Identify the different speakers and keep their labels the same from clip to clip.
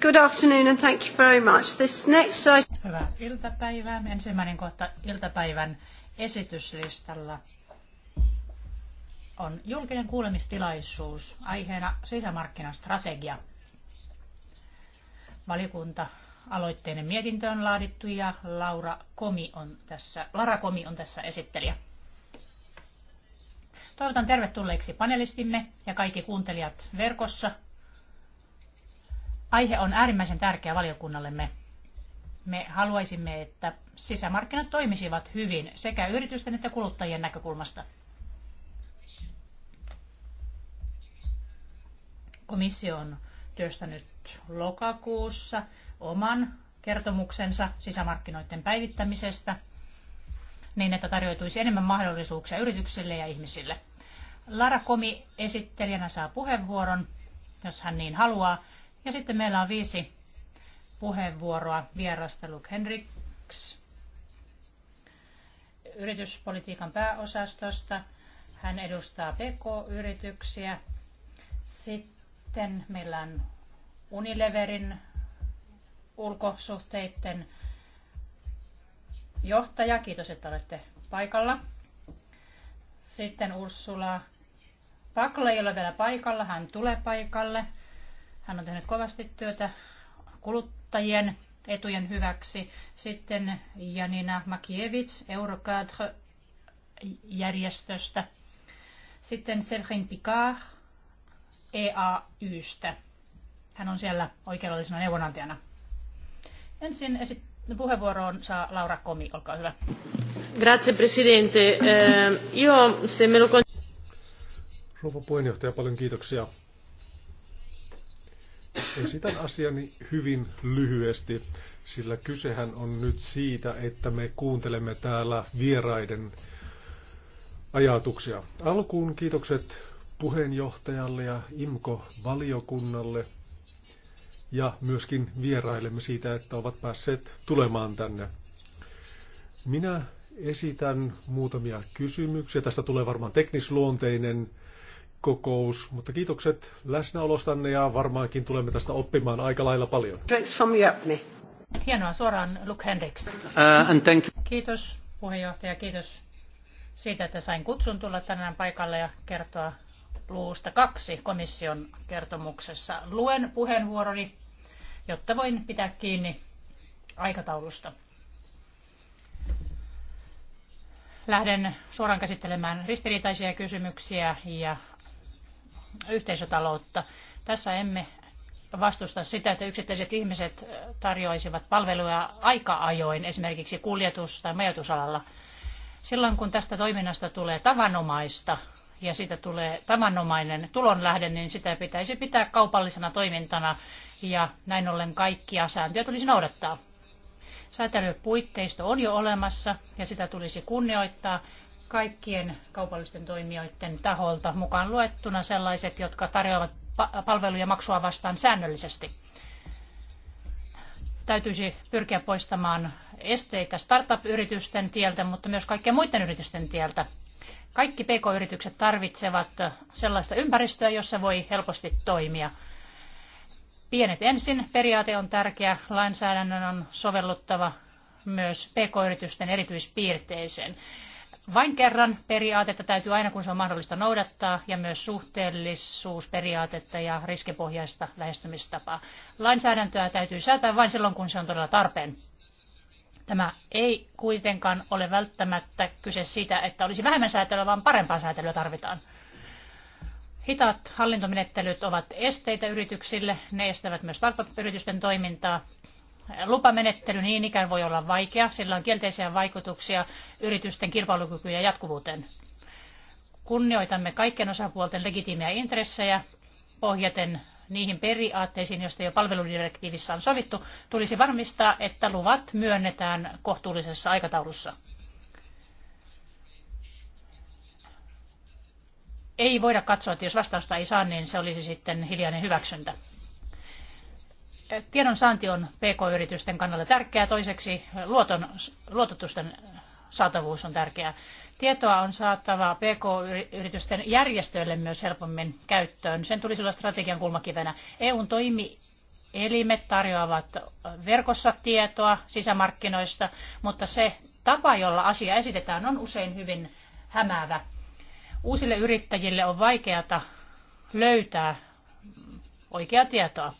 Speaker 1: Good afternoon and thank you very much. This next slide... Hyvää iltapäivää. Ensimmäinen kohta iltapäivän esityslistalla on julkinen kuulemistilaisuus aiheena sisämarkkinastrategia. Valiokunta aloitteinen mietintö on laadittu ja Laura Komi on tässä, Lara Komi on tässä esittelijä. Toivotan tervetulleeksi panelistimme ja kaikki kuuntelijat verkossa – aihe on äärimmäisen tärkeä valiokunnallemme. Me haluaisimme, että sisämarkkinat toimisivat hyvin sekä yritysten että kuluttajien näkökulmasta. Komissio on työstänyt lokakuussa oman kertomuksensa sisämarkkinoiden päivittämisestä niin, että tarjoituisi enemmän mahdollisuuksia yrityksille ja ihmisille. Lara Komi esittelijänä saa puheenvuoron, jos hän niin haluaa. Ja sitten meillä on viisi puheenvuoroa vierasta Luke Henriks yrityspolitiikan pääosastosta. Hän edustaa PK-yrityksiä. Sitten meillä on Unileverin ulkosuhteiden johtaja. Kiitos, että olette paikalla. Sitten Ursula Pakla ei ole vielä paikalla. Hän tulee paikalle. Hän on tehnyt kovasti työtä kuluttajien etujen hyväksi. Sitten Janina Makievits Eurocadre-järjestöstä. Sitten Selrin Picard EAYstä. Hän on siellä oikeudellisena neuvonantajana. Ensin esit- puheenvuoroon saa Laura Komi, olkaa hyvä. Grazie Presidente. Eh, io, se me lo...
Speaker 2: Rouva puheenjohtaja, paljon kiitoksia. Esitän asiani hyvin lyhyesti, sillä kysehän on nyt siitä, että me kuuntelemme täällä vieraiden ajatuksia. Alkuun kiitokset puheenjohtajalle ja IMKO-valiokunnalle ja myöskin vierailemme siitä, että ovat päässeet tulemaan tänne. Minä esitän muutamia kysymyksiä. Tästä tulee varmaan teknisluonteinen kokous, mutta kiitokset läsnäolostanne ja varmaankin tulemme tästä oppimaan aika lailla paljon.
Speaker 1: Thanks from Japni. Hienoa, suoraan Luke Henriks. Uh, and thank you. Kiitos puheenjohtaja, kiitos siitä, että sain kutsun tulla tänään paikalle ja kertoa luusta kaksi komission kertomuksessa. Luen puheenvuoroni, jotta voin pitää kiinni aikataulusta. Lähden suoraan käsittelemään ristiriitaisia kysymyksiä ja yhteisötaloutta. Tässä emme vastusta sitä, että yksittäiset ihmiset tarjoaisivat palveluja aika ajoin, esimerkiksi kuljetus- tai majoitusalalla. Silloin kun tästä toiminnasta tulee tavanomaista ja siitä tulee tavanomainen tulonlähde, niin sitä pitäisi pitää kaupallisena toimintana ja näin ollen kaikkia sääntöjä tulisi noudattaa. Säätelypuitteisto on jo olemassa ja sitä tulisi kunnioittaa, kaikkien kaupallisten toimijoiden taholta, mukaan luettuna sellaiset, jotka tarjoavat palveluja maksua vastaan säännöllisesti. Täytyisi pyrkiä poistamaan esteitä startup-yritysten tieltä, mutta myös kaikkien muiden yritysten tieltä. Kaikki pk-yritykset tarvitsevat sellaista ympäristöä, jossa voi helposti toimia. Pienet ensin periaate on tärkeä, lainsäädännön on sovelluttava myös pk-yritysten erityispiirteeseen vain kerran periaatetta täytyy aina kun se on mahdollista noudattaa ja myös suhteellisuusperiaatetta ja riskipohjaista lähestymistapaa. Lainsäädäntöä täytyy säätää vain silloin kun se on todella tarpeen. Tämä ei kuitenkaan ole välttämättä kyse siitä, että olisi vähemmän säätelyä, vaan parempaa säätelyä tarvitaan. Hitaat hallintomenettelyt ovat esteitä yrityksille, ne estävät myös yritysten toimintaa Lupamenettely niin ikään voi olla vaikea, sillä on kielteisiä vaikutuksia yritysten kilpailukykyyn ja jatkuvuuteen. Kunnioitamme kaikkien osapuolten legitiimejä intressejä pohjaten niihin periaatteisiin, joista jo palveludirektiivissä on sovittu, tulisi varmistaa, että luvat myönnetään kohtuullisessa aikataulussa. Ei voida katsoa, että jos vastausta ei saa, niin se olisi sitten hiljainen hyväksyntä tiedonsaanti on PK-yritysten kannalta tärkeää. Toiseksi luoton, luototusten saatavuus on tärkeää. Tietoa on saatava PK-yritysten järjestöille myös helpommin käyttöön. Sen tulisi olla strategian kulmakivenä. EUn toimielimet tarjoavat verkossa tietoa sisämarkkinoista, mutta se tapa, jolla asia esitetään, on usein hyvin hämäävä. Uusille yrittäjille on vaikeata löytää oikeaa tietoa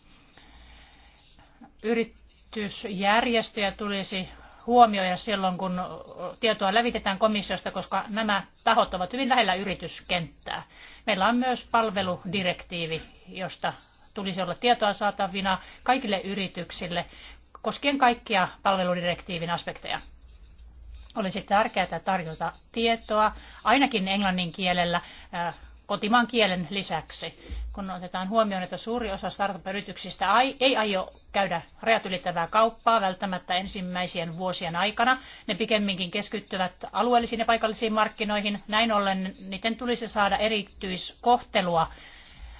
Speaker 1: yritysjärjestöjä tulisi huomioida silloin, kun tietoa lävitetään komissiosta, koska nämä tahot ovat hyvin lähellä yrityskenttää. Meillä on myös palveludirektiivi, josta tulisi olla tietoa saatavina kaikille yrityksille koskien kaikkia palveludirektiivin aspekteja. Olisi tärkeää tarjota tietoa ainakin englannin kielellä äh, kotimaan kielen lisäksi. Kun otetaan huomioon, että suuri osa startup-yrityksistä ei aio käydä rajat ylittävää kauppaa välttämättä ensimmäisien vuosien aikana, ne pikemminkin keskittyvät alueellisiin ja paikallisiin markkinoihin. Näin ollen niiden tulisi saada erityiskohtelua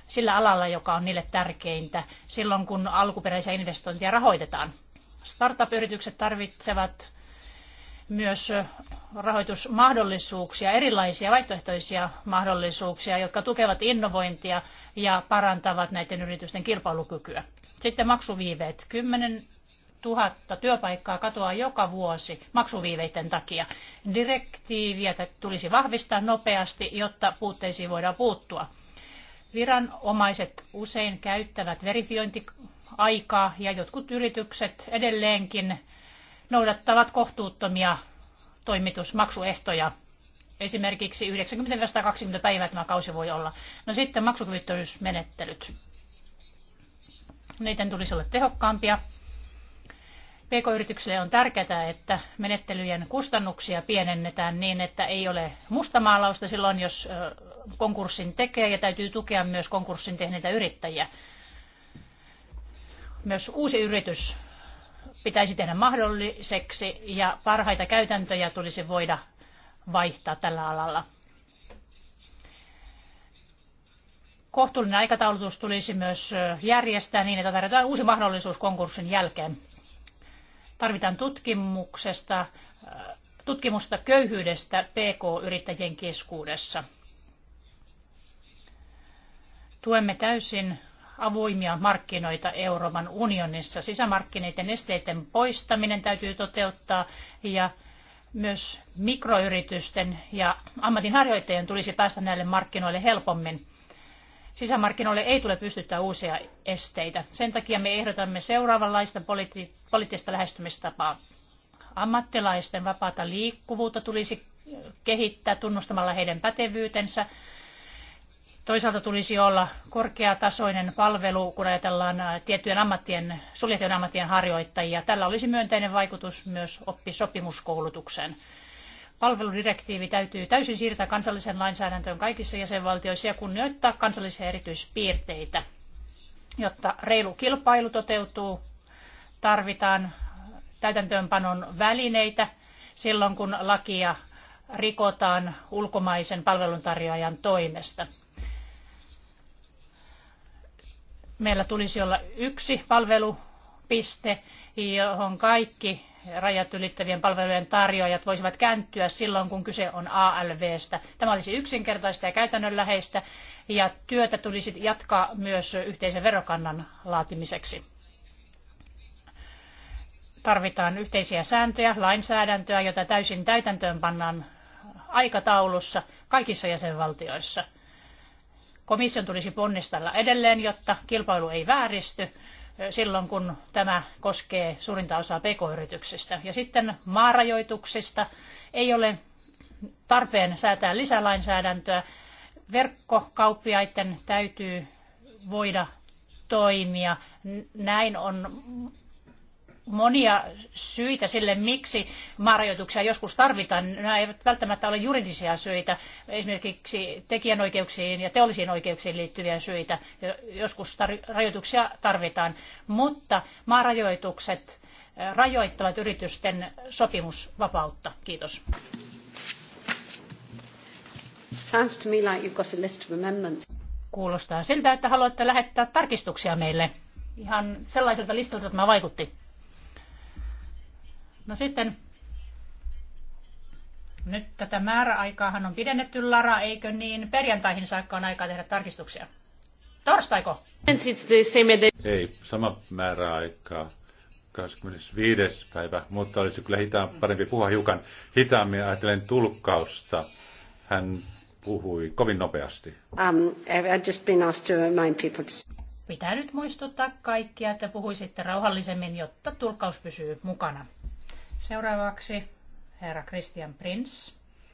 Speaker 1: sillä alalla, joka on niille tärkeintä silloin, kun alkuperäisiä investointeja rahoitetaan. Startup-yritykset tarvitsevat myös rahoitusmahdollisuuksia, erilaisia vaihtoehtoisia mahdollisuuksia, jotka tukevat innovointia ja parantavat näiden yritysten kilpailukykyä. Sitten maksuviiveet. 10 000 työpaikkaa katoaa joka vuosi maksuviiveiden takia. Direktiiviä tulisi vahvistaa nopeasti, jotta puutteisiin voidaan puuttua. Viranomaiset usein käyttävät verifiointiaikaa ja jotkut yritykset edelleenkin noudattavat kohtuuttomia toimitusmaksuehtoja. Esimerkiksi 90-120 päivää tämä kausi voi olla. No sitten maksukyvyttömyysmenettelyt. Niiden tulisi olla tehokkaampia. PK-yrityksille on tärkeää, että menettelyjen kustannuksia pienennetään niin, että ei ole mustamaalausta silloin, jos konkurssin tekee ja täytyy tukea myös konkurssin tehneitä yrittäjiä. Myös uusi yritys pitäisi tehdä mahdolliseksi ja parhaita käytäntöjä tulisi voida vaihtaa tällä alalla. Kohtuullinen aikataulutus tulisi myös järjestää niin, että tarjotaan uusi mahdollisuus konkurssin jälkeen. Tarvitaan tutkimuksesta, tutkimusta köyhyydestä PK-yrittäjien keskuudessa. Tuemme täysin avoimia markkinoita Euroopan unionissa. Sisämarkkinoiden esteiden poistaminen täytyy toteuttaa ja myös mikroyritysten ja ammatinharjoittajien tulisi päästä näille markkinoille helpommin. Sisämarkkinoille ei tule pystyttää uusia esteitä. Sen takia me ehdotamme seuraavanlaista politi- poliittista lähestymistapaa. Ammattilaisten vapaata liikkuvuutta tulisi kehittää tunnustamalla heidän pätevyytensä Toisaalta tulisi olla korkeatasoinen palvelu, kun ajatellaan äh, tiettyjen ammattien, suljettujen ammattien harjoittajia. Tällä olisi myönteinen vaikutus myös oppisopimuskoulutukseen. Palveludirektiivi täytyy täysin siirtää kansalliseen lainsäädäntöön kaikissa jäsenvaltioissa ja kunnioittaa kansallisia erityispiirteitä. Jotta reilu kilpailu toteutuu, tarvitaan täytäntöönpanon välineitä silloin, kun lakia rikotaan ulkomaisen palveluntarjoajan toimesta. meillä tulisi olla yksi palvelupiste, johon kaikki rajat ylittävien palvelujen tarjoajat voisivat kääntyä silloin, kun kyse on ALVstä. Tämä olisi yksinkertaista ja käytännönläheistä, ja työtä tulisi jatkaa myös yhteisen verokannan laatimiseksi. Tarvitaan yhteisiä sääntöjä, lainsäädäntöä, jota täysin täytäntöön pannaan aikataulussa kaikissa jäsenvaltioissa – Komission tulisi ponnistella edelleen, jotta kilpailu ei vääristy silloin, kun tämä koskee suurinta osaa pk-yrityksistä. Ja sitten maarajoituksista ei ole tarpeen säätää lisälainsäädäntöä. Verkkokauppiaiden täytyy voida toimia. Näin on monia syitä sille, miksi marjoituksia joskus tarvitaan. Nämä eivät välttämättä ole juridisia syitä, esimerkiksi tekijänoikeuksiin ja teollisiin oikeuksiin liittyviä syitä. Joskus tar- rajoituksia tarvitaan, mutta maarajoitukset eh, rajoittavat yritysten sopimusvapautta. Kiitos. Sounds to me like you've got a list of amendments. Kuulostaa siltä, että haluatte lähettää tarkistuksia meille. Ihan sellaiselta listalta tämä vaikutti. No sitten, nyt tätä määräaikaahan on pidennetty, Lara, eikö niin? Perjantaihin saakka on aikaa tehdä tarkistuksia. Torstaiko?
Speaker 3: Ei, sama määräaikaa. 25. päivä, mutta olisi kyllä hitaan, parempi puhua hiukan hitaammin. Ajattelen tulkkausta. Hän puhui kovin nopeasti.
Speaker 1: Um, I've just been asked to Pitää nyt muistuttaa kaikkia, että puhuisitte rauhallisemmin, jotta tulkkaus pysyy mukana. Seuraavaksi herra Christian Prince.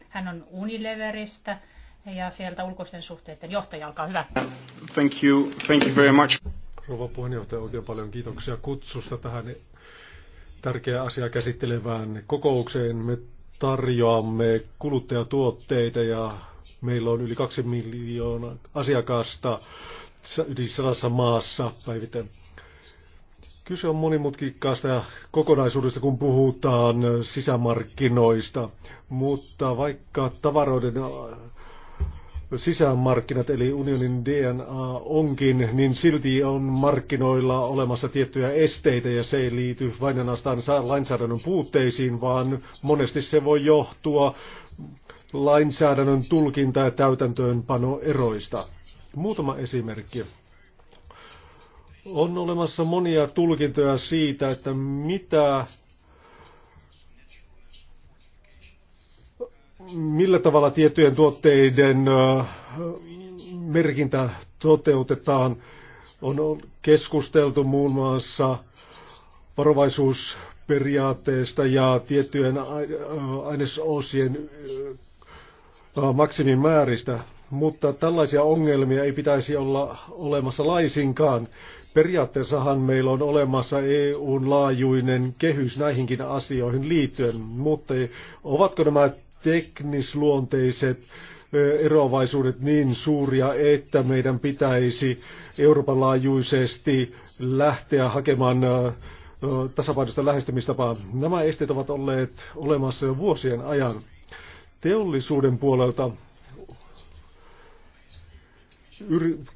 Speaker 1: Hän on Unileveristä ja sieltä ulkoisten suhteiden johtaja. Olkaa hyvä.
Speaker 3: Thank you, thank you very much.
Speaker 2: Rouva puheenjohtaja, oikein paljon kiitoksia kutsusta tähän tärkeää asiaa käsittelevään kokoukseen. Me tarjoamme kuluttajatuotteita ja meillä on yli kaksi miljoonaa asiakasta yli sadassa maassa päivittäin. Kyse on monimutkikkaasta kokonaisuudesta, kun puhutaan sisämarkkinoista, mutta vaikka tavaroiden äh, sisämarkkinat eli unionin DNA onkin, niin silti on markkinoilla olemassa tiettyjä esteitä ja se ei liity vain ainoastaan lainsäädännön puutteisiin, vaan monesti se voi johtua lainsäädännön tulkinta- ja täytäntöönpanoeroista. Muutama esimerkki. On olemassa monia tulkintoja siitä, että mitä millä tavalla tiettyjen tuotteiden merkintä toteutetaan. On keskusteltu muun muassa varovaisuusperiaatteesta ja tiettyjen ainesosien maksimimääristä, mutta tällaisia ongelmia ei pitäisi olla olemassa laisinkaan. Periaatteessahan meillä on olemassa EUn laajuinen kehys näihinkin asioihin liittyen, mutta ovatko nämä teknisluonteiset eroavaisuudet niin suuria, että meidän pitäisi Euroopan laajuisesti lähteä hakemaan tasapainoista lähestymistapaa. Nämä esteet ovat olleet olemassa jo vuosien ajan. Teollisuuden puolelta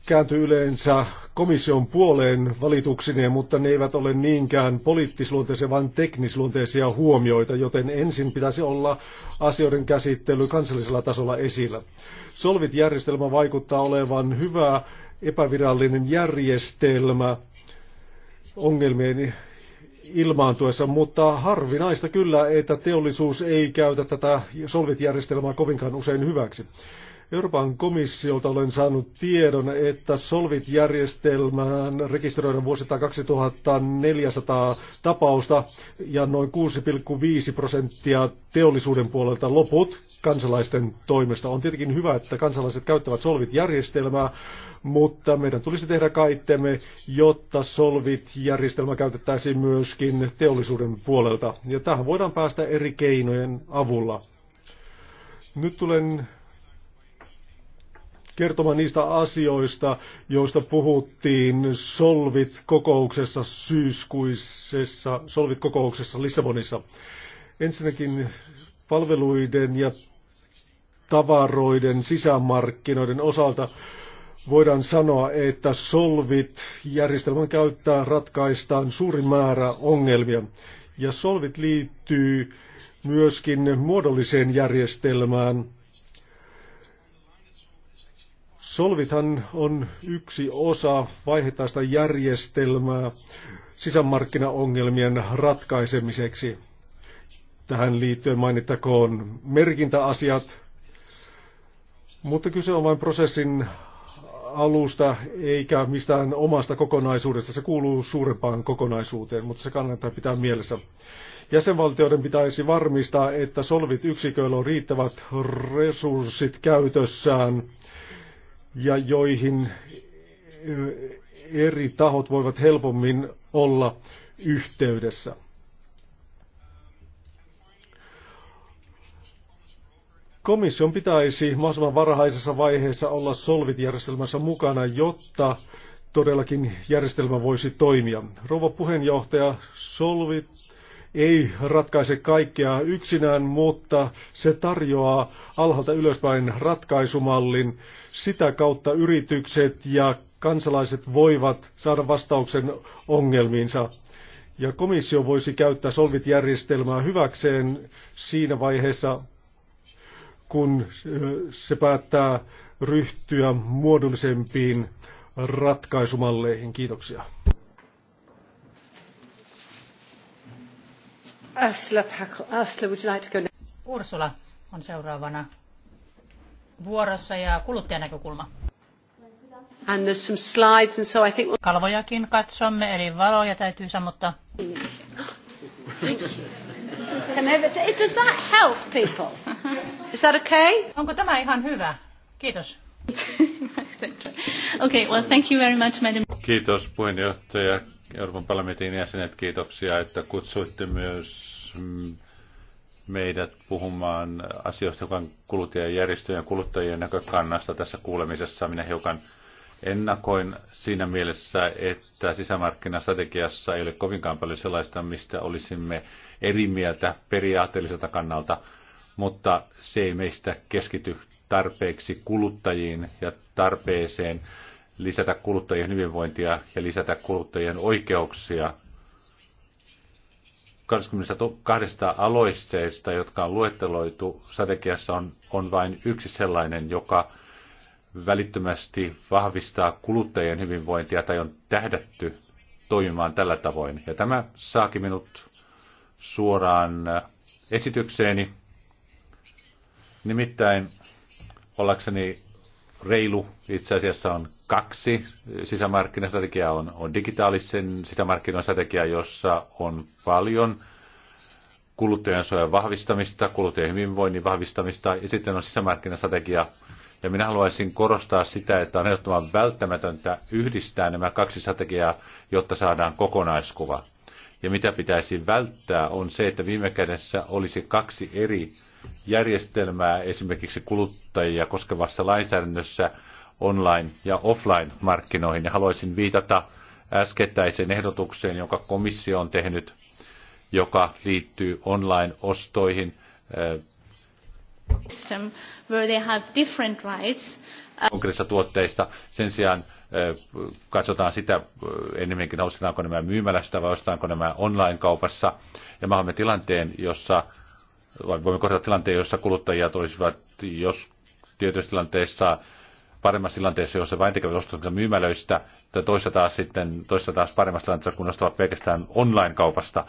Speaker 2: kääntyy yleensä komission puoleen valituksineen, mutta ne eivät ole niinkään poliittisluonteisia, vaan teknisluonteisia huomioita, joten ensin pitäisi olla asioiden käsittely kansallisella tasolla esillä. Solvit-järjestelmä vaikuttaa olevan hyvä epävirallinen järjestelmä ongelmien ilmaantuessa, mutta harvinaista kyllä, että teollisuus ei käytä tätä solvit-järjestelmää kovinkaan usein hyväksi. Euroopan komissiolta olen saanut tiedon, että Solvit-järjestelmään rekisteröidään vuosittain 2400 tapausta ja noin 6,5 prosenttia teollisuuden puolelta loput kansalaisten toimesta. On tietenkin hyvä, että kansalaiset käyttävät Solvit-järjestelmää, mutta meidän tulisi tehdä kaikkemme, jotta Solvit-järjestelmä käytettäisiin myöskin teollisuuden puolelta. Ja tähän voidaan päästä eri keinojen avulla. Nyt tulen kertomaan niistä asioista, joista puhuttiin Solvit-kokouksessa syyskuisessa, Solvit-kokouksessa Lissabonissa. Ensinnäkin palveluiden ja tavaroiden sisämarkkinoiden osalta voidaan sanoa, että Solvit-järjestelmän käyttää ratkaistaan suuri määrä ongelmia. Ja Solvit liittyy myöskin muodolliseen järjestelmään – Solvithan on yksi osa vaihettaista järjestelmää sisämarkkinaongelmien ratkaisemiseksi. Tähän liittyen mainittakoon merkintäasiat, mutta kyse on vain prosessin alusta eikä mistään omasta kokonaisuudesta. Se kuuluu suurempaan kokonaisuuteen, mutta se kannattaa pitää mielessä. Jäsenvaltioiden pitäisi varmistaa, että solvit yksiköillä on riittävät resurssit käytössään ja joihin eh, eri tahot voivat helpommin olla yhteydessä. Komission pitäisi mahdollisimman varhaisessa vaiheessa olla Solvit-järjestelmässä mukana, jotta todellakin järjestelmä voisi toimia. Rouva puheenjohtaja, Solvit ei ratkaise kaikkea yksinään, mutta se tarjoaa alhaalta ylöspäin ratkaisumallin. Sitä kautta yritykset ja kansalaiset voivat saada vastauksen ongelmiinsa. Ja komissio voisi käyttää Solvit-järjestelmää hyväkseen siinä vaiheessa, kun se päättää ryhtyä muodollisempiin ratkaisumalleihin. Kiitoksia.
Speaker 1: Ursula on seuraavana vuorossa ja kuluttajanäkökulma. And there's some slides and so I think Kalvojakin katsomme, eli valoja täytyy sammuttaa. does that help people? Is that okay? Onko tämä ihan hyvä? Kiitos. okay, well, thank you very much, madam.
Speaker 3: Kiitos puheenjohtaja. Euroopan parlamentin jäsenet, kiitoksia, että kutsuitte myös meidät puhumaan asioista, joka on kuluttajajärjestöjen ja kuluttajien näkökannasta tässä kuulemisessa. Minä hiukan ennakoin siinä mielessä, että sisämarkkinastrategiassa ei ole kovinkaan paljon sellaista, mistä olisimme eri mieltä periaatteelliselta kannalta, mutta se ei meistä keskity tarpeeksi kuluttajiin ja tarpeeseen lisätä kuluttajien hyvinvointia ja lisätä kuluttajien oikeuksia. 22 aloisteista, jotka on luetteloitu strategiassa, on, on vain yksi sellainen, joka välittömästi vahvistaa kuluttajien hyvinvointia tai on tähdätty toimimaan tällä tavoin. Ja tämä saakin minut suoraan esitykseeni. Nimittäin ollakseni reilu. Itse asiassa on kaksi sisämarkkinastrategiaa. On, on digitaalisen sisämarkkinan strategia, jossa on paljon suojan vahvistamista, kuluttajan hyvinvoinnin vahvistamista ja sitten on sisämarkkinastrategia. Ja minä haluaisin korostaa sitä, että on ehdottoman välttämätöntä yhdistää nämä kaksi strategiaa, jotta saadaan kokonaiskuva. Ja mitä pitäisi välttää on se, että viime kädessä olisi kaksi eri järjestelmää esimerkiksi kuluttajia koskevassa lainsäädännössä online- ja offline-markkinoihin. Ja haluaisin viitata äskettäiseen ehdotukseen, jonka komissio on tehnyt, joka liittyy online-ostoihin.
Speaker 1: System, where they have different rights. Konkreettisista
Speaker 3: tuotteista. Sen sijaan katsotaan sitä enemmänkin, ostetaanko nämä myymälästä vai ostetaanko nämä online-kaupassa. Ja me tilanteen, jossa voimme kohdata tilanteen, jossa kuluttajat olisivat, jos tietyissä tilanteissa paremmassa tilanteessa, jossa vain tekevät ostoksensa myymälöistä, tai toista taas sitten, toista taas paremmassa tilanteessa, kun ostavat pelkästään online-kaupasta.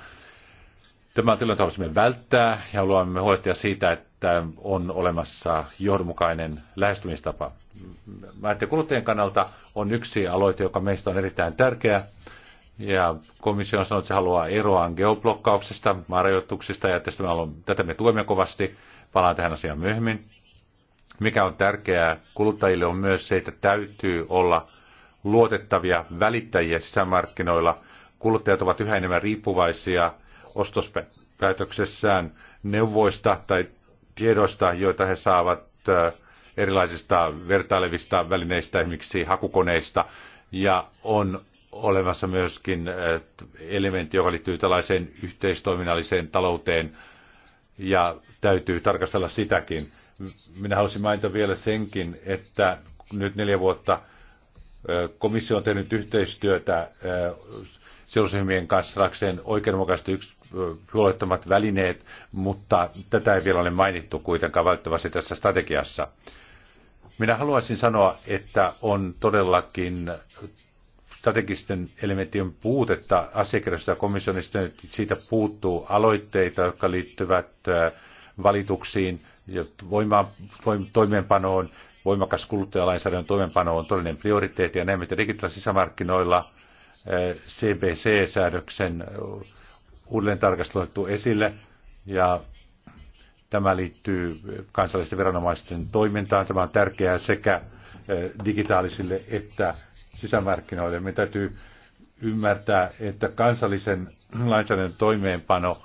Speaker 3: Tämä on tilanne, haluaisimme välttää ja haluamme huolehtia siitä, että on olemassa johdonmukainen lähestymistapa. Mä ajattelin, kuluttajien kannalta on yksi aloite, joka meistä on erittäin tärkeä. Ja komissio on sanonut, että se haluaa eroa geoblokkauksesta, marjoituksista, ja tästä me haluan, tätä me tuemme kovasti. Palaan tähän asiaan myöhemmin. Mikä on tärkeää kuluttajille on myös se, että täytyy olla luotettavia välittäjiä sisämarkkinoilla. Kuluttajat ovat yhä enemmän riippuvaisia ostospäätöksessään neuvoista tai tiedoista, joita he saavat äh, erilaisista vertailevista välineistä, esimerkiksi hakukoneista, ja on olemassa myöskin elementti, joka liittyy tällaiseen yhteistoiminnalliseen talouteen ja täytyy tarkastella sitäkin. Minä haluaisin mainita vielä senkin, että nyt neljä vuotta komissio on tehnyt yhteistyötä sidosryhmien kanssa rakseen oikeudenmukaisesti yksi huolettomat välineet, mutta tätä ei vielä ole mainittu kuitenkaan välttämättä tässä strategiassa. Minä haluaisin sanoa, että on todellakin strategisten elementtien puutetta asiakirjoista ja komissionista. Siitä puuttuu aloitteita, jotka liittyvät äh, valituksiin ja voima, toimeenpanoon. Voimakas kuluttajalainsäädännön toimeenpano on todellinen prioriteetti ja näemme, että digitaalisilla sisämarkkinoilla äh, CBC-säädöksen äh, uudelleen tarkasteltu esille ja tämä liittyy kansallisten viranomaisten toimintaan. Tämä on tärkeää sekä digitaalisille että sisämarkkinoille. Me täytyy ymmärtää, että kansallisen lainsäädännön toimeenpano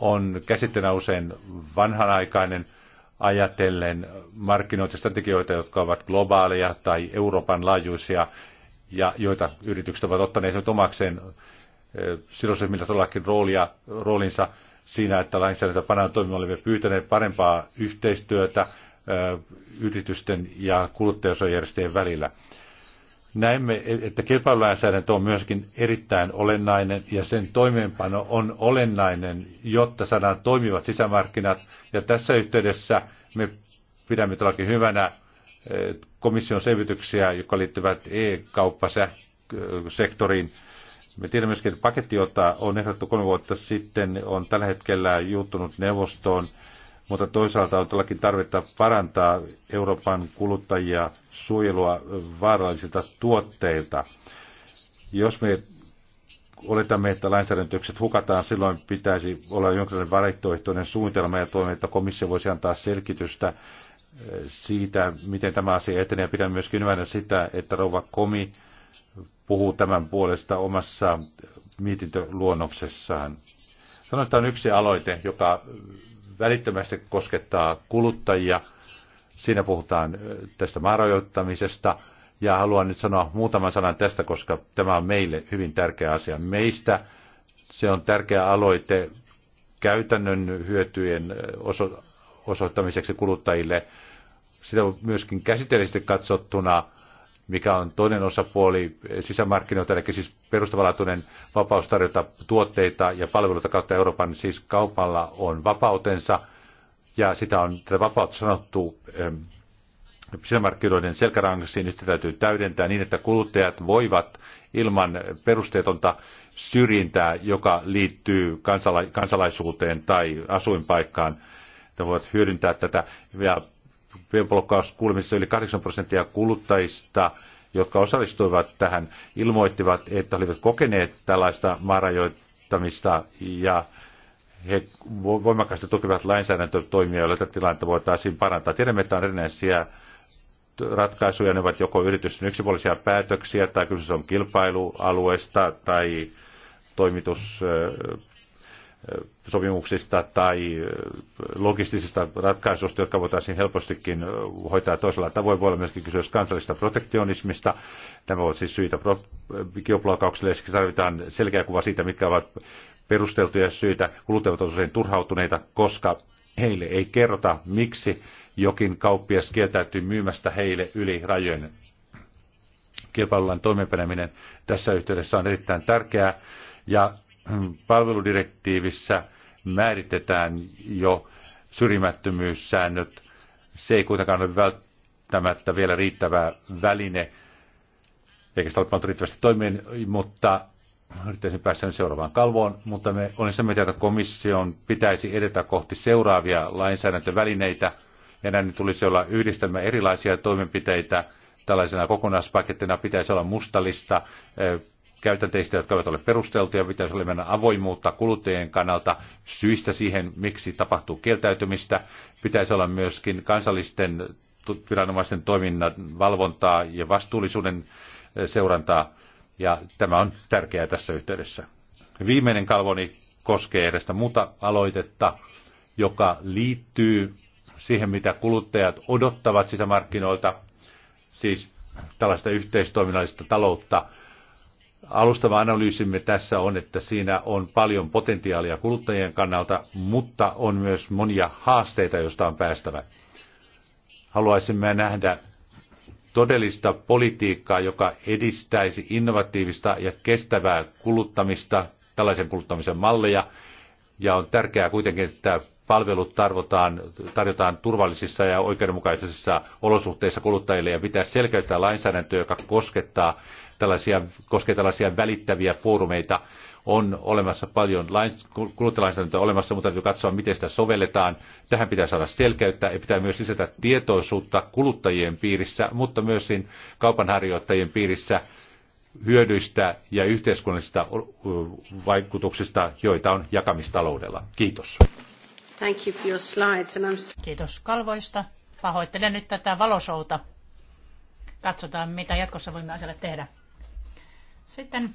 Speaker 3: on käsitteenä usein vanhanaikainen ajatellen markkinoita strategioita, jotka ovat globaaleja tai Euroopan laajuisia ja joita yritykset ovat ottaneet nyt omakseen sidosryhmillä todellakin roolia, roolinsa siinä, että lainsäädäntö panan toimimaan olemme pyytäneet parempaa yhteistyötä yritysten ja kuluttajasojärjestöjen välillä. Näemme, että kilpailulainsäädäntö on myöskin erittäin olennainen ja sen toimeenpano on olennainen, jotta saadaan toimivat sisämarkkinat. Ja tässä yhteydessä me pidämme todellakin hyvänä eh, komission selvityksiä, jotka liittyvät e-kauppasektoriin. Me tiedämme myöskin, että paketti, jota on ehdotettu kolme vuotta sitten, on tällä hetkellä juuttunut neuvostoon mutta toisaalta on todellakin tarvetta parantaa Euroopan kuluttajia suojelua vaarallisilta tuotteilta. Jos me oletamme, että lainsäädäntökset hukataan, silloin pitäisi olla jonkinlainen vaihtoehtoinen suunnitelma ja toimi, että komissio voisi antaa selkitystä eh, siitä, miten tämä asia etenee. Pidän myöskin hyvänä sitä, että rouva Komi puhuu tämän puolesta omassa mietintöluonnoksessaan. Sanotaan yksi aloite, joka välittömästi koskettaa kuluttajia. Siinä puhutaan tästä maarajoittamisesta. Ja haluan nyt sanoa muutaman sanan tästä, koska tämä on meille hyvin tärkeä asia. Meistä se on tärkeä aloite käytännön hyötyjen oso- osoittamiseksi kuluttajille. Sitä myöskin käsitteellisesti katsottuna mikä on toinen osapuoli sisämarkkinoita, eli siis perustavanlaatuinen vapaus tarjota tuotteita ja palveluita kautta Euroopan, niin siis kaupalla on vapautensa, ja sitä on tätä vapautta sanottu sisämarkkinoiden selkärangaksi, nyt täytyy täydentää niin, että kuluttajat voivat ilman perusteetonta syrjintää, joka liittyy kansalaisuuteen tai asuinpaikkaan, että voivat hyödyntää tätä. Ja webblokkauskuulemisessa yli 8 prosenttia kuluttajista, jotka osallistuivat tähän, ilmoittivat, että olivat kokeneet tällaista maarajoittamista ja he voimakkaasti tukevat lainsäädäntötoimia, joilla tätä tilannetta voitaisiin parantaa. Tiedämme, että on erinäisiä ratkaisuja, ne ovat joko yritysten yksipuolisia päätöksiä, tai kysymys on kilpailualueesta, tai toimitus sopimuksista tai logistisista ratkaisuista, jotka voitaisiin helpostikin hoitaa toisella tavoin. Voi olla myöskin kysymys kansallista protektionismista. Tämä on siis syitä geoblokaukselle. Siksi tarvitaan selkeä kuva siitä, mitkä ovat perusteltuja syitä. Kuluttajat ovat usein turhautuneita, koska heille ei kerrota, miksi jokin kauppias kieltäytyy myymästä heille yli rajojen. Kilpailulain toimenpäneminen tässä yhteydessä on erittäin tärkeää ja palveludirektiivissä määritetään jo syrjimättömyyssäännöt. Se ei kuitenkaan ole välttämättä vielä riittävä väline, eikä sitä ole pantu riittävästi toimeen, mutta yrittäisin päästä seuraavaan kalvoon, mutta me olen sitä mieltä, että komission pitäisi edetä kohti seuraavia lainsäädäntövälineitä, ja näin tulisi olla yhdistelmä erilaisia toimenpiteitä, tällaisena kokonaispakettina pitäisi olla mustalista käytänteistä, jotka eivät ole perusteltuja, pitäisi olla mennä avoimuutta kuluttajien kannalta syistä siihen, miksi tapahtuu kieltäytymistä. Pitäisi olla myöskin kansallisten viranomaisten toiminnan valvontaa ja vastuullisuuden eh, seurantaa, ja tämä on tärkeää tässä yhteydessä. Viimeinen kalvoni koskee edestä muuta aloitetta, joka liittyy siihen, mitä kuluttajat odottavat sisämarkkinoilta, siis tällaista yhteistoiminnallista taloutta, Alustava analyysimme tässä on, että siinä on paljon potentiaalia kuluttajien kannalta, mutta on myös monia haasteita, joista on päästävä. Haluaisimme nähdä todellista politiikkaa, joka edistäisi innovatiivista ja kestävää kuluttamista, tällaisen kuluttamisen malleja. Ja on tärkeää kuitenkin, että palvelut tarvotaan, tarjotaan turvallisissa ja oikeudenmukaisissa olosuhteissa kuluttajille ja pitää selkeyttää lainsäädäntöä, joka koskettaa tällaisia, koskee tällaisia välittäviä foorumeita. On olemassa paljon kuluttajalainsäädäntöä olemassa, mutta täytyy katsoa, miten sitä sovelletaan. Tähän pitää saada selkeyttä ja pitää myös lisätä tietoisuutta kuluttajien piirissä, mutta myös kaupanharjoittajien piirissä hyödyistä ja yhteiskunnallisista vaikutuksista, joita on jakamistaloudella. Kiitos.
Speaker 1: Thank you for your slides and I'm... Kiitos kalvoista. Pahoittelen nyt tätä valosouta. Katsotaan, mitä jatkossa voimme asialle tehdä. Sitten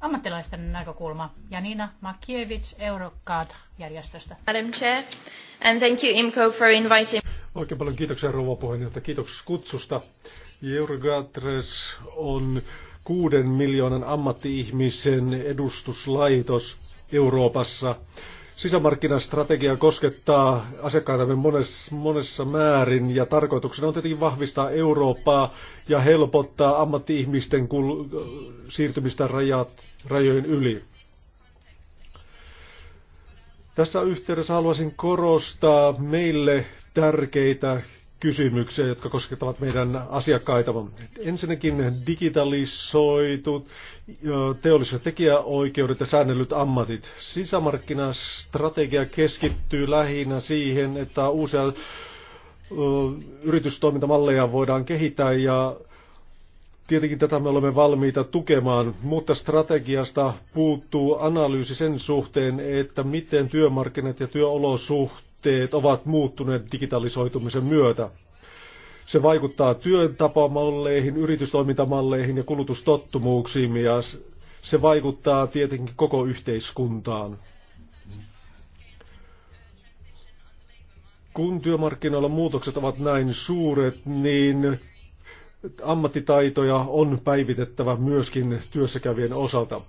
Speaker 1: ammattilaisten näkökulma. Janina Makiewicz Eurocard-järjestöstä. Madam Chair, and thank you IMCO for inviting
Speaker 2: Oikein paljon kiitoksia rouva puheenjohtaja. Kiitoksia kutsusta. Eurogatres on kuuden miljoonan ammattiihmisen edustuslaitos Euroopassa. Sisämarkkinastrategia koskettaa asiakkaitamme monessa, monessa määrin ja tarkoituksena on tietenkin vahvistaa Eurooppaa ja helpottaa ammatti-ihmisten kul- siirtymistä rajat, rajojen yli. Tässä yhteydessä haluaisin korostaa meille tärkeitä kysymyksiä, jotka koskettavat meidän asiakkaita. Ensinnäkin digitalisoitut teolliset tekijäoikeudet ja säännellyt ammatit. Sisämarkkinastrategia keskittyy lähinnä siihen, että uusia yritystoimintamalleja voidaan kehittää ja Tietenkin tätä me olemme valmiita tukemaan, mutta strategiasta puuttuu analyysi sen suhteen, että miten työmarkkinat ja työolosuhteet tavoitteet ovat muuttuneet digitalisoitumisen myötä. Se vaikuttaa työntapamalleihin, yritystoimintamalleihin ja kulutustottumuksiin ja se vaikuttaa tietenkin koko yhteiskuntaan. Kun työmarkkinoilla muutokset ovat näin suuret, niin ammattitaitoja on päivitettävä myöskin työssäkävien osalta.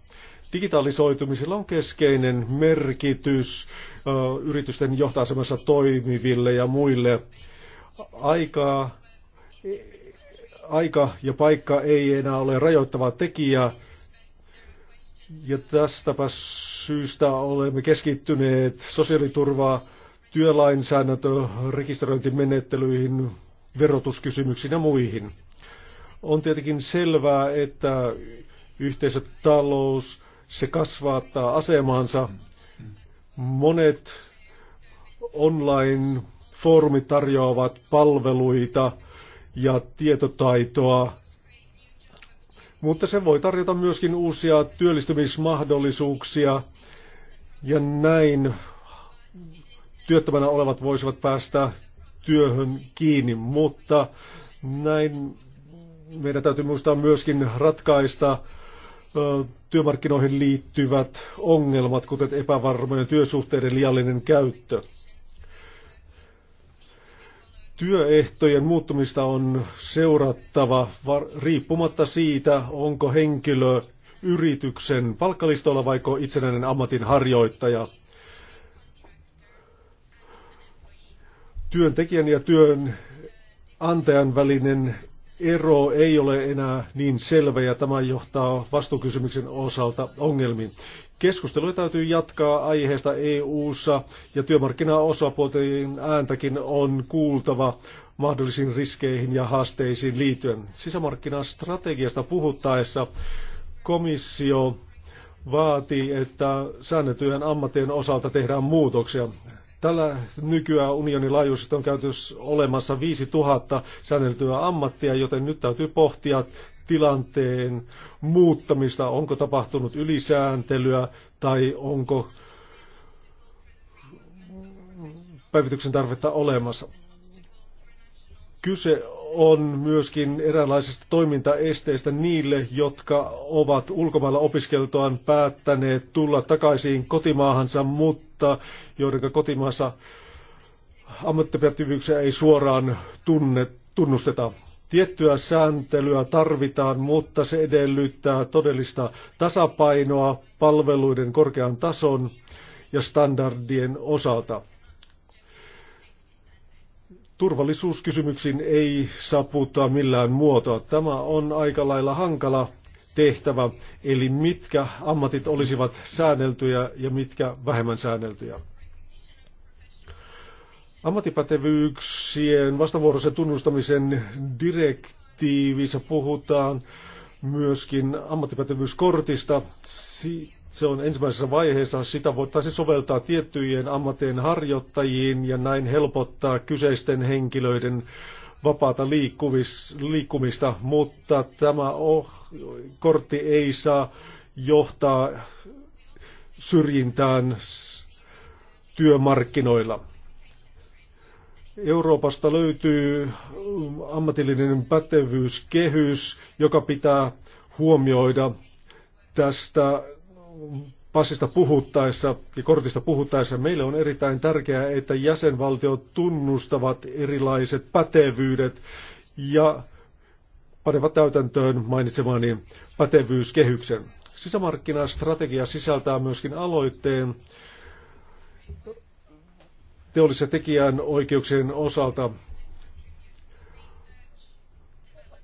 Speaker 2: Digitalisoitumisella on keskeinen merkitys yritysten johtoasemassa toimiville ja muille. Aikaa, aika ja paikka ei enää ole rajoittava tekijä, ja tästäpä syystä olemme keskittyneet sosiaaliturvaa, työlainsäädäntö, rekisteröintimenettelyihin, verotuskysymyksiin ja muihin. On tietenkin selvää, että yhteisötalous se kasvattaa asemaansa. Monet online-foorumit tarjoavat palveluita ja tietotaitoa, mutta se voi tarjota myöskin uusia työllistymismahdollisuuksia ja näin työttömänä olevat voisivat päästä työhön kiinni, mutta näin meidän täytyy muistaa myöskin ratkaista työmarkkinoihin liittyvät ongelmat, kuten epävarmojen työsuhteiden liiallinen käyttö. Työehtojen muuttumista on seurattava riippumatta siitä, onko henkilö yrityksen palkkalistolla vaiko itsenäinen ammatin harjoittaja. Työntekijän ja työnantajan välinen ero ei ole enää niin selvä ja tämä johtaa vastuukysymyksen osalta ongelmiin. Keskustelua täytyy jatkaa aiheesta EU-ssa ja työmarkkinaosapuolten ääntäkin on kuultava mahdollisiin riskeihin ja haasteisiin liittyen. Sisämarkkinastrategiasta puhuttaessa komissio vaatii, että säännötyön ammattien osalta tehdään muutoksia. Tällä nykyään unionin laajuisesti on käytössä olemassa 5000 säänneltyä ammattia, joten nyt täytyy pohtia tilanteen muuttamista, onko tapahtunut ylisääntelyä tai onko päivityksen tarvetta olemassa. Kyse on myöskin eräänlaisista toimintaesteistä niille, jotka ovat ulkomailla opiskeltoaan päättäneet tulla takaisin kotimaahansa, mutta mutta joiden kotimaassa ammattipätevyyksiä ei suoraan tunne, tunnusteta. Tiettyä sääntelyä tarvitaan, mutta se edellyttää todellista tasapainoa palveluiden korkean tason ja standardien osalta. Turvallisuuskysymyksiin ei saa puuttua millään muotoa. Tämä on aika lailla hankala tehtävä, eli mitkä ammatit olisivat säänneltyjä ja mitkä vähemmän säänneltyjä. Ammattipätevyyksien vastavuoroisen tunnustamisen direktiivissä puhutaan myöskin ammattipätevyyskortista. Se on ensimmäisessä vaiheessa. Sitä voitaisiin soveltaa tiettyjen ammattien harjoittajiin ja näin helpottaa kyseisten henkilöiden vapaata liikkumista, mutta tämä oh, kortti ei saa johtaa syrjintään työmarkkinoilla. Euroopasta löytyy ammatillinen pätevyyskehys, joka pitää huomioida tästä passista puhuttaessa ja kortista puhuttaessa meille on erittäin tärkeää, että jäsenvaltiot tunnustavat erilaiset pätevyydet ja panevat täytäntöön mainitsemani pätevyyskehyksen. Sisämarkkinastrategia sisältää myöskin aloitteen teollisen tekijän oikeuksien osalta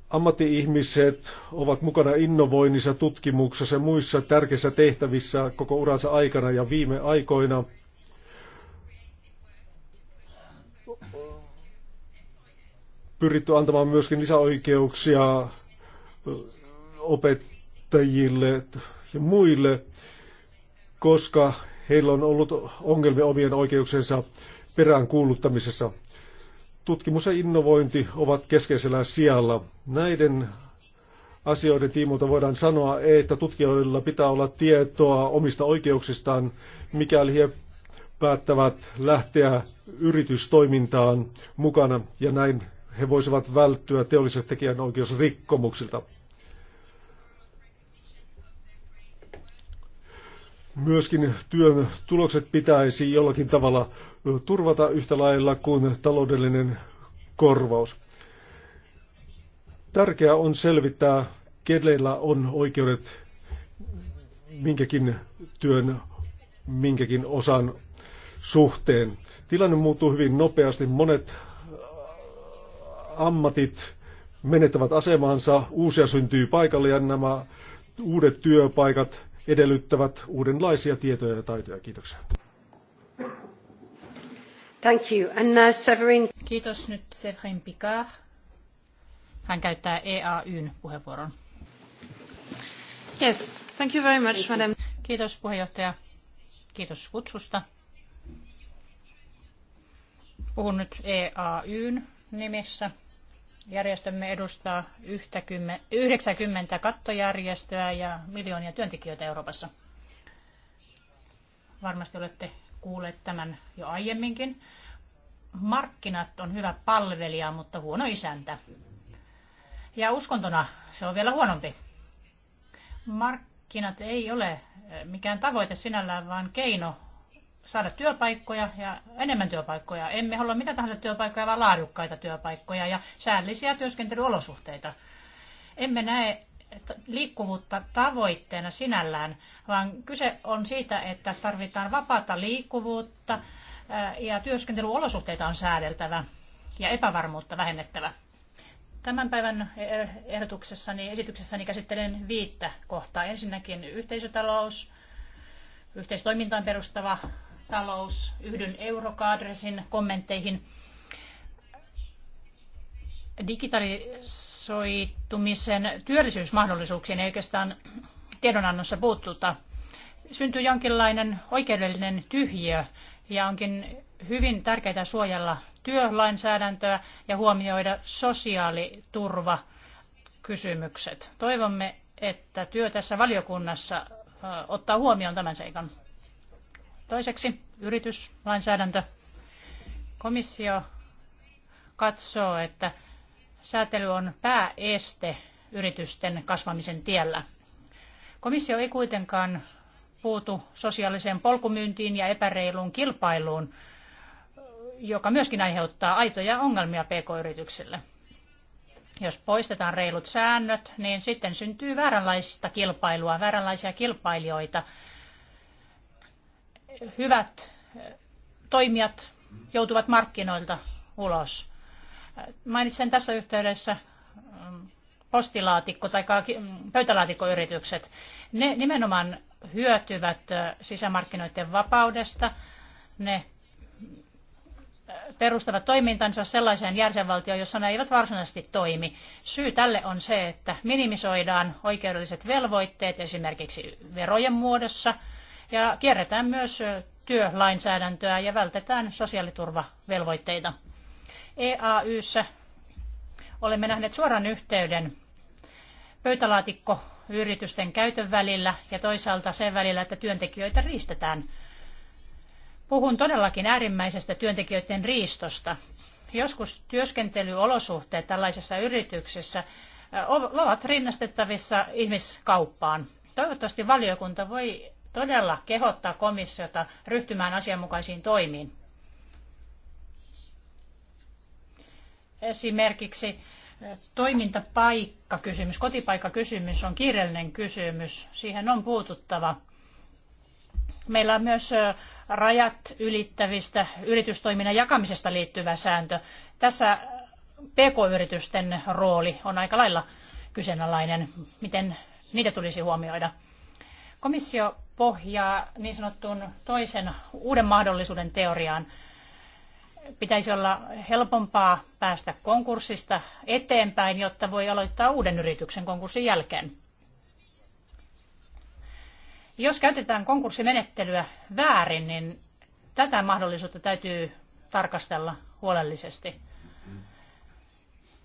Speaker 2: Ammattiihmiset ovat mukana innovoinnissa, tutkimuksessa ja muissa tärkeissä tehtävissä koko uransa aikana ja viime aikoina. Pyritty antamaan myöskin lisäoikeuksia opettajille ja muille, koska heillä on ollut ongelmia omien oikeuksensa peräänkuuluttamisessa tutkimus ja innovointi ovat keskeisellä sijalla. Näiden asioiden tiimoilta voidaan sanoa, että tutkijoilla pitää olla tietoa omista oikeuksistaan, mikäli he päättävät lähteä yritystoimintaan mukana ja näin he voisivat välttyä teollisesta tekijänoikeusrikkomuksilta. Myöskin työn tulokset pitäisi jollakin tavalla turvata yhtä lailla kuin taloudellinen korvaus. Tärkeää on selvittää, kenellä on oikeudet minkäkin työn, minkäkin osan suhteen. Tilanne muuttuu hyvin nopeasti. Monet ammatit menettävät asemansa, uusia syntyy paikalle ja nämä uudet työpaikat edellyttävät uudenlaisia tietoja ja taitoja. Kiitoksia.
Speaker 1: Thank you. And now Severin. Kiitos nyt Severin Picard. Hän käyttää EAYn puheenvuoron. Yes, thank you very much, madam. Kiitos puheenjohtaja. Kiitos kutsusta. Puhun nyt EAYn nimessä. Järjestömme edustaa 90 kattojärjestöä ja miljoonia työntekijöitä Euroopassa. Varmasti olette kuulleet tämän jo aiemminkin. Markkinat on hyvä palvelija, mutta huono isäntä. Ja uskontona se on vielä huonompi. Markkinat ei ole mikään tavoite sinällään, vaan keino saada työpaikkoja ja enemmän työpaikkoja. Emme halua mitä tahansa työpaikkoja, vaan laadukkaita työpaikkoja ja säällisiä työskentelyolosuhteita. Emme näe liikkuvuutta tavoitteena sinällään, vaan kyse on siitä, että tarvitaan vapaata liikkuvuutta ja työskentelyolosuhteita on säädeltävä ja epävarmuutta vähennettävä. Tämän päivän ehdotuksessani, esityksessäni käsittelen viittä kohtaa. Ensinnäkin yhteisötalous, yhteistoimintaan perustava talous. Yhdyn Eurokaadresin kommentteihin. Digitalisoitumisen työllisyysmahdollisuuksiin ei oikeastaan tiedonannossa puuttuta. Syntyy jonkinlainen oikeudellinen tyhjiö ja onkin hyvin tärkeää suojella työlainsäädäntöä ja huomioida sosiaaliturva kysymykset. Toivomme, että työ tässä valiokunnassa ottaa huomioon tämän seikan. Toiseksi yrityslainsäädäntö. Komissio katsoo, että säätely on pääeste yritysten kasvamisen tiellä. Komissio ei kuitenkaan puutu sosiaaliseen polkumyyntiin ja epäreiluun kilpailuun, joka myöskin aiheuttaa aitoja ongelmia pk-yrityksille. Jos poistetaan reilut säännöt, niin sitten syntyy vääränlaista kilpailua, vääränlaisia kilpailijoita, hyvät eh, toimijat joutuvat markkinoilta ulos. Eh, mainitsen tässä yhteydessä mm, postilaatikko- tai mm, pöytälaatikkoyritykset. Ne nimenomaan hyötyvät eh, sisämarkkinoiden vapaudesta. Ne perustavat toimintansa sellaiseen jäsenvaltioon, jossa ne eivät varsinaisesti toimi. Syy tälle on se, että minimisoidaan oikeudelliset velvoitteet esimerkiksi verojen muodossa – ja kierretään myös työlainsäädäntöä ja vältetään sosiaaliturvavelvoitteita. EAYssä olemme nähneet suoran yhteyden pöytälaatikko yritysten käytön välillä ja toisaalta sen välillä, että työntekijöitä riistetään. Puhun todellakin äärimmäisestä työntekijöiden riistosta. Joskus työskentelyolosuhteet tällaisessa yrityksessä ovat rinnastettavissa ihmiskauppaan. Toivottavasti valiokunta voi todella kehottaa komissiota ryhtymään asianmukaisiin toimiin. Esimerkiksi toimintapaikkakysymys, kotipaikkakysymys on kiireellinen kysymys. Siihen on puututtava. Meillä on myös rajat ylittävistä yritystoiminnan jakamisesta liittyvä sääntö. Tässä PK-yritysten rooli on aika lailla kyseenalainen. Miten niitä tulisi huomioida? Komissio pohjaa niin sanottuun toisen uuden mahdollisuuden teoriaan. Pitäisi olla helpompaa päästä konkurssista eteenpäin, jotta voi aloittaa uuden yrityksen konkurssin jälkeen. Jos käytetään konkurssimenettelyä väärin, niin tätä mahdollisuutta täytyy tarkastella huolellisesti.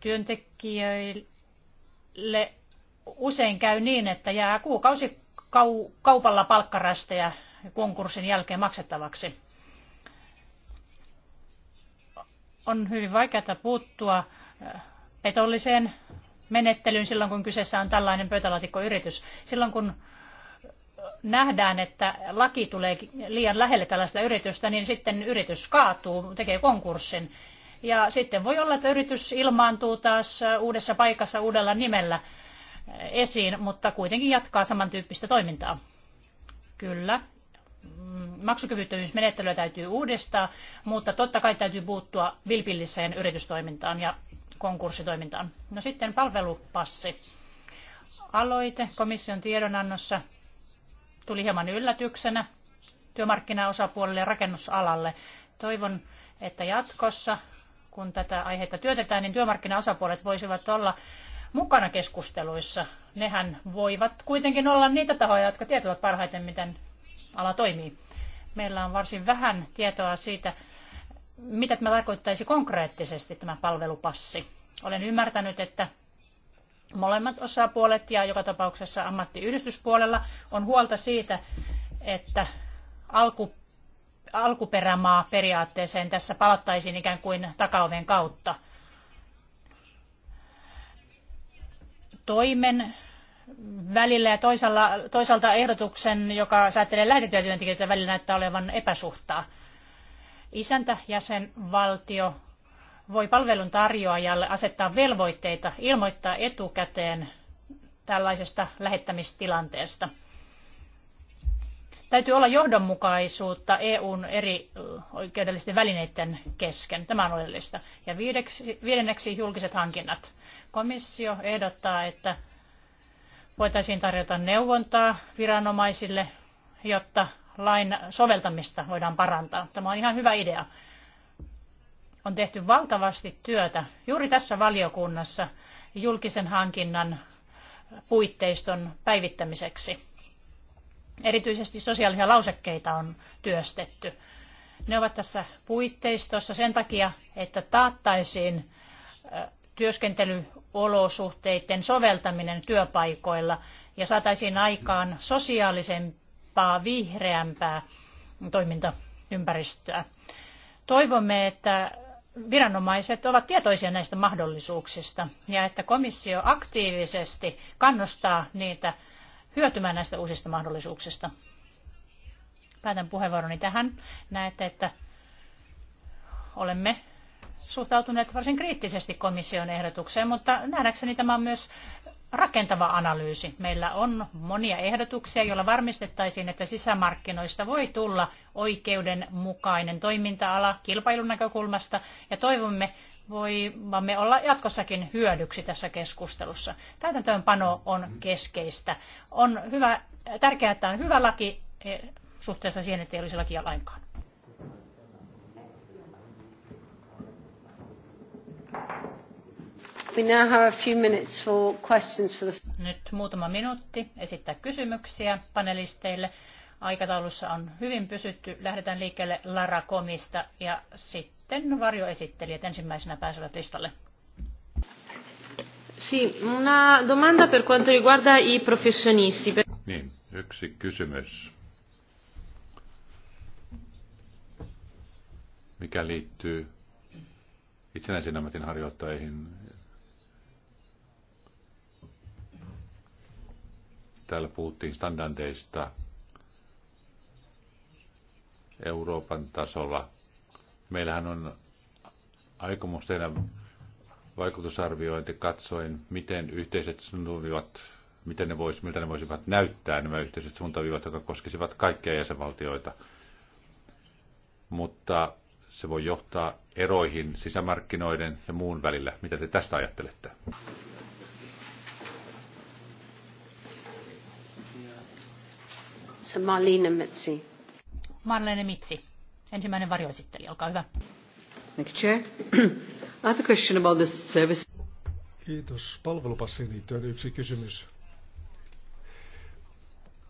Speaker 1: Työntekijöille usein käy niin, että jää kuukausi kau- kaupalla palkkarästejä konkurssin jälkeen maksettavaksi. On hyvin vaikeaa puuttua äh, petolliseen menettelyyn silloin, kun kyseessä on tällainen pöytälaatikkoyritys. Silloin, kun äh, nähdään, että laki tulee liian lähelle tällaista yritystä, niin sitten yritys kaatuu, tekee konkurssin. Ja sitten voi olla, että yritys ilmaantuu taas uudessa paikassa uudella nimellä esiin, mutta kuitenkin jatkaa samantyyppistä toimintaa. Kyllä, maksukyvyttömyysmenettelyä täytyy uudistaa, mutta totta kai täytyy puuttua vilpilliseen yritystoimintaan ja konkurssitoimintaan. No sitten palvelupassi. Aloite komission tiedonannossa tuli hieman yllätyksenä työmarkkinaosapuolelle ja rakennusalalle. Toivon, että jatkossa, kun tätä aihetta työtetään, niin työmarkkinaosapuolet voisivat olla mukana keskusteluissa. Nehän voivat kuitenkin olla niitä tahoja, jotka tietävät parhaiten, miten ala toimii. Meillä on varsin vähän tietoa siitä, mitä tämä tarkoittaisi konkreettisesti tämä palvelupassi. Olen ymmärtänyt, että molemmat osapuolet ja joka tapauksessa ammattiyhdistyspuolella on huolta siitä, että alku, alkuperämaa periaatteeseen tässä palattaisiin ikään kuin takaoven kautta – toimen välillä ja toisaalta, toisaalta ehdotuksen, joka säätelee lähetettyjä työntekijöitä välillä näyttää olevan epäsuhtaa. Isäntä jäsenvaltio voi palvelun tarjoajalle asettaa velvoitteita ilmoittaa etukäteen tällaisesta lähettämistilanteesta. Täytyy olla johdonmukaisuutta EUn eri oikeudellisten välineiden kesken. Tämä on oleellista. Ja viideksi, viidenneksi julkiset hankinnat. Komissio ehdottaa, että voitaisiin tarjota neuvontaa viranomaisille, jotta lain soveltamista voidaan parantaa. Tämä on ihan hyvä idea. On tehty valtavasti työtä juuri tässä valiokunnassa julkisen hankinnan puitteiston päivittämiseksi. Erityisesti sosiaalisia lausekkeita on työstetty. Ne ovat tässä puitteistossa sen takia, että taattaisiin työskentelyolosuhteiden soveltaminen työpaikoilla ja saataisiin aikaan sosiaalisempaa, vihreämpää toimintaympäristöä. Toivomme, että viranomaiset ovat tietoisia näistä mahdollisuuksista ja että komissio aktiivisesti kannustaa niitä hyötymään näistä uusista mahdollisuuksista. Päätän puheenvuoroni tähän. Näette, että olemme suhtautuneet varsin kriittisesti komission ehdotukseen, mutta nähdäkseni tämä on myös rakentava analyysi. Meillä on monia ehdotuksia, joilla varmistettaisiin, että sisämarkkinoista voi tulla oikeudenmukainen toiminta-ala kilpailun näkökulmasta, ja toivomme, voimamme olla jatkossakin hyödyksi tässä keskustelussa. Täytäntöönpano on mhm. keskeistä. On hyvä, tärkeää, että on hyvä laki eh, suhteessa siihen, että ei olisi lakia lainkaan. We now have a few minutes for questions for the... Nyt muutama minuutti esittää kysymyksiä panelisteille. Aikataulussa on hyvin pysytty. Lähdetään liikkeelle Komista ja sitten varjoesittelijät ensimmäisenä pääsevät listalle. Sì, una domanda per quanto riguarda i professionisti.
Speaker 3: Niin, yksi kysymys. Mikä liittyy itsenäisen ammatin harjoittajiin? Täällä puhuttiin standardeista, Euroopan tasolla. Meillähän on aikomus tehdä vaikutusarviointi katsoen, miten yhteiset suuntaviivat, miten ne vois, miltä ne voisivat näyttää nämä yhteiset suuntaviivat, jotka koskisivat kaikkia jäsenvaltioita. Mutta se voi johtaa eroihin sisämarkkinoiden ja muun välillä. Mitä te tästä ajattelette?
Speaker 1: Marlene Metsi. Marlene Mitsi, ensimmäinen varjoesittelijä, olkaa hyvä. Thank you, Chair. question about
Speaker 2: service. Kiitos. Palvelupassiin liittyen yksi kysymys.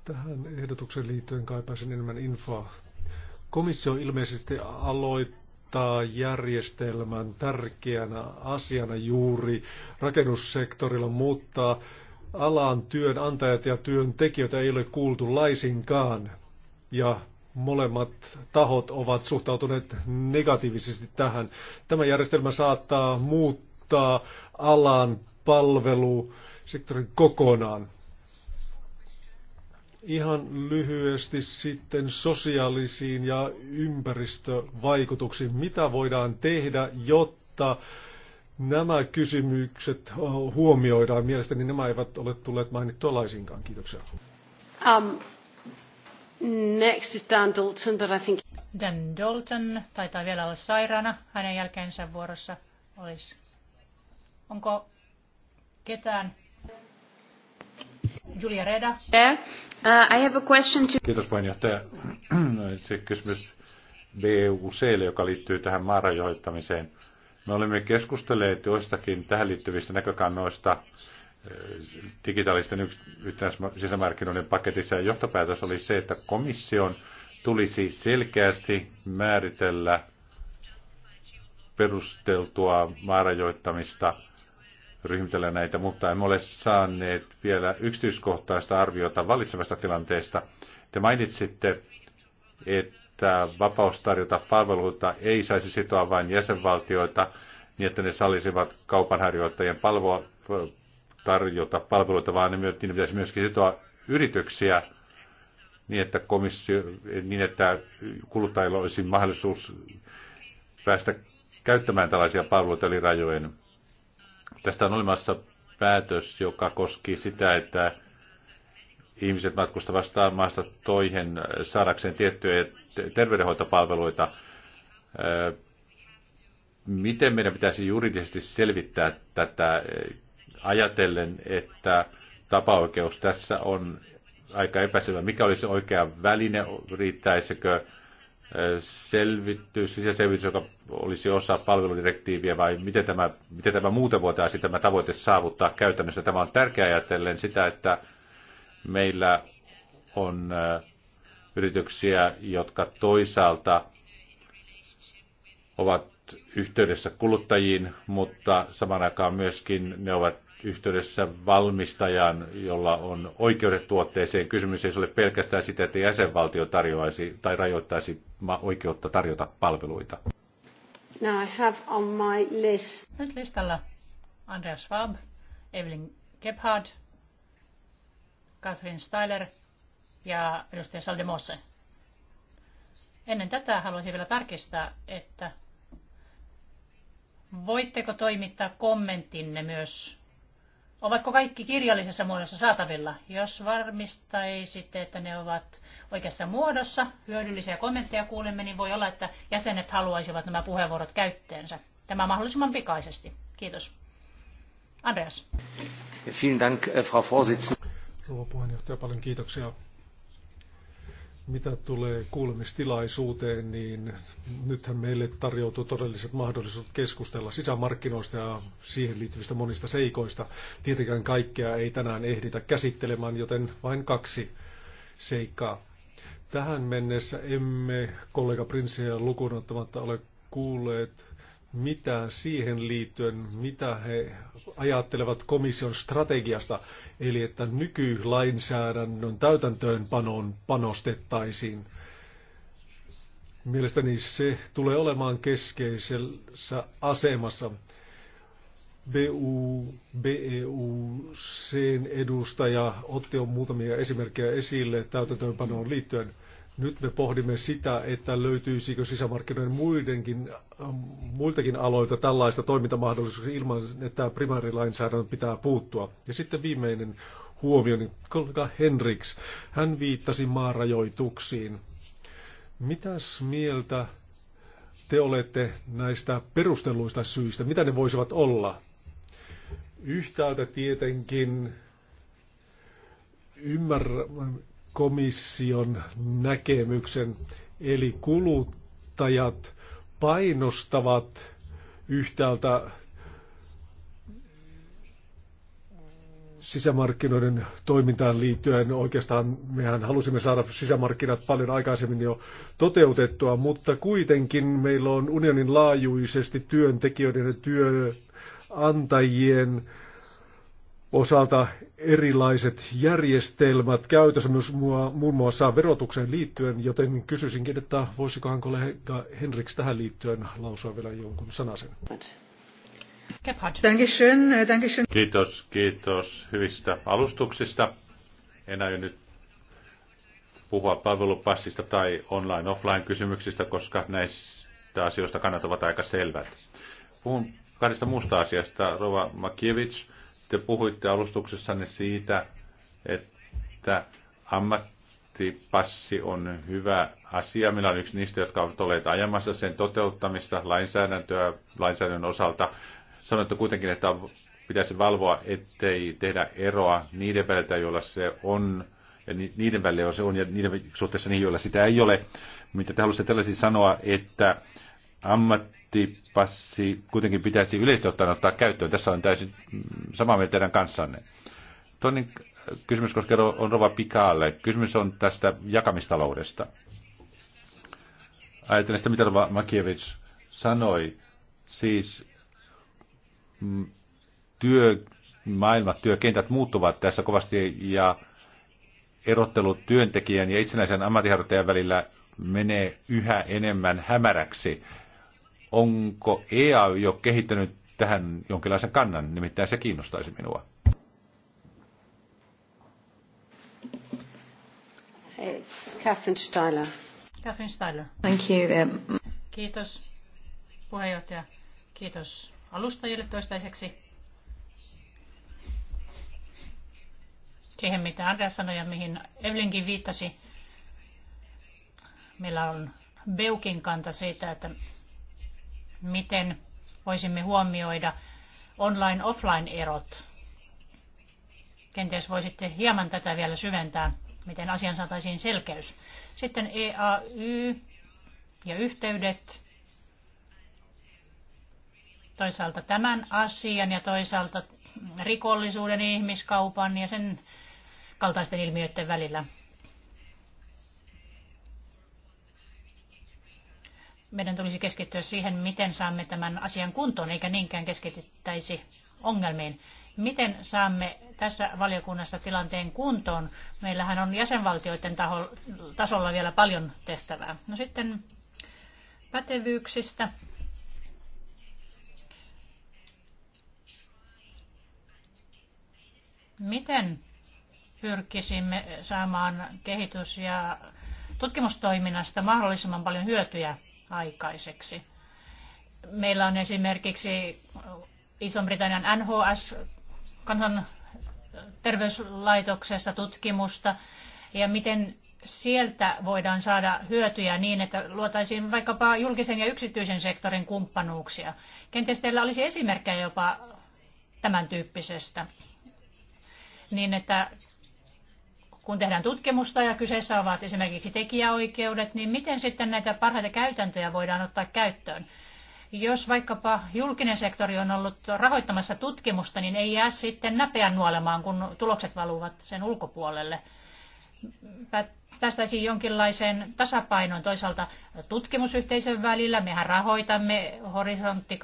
Speaker 2: Tähän ehdotukseen liittyen kaipaisin enemmän infoa. Komissio ilmeisesti aloittaa järjestelmän tärkeänä asiana juuri rakennussektorilla, mutta alan työnantajat ja työntekijöitä ei ole kuultu laisinkaan. Ja molemmat tahot ovat suhtautuneet negatiivisesti tähän. Tämä järjestelmä saattaa muuttaa alan palvelusektorin kokonaan. Ihan lyhyesti sitten sosiaalisiin ja ympäristövaikutuksiin. Mitä voidaan tehdä, jotta nämä kysymykset oh, huomioidaan? Mielestäni nämä eivät ole tulleet mainittua laisinkaan.
Speaker 1: Kiitoksia. Um, Next is Dan Dalton, but I think... Dan Dalton taitaa vielä olla sairaana. Hänen jälkeensä vuorossa olisi... Onko ketään? Julia Reda. Yeah. Uh, I have a question to...
Speaker 3: Kiitos puheenjohtaja. No, Se kysymys BUClle, joka liittyy tähän maarajoittamiseen. Me olemme keskustelleet joistakin tähän liittyvistä näkökannoista digitaalisten sisämarkkinoiden paketissa. Johtopäätös oli se, että komission tulisi selkeästi määritellä perusteltua maarajoittamista ryhmitellä näitä, mutta emme ole saaneet vielä yksityiskohtaista arviota valitsevasta tilanteesta. Te mainitsitte, että vapaus tarjota palveluita ei saisi sitoa vain jäsenvaltioita niin, että ne sallisivat kaupanharjoittajien palvoa tarjota palveluita, vaan ne myöskin pitäisi myöskin sitoa yrityksiä niin, että, komissio, niin, että kuluttajilla olisi mahdollisuus päästä käyttämään tällaisia palveluita yli rajojen. Tästä on olemassa päätös, joka koski sitä, että ihmiset matkustavat maasta toihen saadakseen tiettyjä terveydenhoitopalveluita. Miten meidän pitäisi juridisesti selvittää tätä ajatellen, että tapaoikeus tässä on aika epäselvä. Mikä olisi oikea väline? Riittäisikö selvitys, sisäselvitys, joka olisi osa palveludirektiiviä vai miten tämä, miten tämä muuten voitaisiin tämä tavoite saavuttaa käytännössä? Tämä on tärkeää ajatellen sitä, että meillä on yrityksiä, jotka toisaalta ovat yhteydessä kuluttajiin, mutta samaan aikaan myöskin ne ovat yhteydessä valmistajan, jolla on oikeudet tuotteeseen. Kysymys ei ole pelkästään sitä, että jäsenvaltio tarjoaisi tai rajoittaisi oikeutta tarjota palveluita.
Speaker 1: Now I have on my list. Nyt listalla Andreas Schwab, Evelyn Gebhard, Catherine Styler ja edustaja Saldemose. Ennen tätä haluaisin vielä tarkistaa, että voitteko toimittaa kommenttinne myös Ovatko kaikki kirjallisessa muodossa saatavilla? Jos varmistaisitte, että ne ovat oikeassa muodossa, hyödyllisiä kommentteja kuulemme, niin voi olla, että jäsenet haluaisivat nämä puheenvuorot käyttöönsä. Tämä mahdollisimman pikaisesti. Kiitos. Andreas.
Speaker 3: Vielen Dank, äh, Frau Vorsitzende.
Speaker 2: Rouva puheenjohtaja, paljon kiitoksia. Mitä tulee kuulemistilaisuuteen, niin nythän meille tarjoutuu todelliset mahdollisuudet keskustella sisämarkkinoista ja siihen liittyvistä monista seikoista. Tietenkään kaikkea ei tänään ehditä käsittelemään, joten vain kaksi seikkaa. Tähän mennessä emme kollega Prinssiä lukuun ottamatta ole kuulleet mitä siihen liittyen, mitä he ajattelevat komission strategiasta, eli että nykylainsäädännön täytäntöönpanoon panostettaisiin. Mielestäni se tulee olemaan keskeisessä asemassa. BU, sen edustaja otti jo muutamia esimerkkejä esille täytäntöönpanoon liittyen. Nyt me pohdimme sitä, että löytyisikö sisämarkkinoiden muidenkin, ähm, muiltakin aloilta tällaista toimintamahdollisuutta ilman, että primäärilainsäädännön pitää puuttua. Ja sitten viimeinen huomio, niin kollega Henriks, hän viittasi maarajoituksiin. Mitäs mieltä te olette näistä perustelluista syistä? Mitä ne voisivat olla? Yhtäältä tietenkin ymmärrän, komission näkemyksen. Eli kuluttajat painostavat yhtäältä sisämarkkinoiden toimintaan liittyen. Oikeastaan mehän halusimme saada sisämarkkinat paljon aikaisemmin jo toteutettua, mutta kuitenkin meillä on unionin laajuisesti työntekijöiden ja työantajien osalta erilaiset järjestelmät käytössä myös muun muassa verotukseen liittyen, joten kysyisinkin, että voisikohan kollega Henriks tähän liittyen lausua vielä jonkun sanasen.
Speaker 1: Äh,
Speaker 3: kiitos, kiitos hyvistä alustuksista. En aio nyt puhua palvelupassista tai online-offline-kysymyksistä, koska näistä asioista kannat ovat aika selvät. Puhun kahdesta muusta asiasta. Rova Makievich te puhuitte alustuksessanne siitä, että ammattipassi on hyvä asia. Meillä on yksi niistä, jotka ovat olleet ajamassa sen toteuttamista lainsäädäntöä lainsäädännön osalta. Sanottu kuitenkin, että pitäisi valvoa, ettei tehdä eroa niiden väliltä, joilla se on, ja niiden välillä, joilla se on, ja niiden suhteessa niihin, joilla sitä ei ole. Mitä te haluaisitte tällaisin sanoa, että ammat, sympaattipassi kuitenkin pitäisi yleisesti ottaen ottaa käyttöön. Tässä on täysin samaa mieltä teidän kanssanne. Toinen kysymys koskee on Rova Pikaalle. Kysymys on tästä jakamistaloudesta. Ajattelen sitä, mitä Rova Makievic sanoi. Siis mm, työmaailmat, työkentät muuttuvat tässä kovasti ja erottelut työntekijän ja itsenäisen ammattiharjoittajan välillä menee yhä enemmän hämäräksi onko EA jo kehittänyt tähän jonkinlaisen kannan, nimittäin se kiinnostaisi minua.
Speaker 1: It's Catherine Steiler. Catherine Thank you. Uh, Kiitos puheenjohtaja. Kiitos alustajille toistaiseksi. Siihen, mitä Andreas sanoi ja mihin Evelinkin viittasi, meillä on Beukin kanta siitä, että miten voisimme huomioida online-offline-erot. Kenties voisitte hieman tätä vielä syventää, miten asian saataisiin selkeys. Sitten EAY ja yhteydet. Toisaalta tämän asian ja toisaalta rikollisuuden, ihmiskaupan ja sen kaltaisten ilmiöiden välillä. meidän tulisi keskittyä siihen, miten saamme tämän asian kuntoon, eikä niinkään keskityttäisi ongelmiin. Miten saamme tässä valiokunnassa tilanteen kuntoon? Meillähän on jäsenvaltioiden taho, tasolla vielä paljon tehtävää. No sitten pätevyyksistä. Miten pyrkisimme saamaan kehitys- ja tutkimustoiminnasta mahdollisimman paljon hyötyjä aikaiseksi. Meillä on esimerkiksi Iso-Britannian NHS kansan terveyslaitoksessa tutkimusta ja miten sieltä voidaan saada hyötyjä niin, että luotaisiin vaikkapa julkisen ja yksityisen sektorin kumppanuuksia. Kenties teillä olisi esimerkkejä jopa tämän tyyppisestä, niin että kun tehdään tutkimusta ja kyseessä ovat esimerkiksi tekijäoikeudet, niin miten sitten näitä parhaita käytäntöjä voidaan ottaa käyttöön? Jos vaikkapa julkinen sektori on ollut rahoittamassa tutkimusta, niin ei jää sitten näpeän nuolemaan, kun tulokset valuvat sen ulkopuolelle. Päästäisiin jonkinlaiseen tasapainoon toisaalta tutkimusyhteisön välillä. Mehän rahoitamme horisontti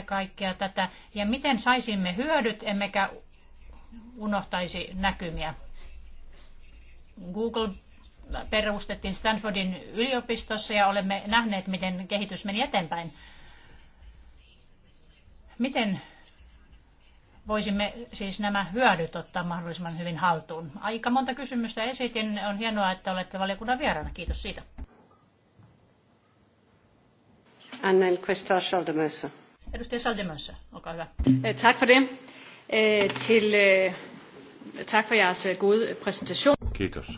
Speaker 1: 20-20 kaikkea tätä. Ja miten saisimme hyödyt, emmekä unohtaisi näkymiä. Google perustettiin Stanfordin yliopistossa ja olemme nähneet, miten kehitys meni eteenpäin. Miten voisimme siis nämä hyödyt ottaa mahdollisimman hyvin haltuun? Aika monta kysymystä esitin. On hienoa, että olette valiokunnan vieraana. Kiitos siitä. And then Christel Edustaja Saldemössä, olkaa hyvä. Eh, tack för det. Øh, til, øh, tak for jeres øh, gode præsentation.
Speaker 3: Kiitos.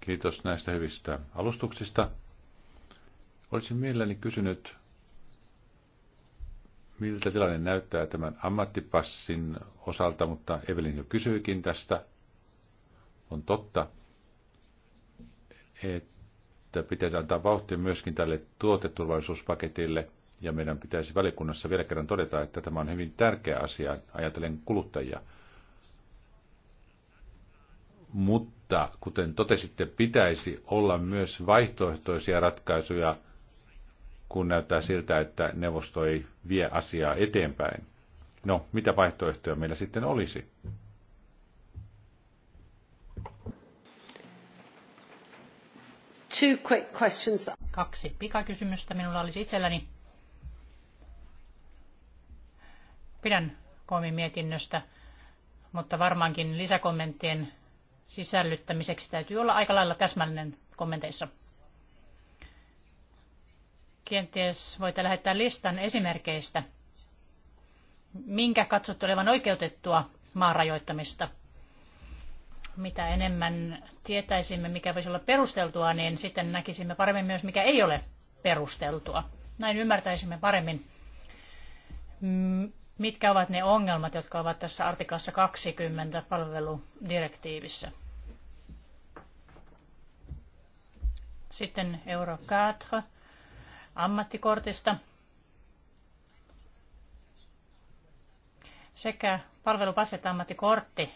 Speaker 3: Kiitos näistä hyvistä alustuksista. Olisin mielelläni kysynyt, miltä tilanne näyttää tämän ammattipassin osalta, mutta Evelin jo kysyikin tästä. On totta, että pitäisi antaa vauhtia myöskin tälle tuoteturvallisuuspaketille. Ja meidän pitäisi välikunnassa vielä kerran todeta, että tämä on hyvin tärkeä asia, ajatellen kuluttajia. Mutta, kuten totesitte, pitäisi olla myös vaihtoehtoisia ratkaisuja, kun näyttää siltä, että neuvosto ei vie asiaa eteenpäin. No, mitä vaihtoehtoja meillä sitten olisi?
Speaker 1: Kaksi pikakysymystä minulla olisi itselläni. Pidän koomin mietinnöstä, mutta varmaankin lisäkommenttien sisällyttämiseksi täytyy olla aika lailla täsmällinen kommenteissa. Kenties voitte lähettää listan esimerkkeistä, minkä katsotte olevan oikeutettua maarajoittamista. Mitä enemmän tietäisimme, mikä voisi olla perusteltua, niin sitten näkisimme paremmin myös, mikä ei ole perusteltua. Näin ymmärtäisimme paremmin, mitkä ovat ne ongelmat, jotka ovat tässä artiklassa 20 palveludirektiivissä. Sitten Euro 4 ammattikortista. Sekä palvelupasset ammattikortti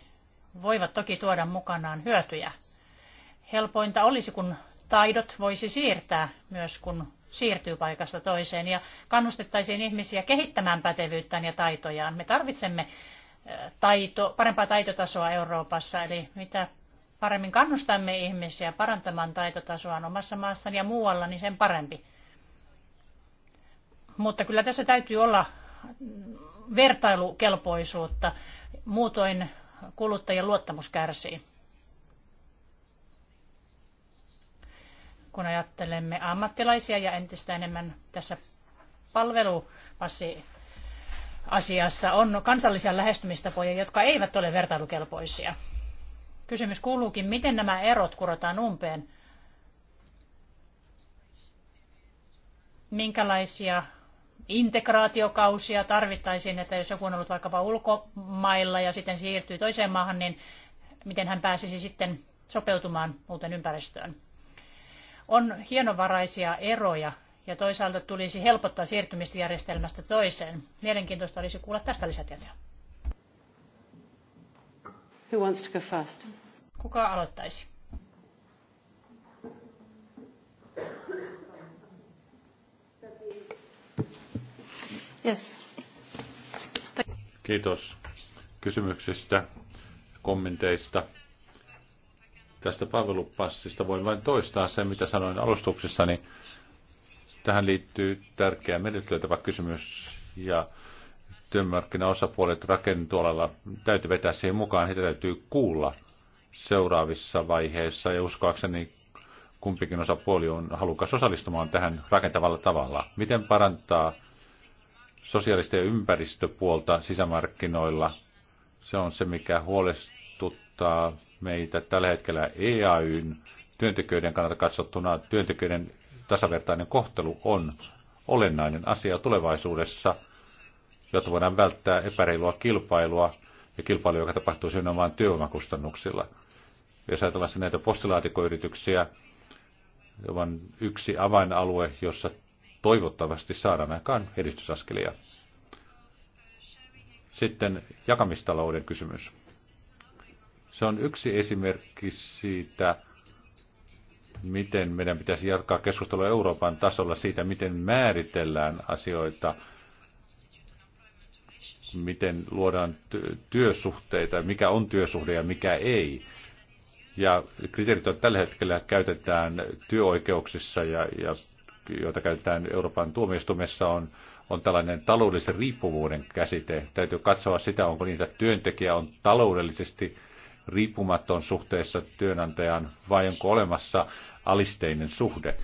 Speaker 1: voivat toki tuoda mukanaan hyötyjä. Helpointa olisi, kun taidot voisi siirtää myös, kun siirtyy paikasta toiseen ja kannustettaisiin ihmisiä kehittämään pätevyyttään ja taitojaan. Me tarvitsemme taito, parempaa taitotasoa Euroopassa, eli mitä paremmin kannustamme ihmisiä parantamaan taitotasoaan omassa maassaan ja muualla, niin sen parempi. Mutta kyllä tässä täytyy olla vertailukelpoisuutta, muutoin kuluttajien luottamus kärsii. kun ajattelemme ammattilaisia ja entistä enemmän tässä palvelupassi asiassa on kansallisia lähestymistapoja, jotka eivät ole vertailukelpoisia. Kysymys kuuluukin, miten nämä erot kurotaan umpeen? Minkälaisia integraatiokausia tarvittaisiin, että jos joku on ollut vaikkapa ulkomailla ja sitten siirtyy toiseen maahan, niin miten hän pääsisi sitten sopeutumaan uuteen ympäristöön? On hienovaraisia eroja ja toisaalta tulisi helpottaa siirtymistä järjestelmästä toiseen. Mielenkiintoista olisi kuulla tästä lisätietoja. Who wants to go first? Kuka aloittaisi?
Speaker 3: Yes. Kiitos kysymyksistä, kommenteista tästä palvelupassista voin vain toistaa sen, mitä sanoin niin Tähän liittyy tärkeä menetelytävä kysymys ja työmarkkinaosapuolet rakennetuolella täytyy vetää siihen mukaan. Heitä täytyy kuulla seuraavissa vaiheissa ja uskoakseni kumpikin osapuoli on halukas osallistumaan tähän rakentavalla tavalla. Miten parantaa sosiaalista ja ympäristöpuolta sisämarkkinoilla? Se on se, mikä huolestuttaa muistuttaa meitä tällä hetkellä EAYn työntekijöiden kannalta katsottuna työntekijöiden tasavertainen kohtelu on olennainen asia tulevaisuudessa, jotta voidaan välttää epäreilua kilpailua ja kilpailu, joka tapahtuu vain työvoimakustannuksilla. Jos ajatellaan näitä postilaatikoyrityksiä, on yksi avainalue, jossa toivottavasti saadaan aikaan edistysaskelia. Sitten jakamistalouden kysymys. Se on yksi esimerkki siitä, miten meidän pitäisi jatkaa keskustelua Euroopan tasolla siitä, miten määritellään asioita, miten luodaan työsuhteita, mikä on työsuhde ja mikä ei. Ja kriteerit, joita tällä hetkellä käytetään työoikeuksissa ja, ja joita käytetään Euroopan tuomioistuimessa, on, on tällainen taloudellisen riippuvuuden käsite. Täytyy katsoa sitä, onko niitä työntekijä on taloudellisesti – riippumaton suhteessa työnantajaan vai onko olemassa alisteinen suhde.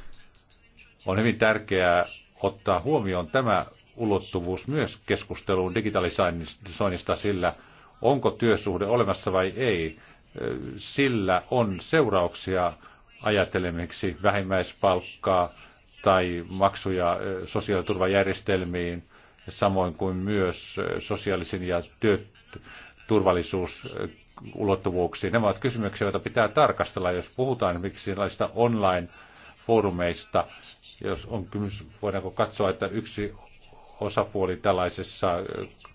Speaker 3: On hyvin tärkeää ottaa huomioon tämä ulottuvuus myös keskusteluun digitalisoinnista sillä, onko työsuhde olemassa vai ei. Sillä on seurauksia ajatelemiksi vähimmäispalkkaa tai maksuja sosiaaliturvajärjestelmiin, samoin kuin myös sosiaalisen ja työturvallisuus ulottuvuuksiin. Nämä ovat kysymyksiä, joita pitää tarkastella, jos puhutaan esimerkiksi sellaisista online-foorumeista, jos on kysymys, voidaanko katsoa, että yksi osapuoli tällaisessa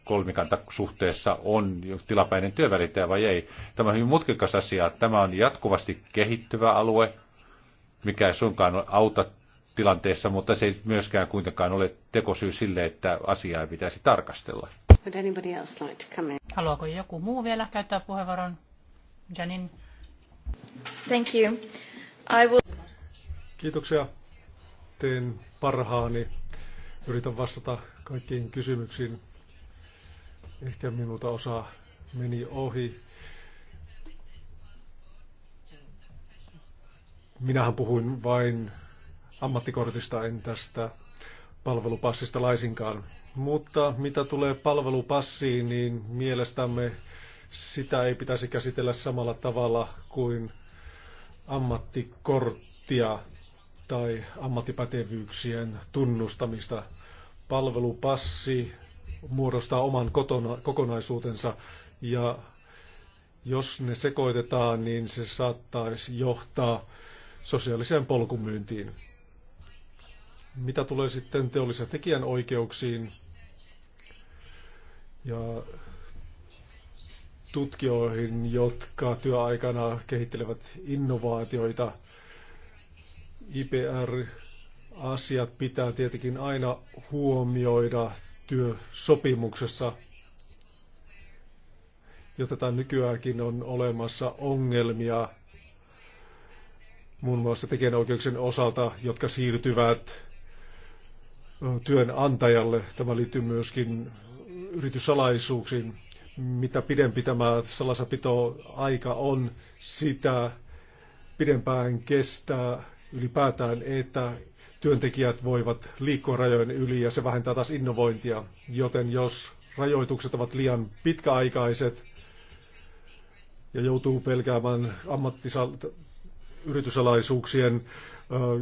Speaker 3: kolmikantasuhteessa on tilapäinen työvälittäjä vai ei. Tämä on hyvin mutkikas asia. Tämä on jatkuvasti kehittyvä alue, mikä ei suinkaan auta tilanteessa, mutta se ei myöskään kuitenkaan ole tekosyy sille, että asiaa ei pitäisi tarkastella.
Speaker 1: Would anybody else like to come in? Haluaako joku muu vielä käyttää puheenvuoron? Janin. Thank you. I will...
Speaker 2: Kiitoksia. Teen parhaani. Yritän vastata kaikkiin kysymyksiin. Ehkä minulta osa meni ohi. Minähän puhuin vain ammattikortista, en tästä palvelupassista laisinkaan. Mutta mitä tulee palvelupassiin, niin mielestämme sitä ei pitäisi käsitellä samalla tavalla kuin ammattikorttia tai ammattipätevyyksien tunnustamista. Palvelupassi muodostaa oman kotona, kokonaisuutensa ja jos ne sekoitetaan, niin se saattaisi johtaa sosiaaliseen polkumyyntiin. Mitä tulee sitten teollisen tekijän oikeuksiin ja tutkijoihin, jotka työaikana kehittelevät innovaatioita, IPR-asiat pitää tietenkin aina huomioida työsopimuksessa, jotta tämä nykyäänkin on olemassa ongelmia muun muassa tekijänoikeuksien osalta, jotka siirtyvät työnantajalle. Tämä liittyy myöskin yrityssalaisuuksiin. Mitä pidempi tämä salasapitoaika aika on, sitä pidempään kestää ylipäätään, että työntekijät voivat liikkua rajojen yli ja se vähentää taas innovointia. Joten jos rajoitukset ovat liian pitkäaikaiset ja joutuu pelkäämään ammattisalta, yrityssalaisuuksien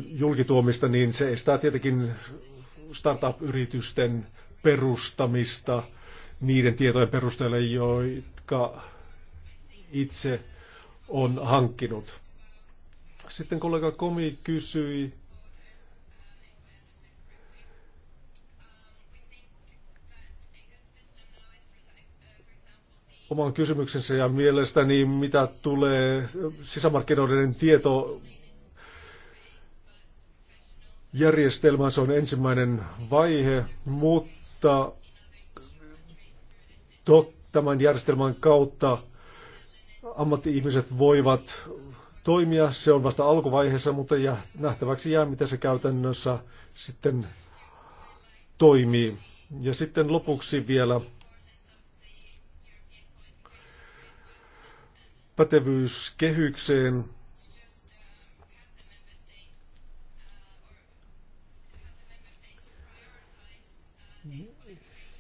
Speaker 2: julkituomista, niin se estää tietenkin startup-yritysten perustamista niiden tietojen perusteella, jotka itse on hankkinut. Sitten kollega Komi kysyi oman kysymyksensä ja mielestäni mitä tulee sisämarkkinoiden tieto järjestelmään. Se on ensimmäinen vaihe, mutta tämän järjestelmän kautta ammatti-ihmiset voivat toimia. Se on vasta alkuvaiheessa, mutta nähtäväksi jää, miten se käytännössä sitten toimii. Ja sitten lopuksi vielä pätevyyskehykseen.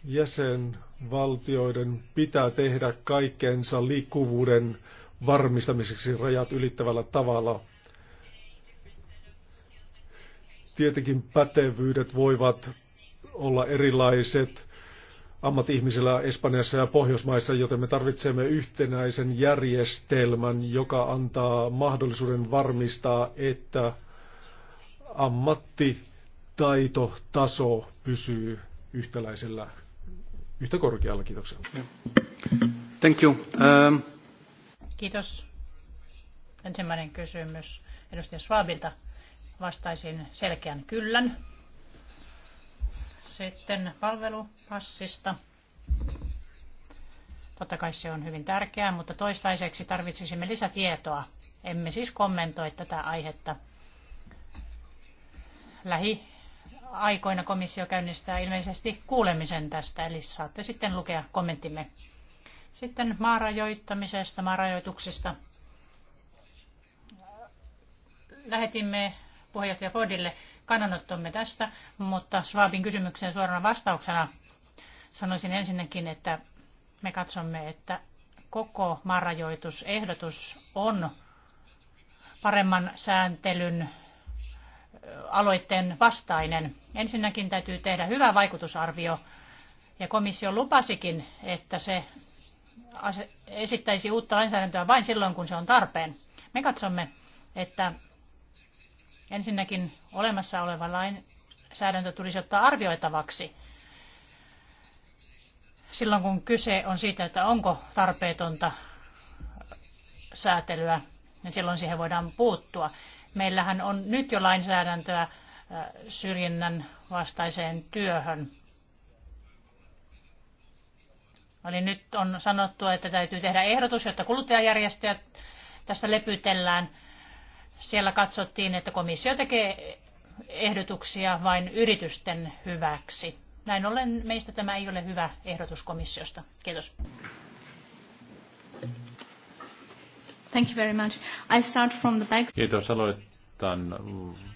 Speaker 2: jäsenvaltioiden pitää tehdä kaikkensa liikkuvuuden varmistamiseksi rajat ylittävällä tavalla. Tietenkin pätevyydet voivat olla erilaiset ammattiihmisillä Espanjassa ja Pohjoismaissa, joten me tarvitsemme yhtenäisen järjestelmän, joka antaa mahdollisuuden varmistaa, että ammattitaitotaso pysyy yhtäläisellä, yhtä korkealla. Kiitoksia. Thank you. Um...
Speaker 1: Kiitos. Ensimmäinen kysymys edustaja Schwabilta. Vastaisin selkeän kyllän. Sitten palvelupassista. Totta kai se on hyvin tärkeää, mutta toistaiseksi tarvitsisimme lisätietoa. Emme siis kommentoi tätä aihetta lähi aikoina komissio käynnistää ilmeisesti kuulemisen tästä, eli saatte sitten lukea kommenttimme. Sitten maarajoittamisesta, maarajoituksista. Lähetimme puheenjohtaja Fordille kannanottomme tästä, mutta Schwabin kysymykseen suorana vastauksena sanoisin ensinnäkin, että me katsomme, että koko maarajoitusehdotus on paremman sääntelyn aloitteen vastainen. Ensinnäkin täytyy tehdä hyvä vaikutusarvio ja komissio lupasikin, että se esittäisi uutta lainsäädäntöä vain silloin, kun se on tarpeen. Me katsomme, että ensinnäkin olemassa oleva lainsäädäntö tulisi ottaa arvioitavaksi silloin, kun kyse on siitä, että onko tarpeetonta säätelyä, niin silloin siihen voidaan puuttua. Meillähän on nyt jo lainsäädäntöä äh, syrjinnän vastaiseen työhön. Eli nyt on sanottu, että täytyy tehdä ehdotus, jotta kuluttajajärjestöjä tässä lepytellään. Siellä katsottiin, että komissio tekee ehdotuksia vain yritysten hyväksi. Näin ollen meistä tämä ei ole hyvä ehdotus komissiosta. Kiitos. Thank you very much. I start from the back.
Speaker 3: Kiitos. Aloitan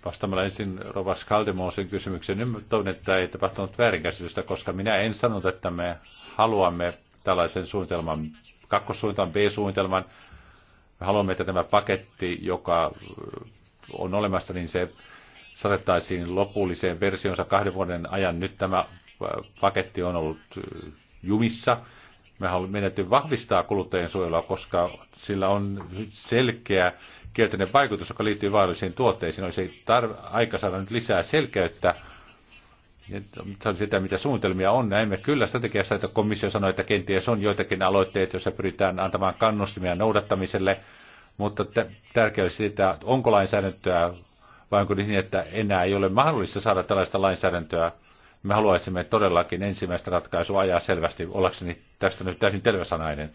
Speaker 3: vastaamalla ensin Rovas Kaldemoosin kysymykseen. Toivon, että ei tapahtunut väärinkäsitystä, koska minä en sanonut, että me haluamme tällaisen suunnitelman, kakkosuunnitelman, B-suunnitelman. Me haluamme, että tämä paketti, joka on olemassa, niin se saatettaisiin lopulliseen versionsa kahden vuoden ajan. Nyt tämä paketti on ollut jumissa me menetty vahvistaa kuluttajien suojelua, koska sillä on selkeä kielteinen vaikutus, joka liittyy vaarallisiin tuotteisiin. Olisi tar- aika saada nyt lisää selkeyttä On sitä, mitä suunnitelmia on. Näemme kyllä strategiassa, että komissio sanoi, että kenties on joitakin aloitteita, joissa pyritään antamaan kannustimia noudattamiselle, mutta tärkeää olisi sitä, onko lainsäädäntöä vai onko niin, että enää ei ole mahdollista saada tällaista lainsäädäntöä me haluaisimme todellakin ensimmäistä ratkaisua ajaa selvästi, ollakseni tästä nyt täysin terveysanainen.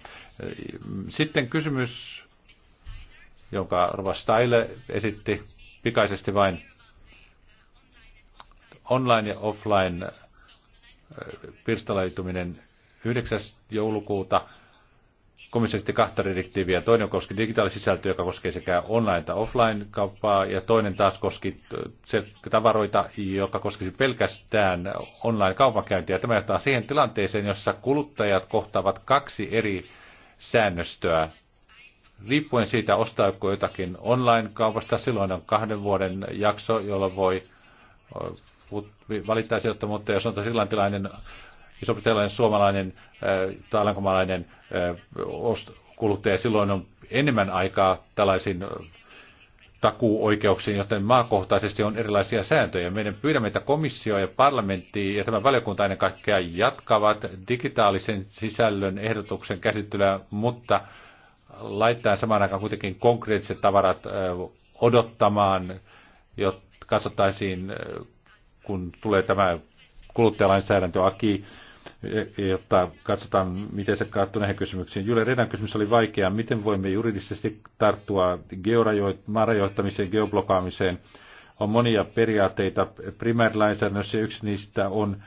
Speaker 3: Sitten kysymys, jonka Rova Steile esitti pikaisesti vain online ja offline äh, pirstaleituminen 9. joulukuuta komissio kahta direktiiviä. Toinen koski digitaalisisältöä, joka koskee sekä online- että offline-kauppaa, ja toinen taas koski tavaroita, joka koskisi pelkästään online-kaupankäyntiä. Tämä johtaa siihen tilanteeseen, jossa kuluttajat kohtaavat kaksi eri säännöstöä. Riippuen siitä, ostaako jotakin online-kaupasta, silloin on kahden vuoden jakso, jolloin voi valittaa sieltä, mutta jos on tosiaan tilanne iso-britannialainen, suomalainen äh, tai alankomaalainen äh, kuluttaja silloin on enemmän aikaa tällaisiin äh, takuuoikeuksiin, joten maakohtaisesti on erilaisia sääntöjä. Meidän pyydämme, että komissio ja parlamentti ja tämä valiokunta ennen kaikkea jatkavat digitaalisen sisällön ehdotuksen käsittelyä, mutta laittaa samaan aikaan kuitenkin konkreettiset tavarat odottamaan, jotta katsottaisiin, kun tulee tämä kuluttajalainsäädäntöaki, aki, E, jotta katsotaan, miten se kaattuu näihin kysymyksiin. Jule Redan kysymys oli vaikea. Miten voimme juridisesti tarttua maarajoittamiseen, geoblokaamiseen? On monia periaatteita primäärilainsäädännössä ja yksi niistä on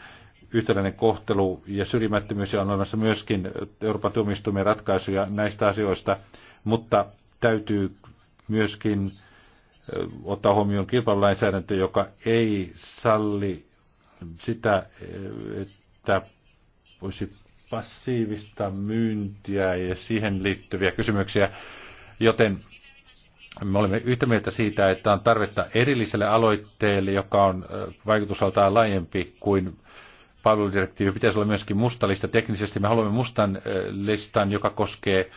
Speaker 3: yhtäläinen kohtelu ja syrjimättömyys ja on olemassa myöskin Euroopan tuomioistuimen ratkaisuja näistä asioista, mutta täytyy myöskin ottaa huomioon kilpailulainsäädäntö, joka ei salli sitä, että voisi passiivista myyntiä ja siihen liittyviä kysymyksiä, joten me olemme yhtä mieltä siitä, että on tarvetta erilliselle aloitteelle, joka on vaikutusaltaan laajempi kuin palveludirektiivi. Pitäisi olla myöskin musta lista. Teknisesti me haluamme mustan listan, joka koskee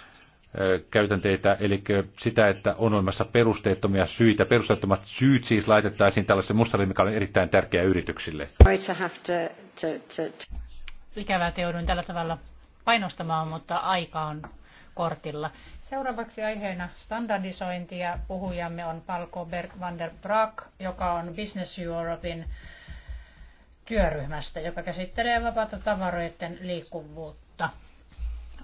Speaker 3: käytänteitä, eli sitä, että on olemassa perusteettomia syitä. Perusteettomat syyt siis laitettaisiin tällaisen mustalle, mikä on erittäin tärkeä yrityksille.
Speaker 1: Ikävää, että jouduin tällä tavalla painostamaan, mutta aika on kortilla. Seuraavaksi aiheena standardisointi ja puhujamme on Palko Berg van der Braak, joka on Business Europein
Speaker 3: työryhmästä,
Speaker 1: joka käsittelee vapaata tavaroiden liikkuvuutta.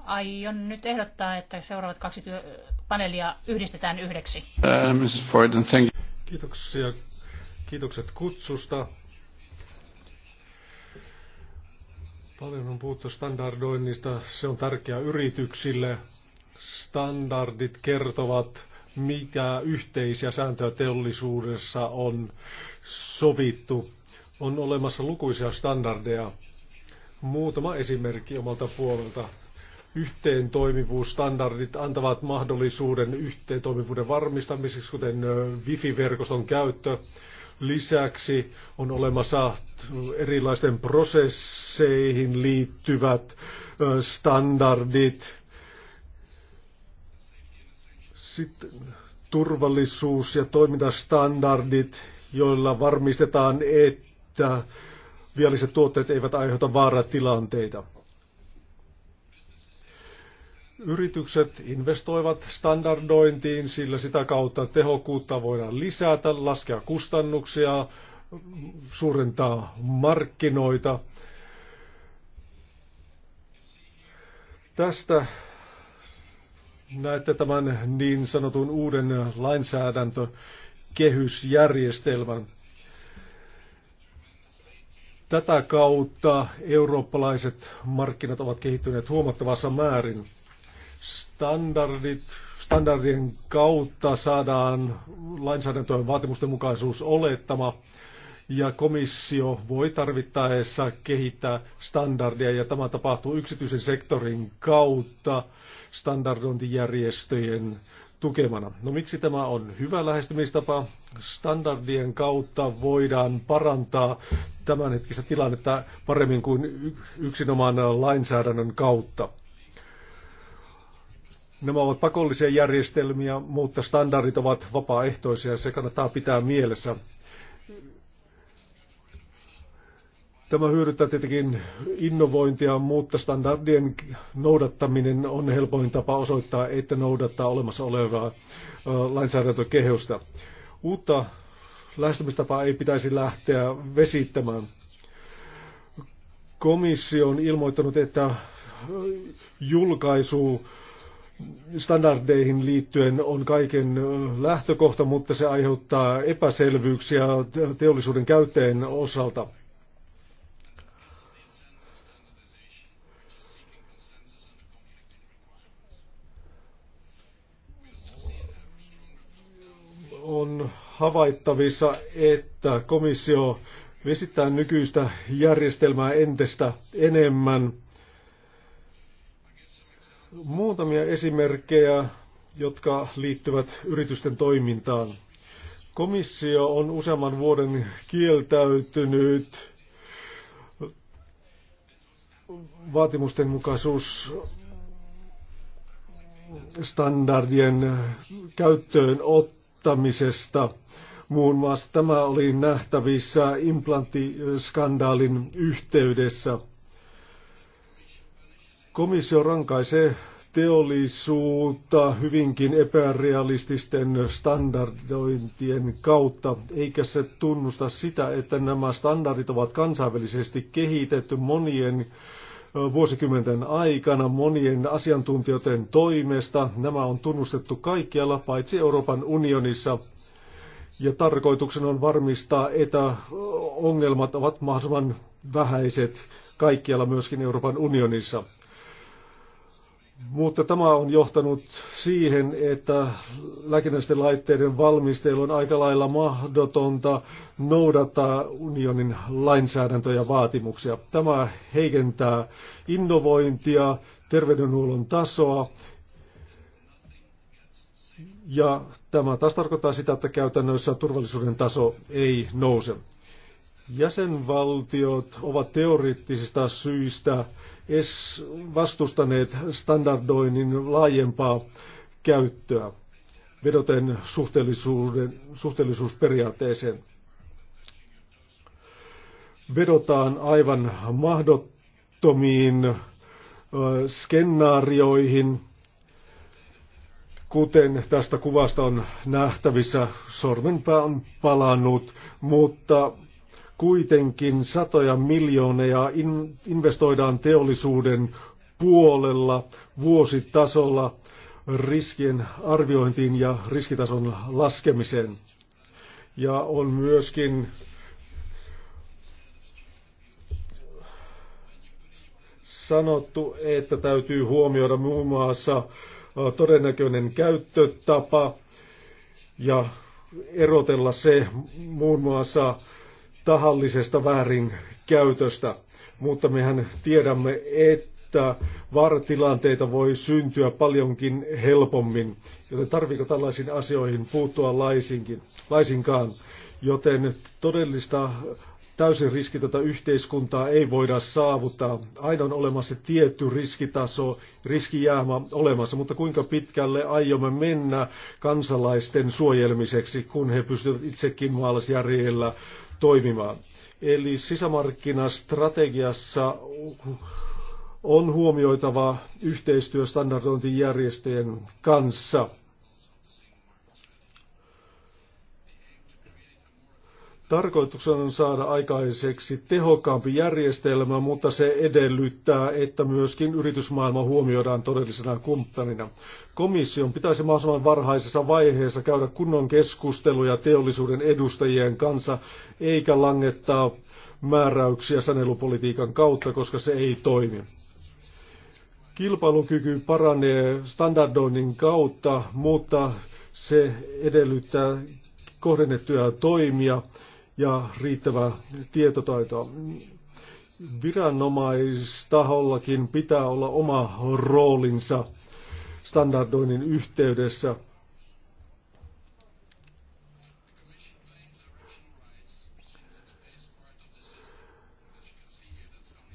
Speaker 1: Aion nyt ehdottaa, että seuraavat kaksi työ- paneelia yhdistetään yhdeksi. Uh, Mrs. Ford, thank
Speaker 3: you.
Speaker 2: Kiitoksia. Kiitokset kutsusta. Paljon on puhuttu standardoinnista. Se on tärkeää yrityksille. Standardit kertovat, mitä yhteisiä sääntöjä teollisuudessa on sovittu. On olemassa lukuisia standardeja. Muutama esimerkki omalta puolelta. Yhteen toimivuusstandardit antavat mahdollisuuden yhteen toimivuuden varmistamiseksi, kuten wifi-verkoston käyttö, Lisäksi on olemassa erilaisten prosesseihin liittyvät standardit. Sitten turvallisuus- ja toimintastandardit, joilla varmistetaan, että vialliset tuotteet eivät aiheuta vaaratilanteita. Yritykset investoivat standardointiin, sillä sitä kautta tehokkuutta voidaan lisätä, laskea kustannuksia, suurentaa markkinoita. Tästä näette tämän niin sanotun uuden lainsäädäntökehysjärjestelmän. Tätä kautta eurooppalaiset markkinat ovat kehittyneet huomattavassa määrin. Standardit, standardien kautta saadaan lainsäädäntöön vaatimusten mukaisuus olettama ja komissio voi tarvittaessa kehittää standardia ja tämä tapahtuu yksityisen sektorin kautta standardointijärjestöjen tukemana. No miksi tämä on hyvä lähestymistapa? Standardien kautta voidaan parantaa tämänhetkistä tilannetta paremmin kuin yksinomaan lainsäädännön kautta. Nämä ovat pakollisia järjestelmiä, mutta standardit ovat vapaaehtoisia. Se kannattaa pitää mielessä. Tämä hyödyttää tietenkin innovointia, mutta standardien noudattaminen on helpoin tapa osoittaa, että noudattaa olemassa olevaa lainsäädäntökehystä. Uutta lähestymistapaa ei pitäisi lähteä vesittämään. Komissio on ilmoittanut, että julkaisu standardeihin liittyen on kaiken lähtökohta, mutta se aiheuttaa epäselvyyksiä teollisuuden käyttäjien osalta. On havaittavissa, että komissio vesittää nykyistä järjestelmää entistä enemmän – Muutamia esimerkkejä, jotka liittyvät yritysten toimintaan. Komissio on useamman vuoden kieltäytynyt vaatimusten mukaisuus standardien käyttöön ottamisesta. Muun muassa tämä oli nähtävissä implanttiskandaalin yhteydessä. Komissio rankaisee teollisuutta hyvinkin epärealististen standardointien kautta, eikä se tunnusta sitä, että nämä standardit ovat kansainvälisesti kehitetty monien vuosikymmenten aikana monien asiantuntijoiden toimesta. Nämä on tunnustettu kaikkialla paitsi Euroopan unionissa. Ja tarkoituksena on varmistaa, että ongelmat ovat mahdollisimman vähäiset kaikkialla myöskin Euroopan unionissa. Mutta tämä on johtanut siihen, että lääkinnällisten laitteiden valmistelu on aika lailla mahdotonta noudattaa unionin lainsäädäntöjä ja vaatimuksia. Tämä heikentää innovointia, terveydenhuollon tasoa ja tämä taas tarkoittaa sitä, että käytännössä turvallisuuden taso ei nouse. Jäsenvaltiot ovat teoreettisista syistä es vastustaneet standardoinnin laajempaa käyttöä vedoten suhteellisuuden, suhteellisuusperiaatteeseen. Vedotaan aivan mahdottomiin ö, skenaarioihin, kuten tästä kuvasta on nähtävissä, sormenpää on palannut, mutta kuitenkin satoja miljooneja investoidaan teollisuuden puolella vuositasolla riskien arviointiin ja riskitason laskemiseen. Ja on myöskin sanottu, että täytyy huomioida muun muassa todennäköinen käyttötapa ja erotella se muun muassa tahallisesta väärinkäytöstä, mutta mehän tiedämme, että vaaratilanteita voi syntyä paljonkin helpommin, joten tarviiko tällaisiin asioihin puuttua laisinkin, laisinkaan. Joten todellista täysin riskitöntä yhteiskuntaa ei voida saavuttaa. Aina on olemassa tietty riskitaso, riskijäämä olemassa, mutta kuinka pitkälle aiomme mennä kansalaisten suojelmiseksi, kun he pystyvät itsekin maalaisjärjellä toimimaan. Eli sisämarkkinastrategiassa on huomioitava yhteistyö standardointijärjestöjen kanssa – Tarkoituksena on saada aikaiseksi tehokkaampi järjestelmä, mutta se edellyttää, että myöskin yritysmaailma huomioidaan todellisena kumppanina. Komission pitäisi mahdollisimman varhaisessa vaiheessa käydä kunnon keskusteluja teollisuuden edustajien kanssa, eikä langettaa määräyksiä sanelupolitiikan kautta, koska se ei toimi. Kilpailukyky paranee standardoinnin kautta, mutta se edellyttää kohdennettuja toimia ja riittävää tietotaitoa. Viranomaistahollakin pitää olla oma roolinsa standardoinnin yhteydessä.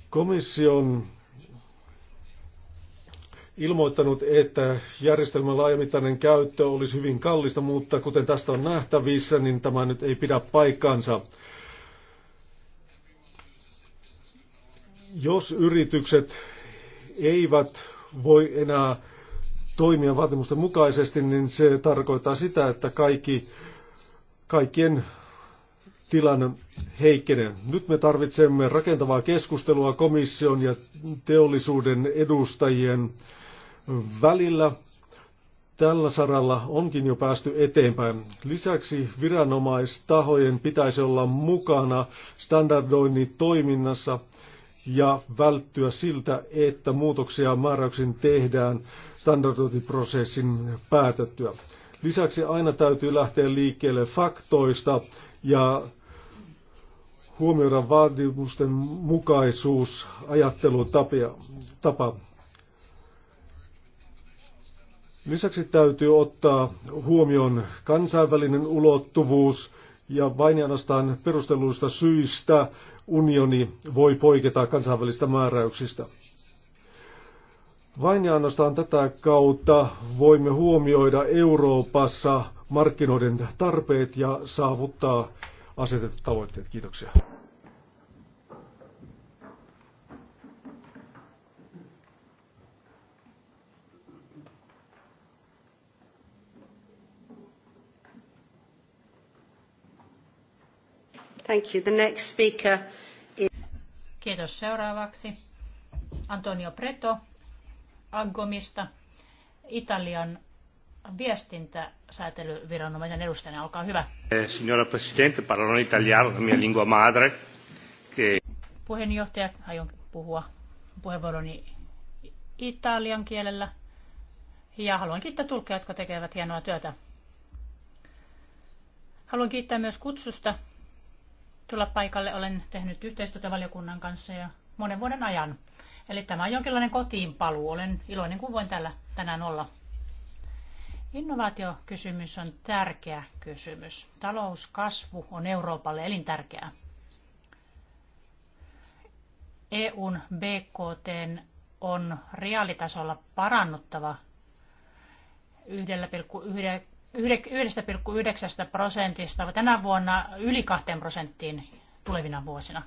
Speaker 2: Komission ilmoittanut, että järjestelmän laajamittainen käyttö olisi hyvin kallista, mutta kuten tästä on nähtävissä, niin tämä nyt ei pidä paikkaansa. Jos yritykset eivät voi enää toimia vaatimusten mukaisesti, niin se tarkoittaa sitä, että kaikki, kaikkien tilanne heikkenee. Nyt me tarvitsemme rakentavaa keskustelua komission ja teollisuuden edustajien välillä. Tällä saralla onkin jo päästy eteenpäin. Lisäksi viranomaistahojen pitäisi olla mukana standardoinnin toiminnassa ja välttyä siltä, että muutoksia määräyksin tehdään standardointiprosessin päätettyä. Lisäksi aina täytyy lähteä liikkeelle faktoista ja huomioida vaatimusten mukaisuus, ajattelutapa. Lisäksi täytyy ottaa huomioon kansainvälinen ulottuvuus ja vain ainoastaan perustelluista syistä unioni voi poiketa kansainvälistä määräyksistä. Vain ja ainoastaan tätä kautta voimme huomioida Euroopassa markkinoiden tarpeet ja saavuttaa asetetut tavoitteet. Kiitoksia.
Speaker 1: Thank you. The next speaker is... Kiitos. Seuraavaksi Antonio Preto Aggomista, Italian viestintäsäätelyviranomaisen edustajana. Olkaa hyvä.
Speaker 3: Eh, signora Presidente, parlo italiano, mia lingua madre.
Speaker 1: Puheenjohtaja, aion puhua puheenvuoroni italian kielellä. Ja haluan kiittää tulkkeja, jotka tekevät hienoa työtä. Haluan kiittää myös kutsusta tulla paikalle. Olen tehnyt yhteistyötä valiokunnan kanssa jo monen vuoden ajan. Eli tämä on jonkinlainen kotiinpaluu. Olen iloinen, kun voin täällä tänään olla. Innovaatiokysymys on tärkeä kysymys. Talouskasvu on Euroopalle elintärkeää. EUn BKT on reaalitasolla parannuttava 1,9 prosentista tänä vuonna yli 2 prosenttiin tulevina vuosina.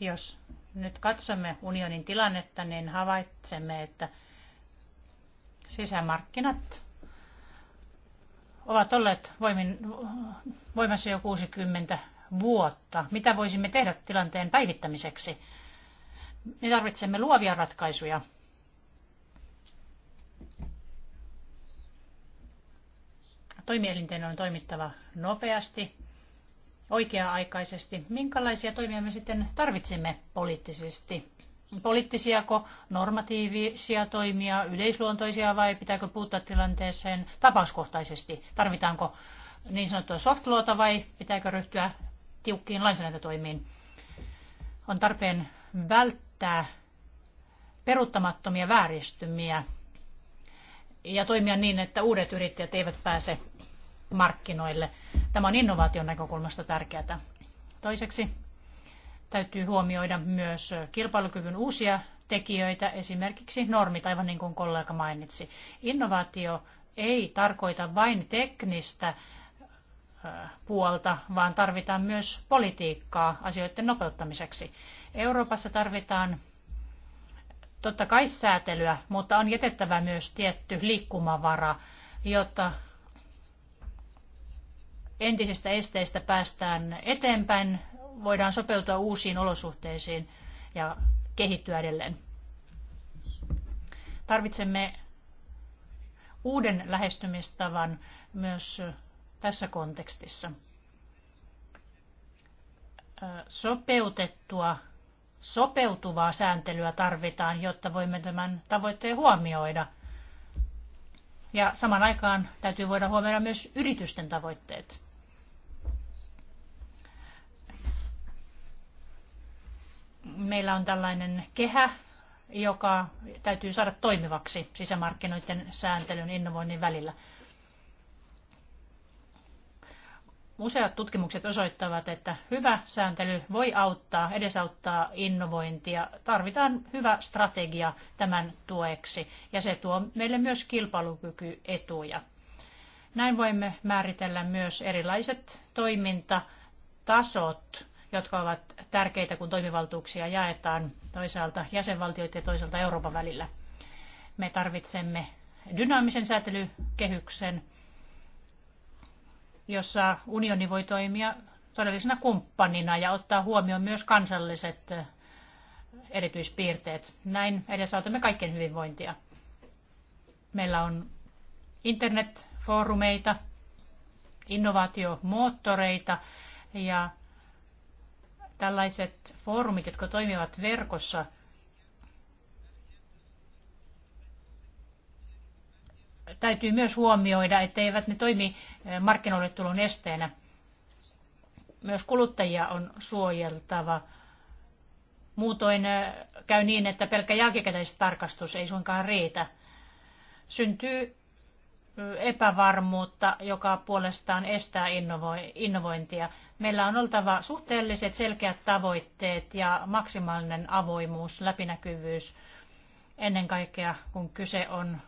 Speaker 1: Jos nyt katsomme unionin tilannetta, niin havaitsemme, että sisämarkkinat ovat olleet voimin, voimassa jo 60 vuotta. Mitä voisimme tehdä tilanteen päivittämiseksi? Me tarvitsemme luovia ratkaisuja. Toimielinten on toimittava nopeasti, oikea-aikaisesti. Minkälaisia toimia me sitten tarvitsemme poliittisesti? Poliittisiako, normatiivisia toimia, yleisluontoisia vai pitääkö puuttua tilanteeseen tapauskohtaisesti? Tarvitaanko niin sanottua softloota vai pitääkö ryhtyä tiukkiin lainsäädäntötoimiin? On tarpeen välttää välttää peruuttamattomia vääristymiä ja toimia niin, että uudet yrittäjät eivät pääse markkinoille. Tämä on innovaation näkökulmasta tärkeää. Toiseksi täytyy huomioida myös kilpailukyvyn uusia tekijöitä, esimerkiksi normit, aivan niin kuin kollega mainitsi. Innovaatio ei tarkoita vain teknistä puolta, vaan tarvitaan myös politiikkaa asioiden nopeuttamiseksi. Euroopassa tarvitaan totta kai säätelyä, mutta on jätettävä myös tietty liikkumavara, jotta entisistä esteistä päästään eteenpäin, voidaan sopeutua uusiin olosuhteisiin ja kehittyä edelleen. Tarvitsemme uuden lähestymistavan myös tässä kontekstissa. Sopeutettua sopeutuvaa sääntelyä tarvitaan, jotta voimme tämän tavoitteen huomioida. Ja saman aikaan täytyy voida huomioida myös yritysten tavoitteet. Meillä on tällainen kehä, joka täytyy saada toimivaksi sisämarkkinoiden sääntelyn innovoinnin välillä. Useat tutkimukset osoittavat, että hyvä sääntely voi auttaa, edesauttaa innovointia. Tarvitaan hyvä strategia tämän tueksi ja se tuo meille myös kilpailukykyetuja. Näin voimme määritellä myös erilaiset toimintatasot, jotka ovat tärkeitä, kun toimivaltuuksia jaetaan toisaalta jäsenvaltioiden ja toisaalta Euroopan välillä. Me tarvitsemme dynaamisen säätelykehyksen, jossa unioni voi toimia todellisena kumppanina ja ottaa huomioon myös kansalliset eh, erityispiirteet. Näin edesautamme kaikkien hyvinvointia. Meillä on internetfoorumeita, innovaatiomoottoreita ja tällaiset foorumit, jotka toimivat verkossa – täytyy myös huomioida, etteivät ne toimi eh, markkinoille tulon esteenä. Myös kuluttajia on suojeltava. Muutoin eh, käy niin, että pelkkä jälkikäteistarkastus ei suinkaan riitä. Syntyy eh, epävarmuutta, joka puolestaan estää innovointia. Meillä on oltava suhteelliset selkeät tavoitteet ja maksimaalinen avoimuus, läpinäkyvyys ennen kaikkea, kun kyse on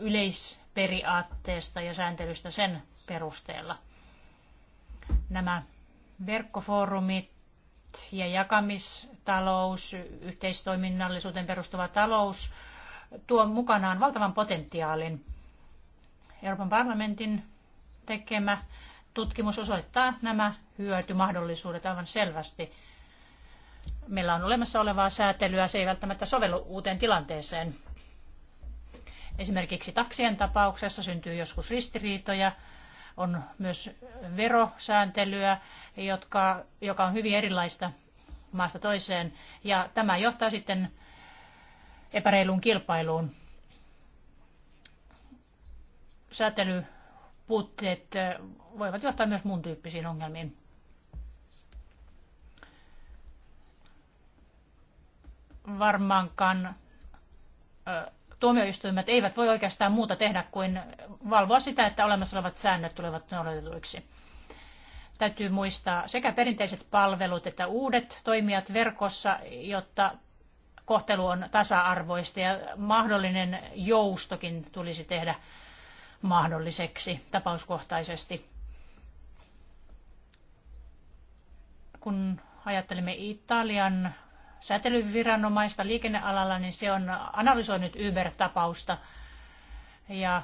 Speaker 1: yleisperiaatteesta ja sääntelystä sen perusteella. Nämä verkkofoorumit ja jakamistalous, yhteistoiminnallisuuteen perustuva talous tuo mukanaan valtavan potentiaalin. Euroopan parlamentin tekemä tutkimus osoittaa nämä hyötymahdollisuudet aivan selvästi. Meillä on olemassa olevaa säätelyä, se ei välttämättä sovellu uuteen tilanteeseen. Esimerkiksi taksien tapauksessa syntyy joskus ristiriitoja, on myös verosääntelyä, jotka, joka on hyvin erilaista maasta toiseen, ja tämä johtaa sitten epäreiluun kilpailuun. Säätelypuutteet voivat johtaa myös muun tyyppisiin ongelmiin. Varmaankaan tuomioistuimet eivät voi oikeastaan muuta tehdä kuin valvoa sitä, että olemassa olevat säännöt tulevat noudatetuiksi. Täytyy muistaa sekä perinteiset palvelut että uudet toimijat verkossa, jotta kohtelu on tasa-arvoista ja mahdollinen joustokin tulisi tehdä mahdolliseksi tapauskohtaisesti. Kun ajattelemme Italian säätelyviranomaista liikennealalla, niin se on analysoinut Uber-tapausta ja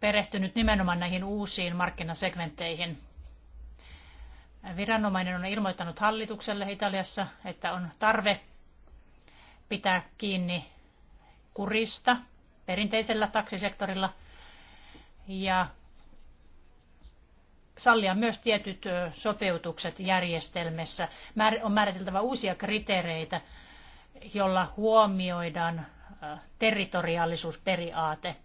Speaker 1: perehtynyt nimenomaan näihin uusiin markkinasegmentteihin. Viranomainen on ilmoittanut hallitukselle Italiassa, että on tarve pitää kiinni kurista perinteisellä taksisektorilla ja sallia myös tietyt sopeutukset järjestelmässä. On määriteltävä uusia kriteereitä, jolla huomioidaan territoriaalisuusperiaate.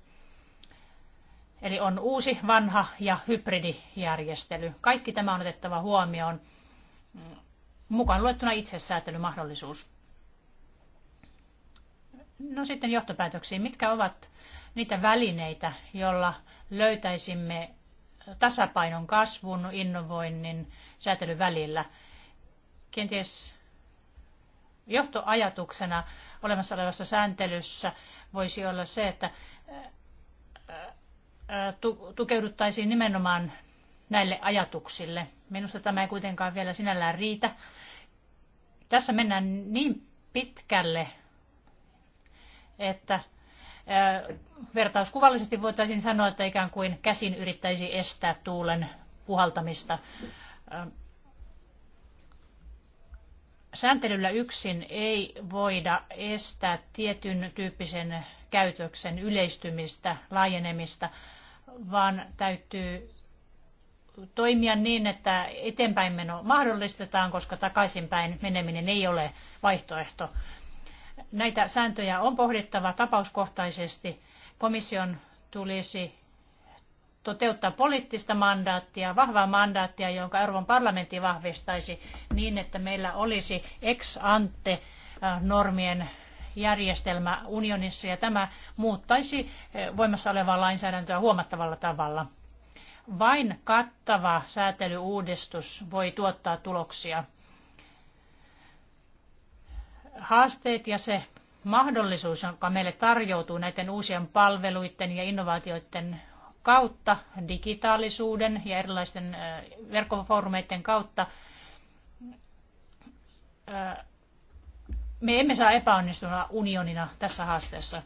Speaker 1: Eli on uusi, vanha ja hybridijärjestely. Kaikki tämä on otettava huomioon, mm, mukaan luettuna itsesäätelymahdollisuus. No sitten johtopäätöksiin. Mitkä ovat niitä välineitä, joilla löytäisimme tasapainon kasvun, innovoinnin, säätelyn välillä. Kenties johtoajatuksena olemassa olevassa sääntelyssä voisi olla se, että tukeuduttaisiin nimenomaan näille ajatuksille. Minusta tämä ei kuitenkaan vielä sinällään riitä. Tässä mennään niin pitkälle, että vertauskuvallisesti voitaisiin sanoa, että ikään kuin käsin yrittäisi estää tuulen puhaltamista. Sääntelyllä yksin ei voida estää tietyn tyyppisen käytöksen yleistymistä, laajenemista, vaan täytyy toimia niin, että eteenpäinmeno meno mahdollistetaan, koska takaisinpäin meneminen ei ole vaihtoehto. Näitä sääntöjä on pohdittava tapauskohtaisesti. Komission tulisi toteuttaa poliittista mandaattia, vahvaa mandaattia, jonka Euroopan parlamentti vahvistaisi niin, että meillä olisi ex ante normien järjestelmä unionissa ja tämä muuttaisi voimassa olevaa lainsäädäntöä huomattavalla tavalla. Vain kattava säätelyuudistus voi tuottaa tuloksia haasteet ja se mahdollisuus, joka meille tarjoutuu näiden uusien palveluiden ja innovaatioiden kautta, digitaalisuuden ja erilaisten verkkofoorumeiden kautta, me emme saa epäonnistua unionina tässä haasteessa.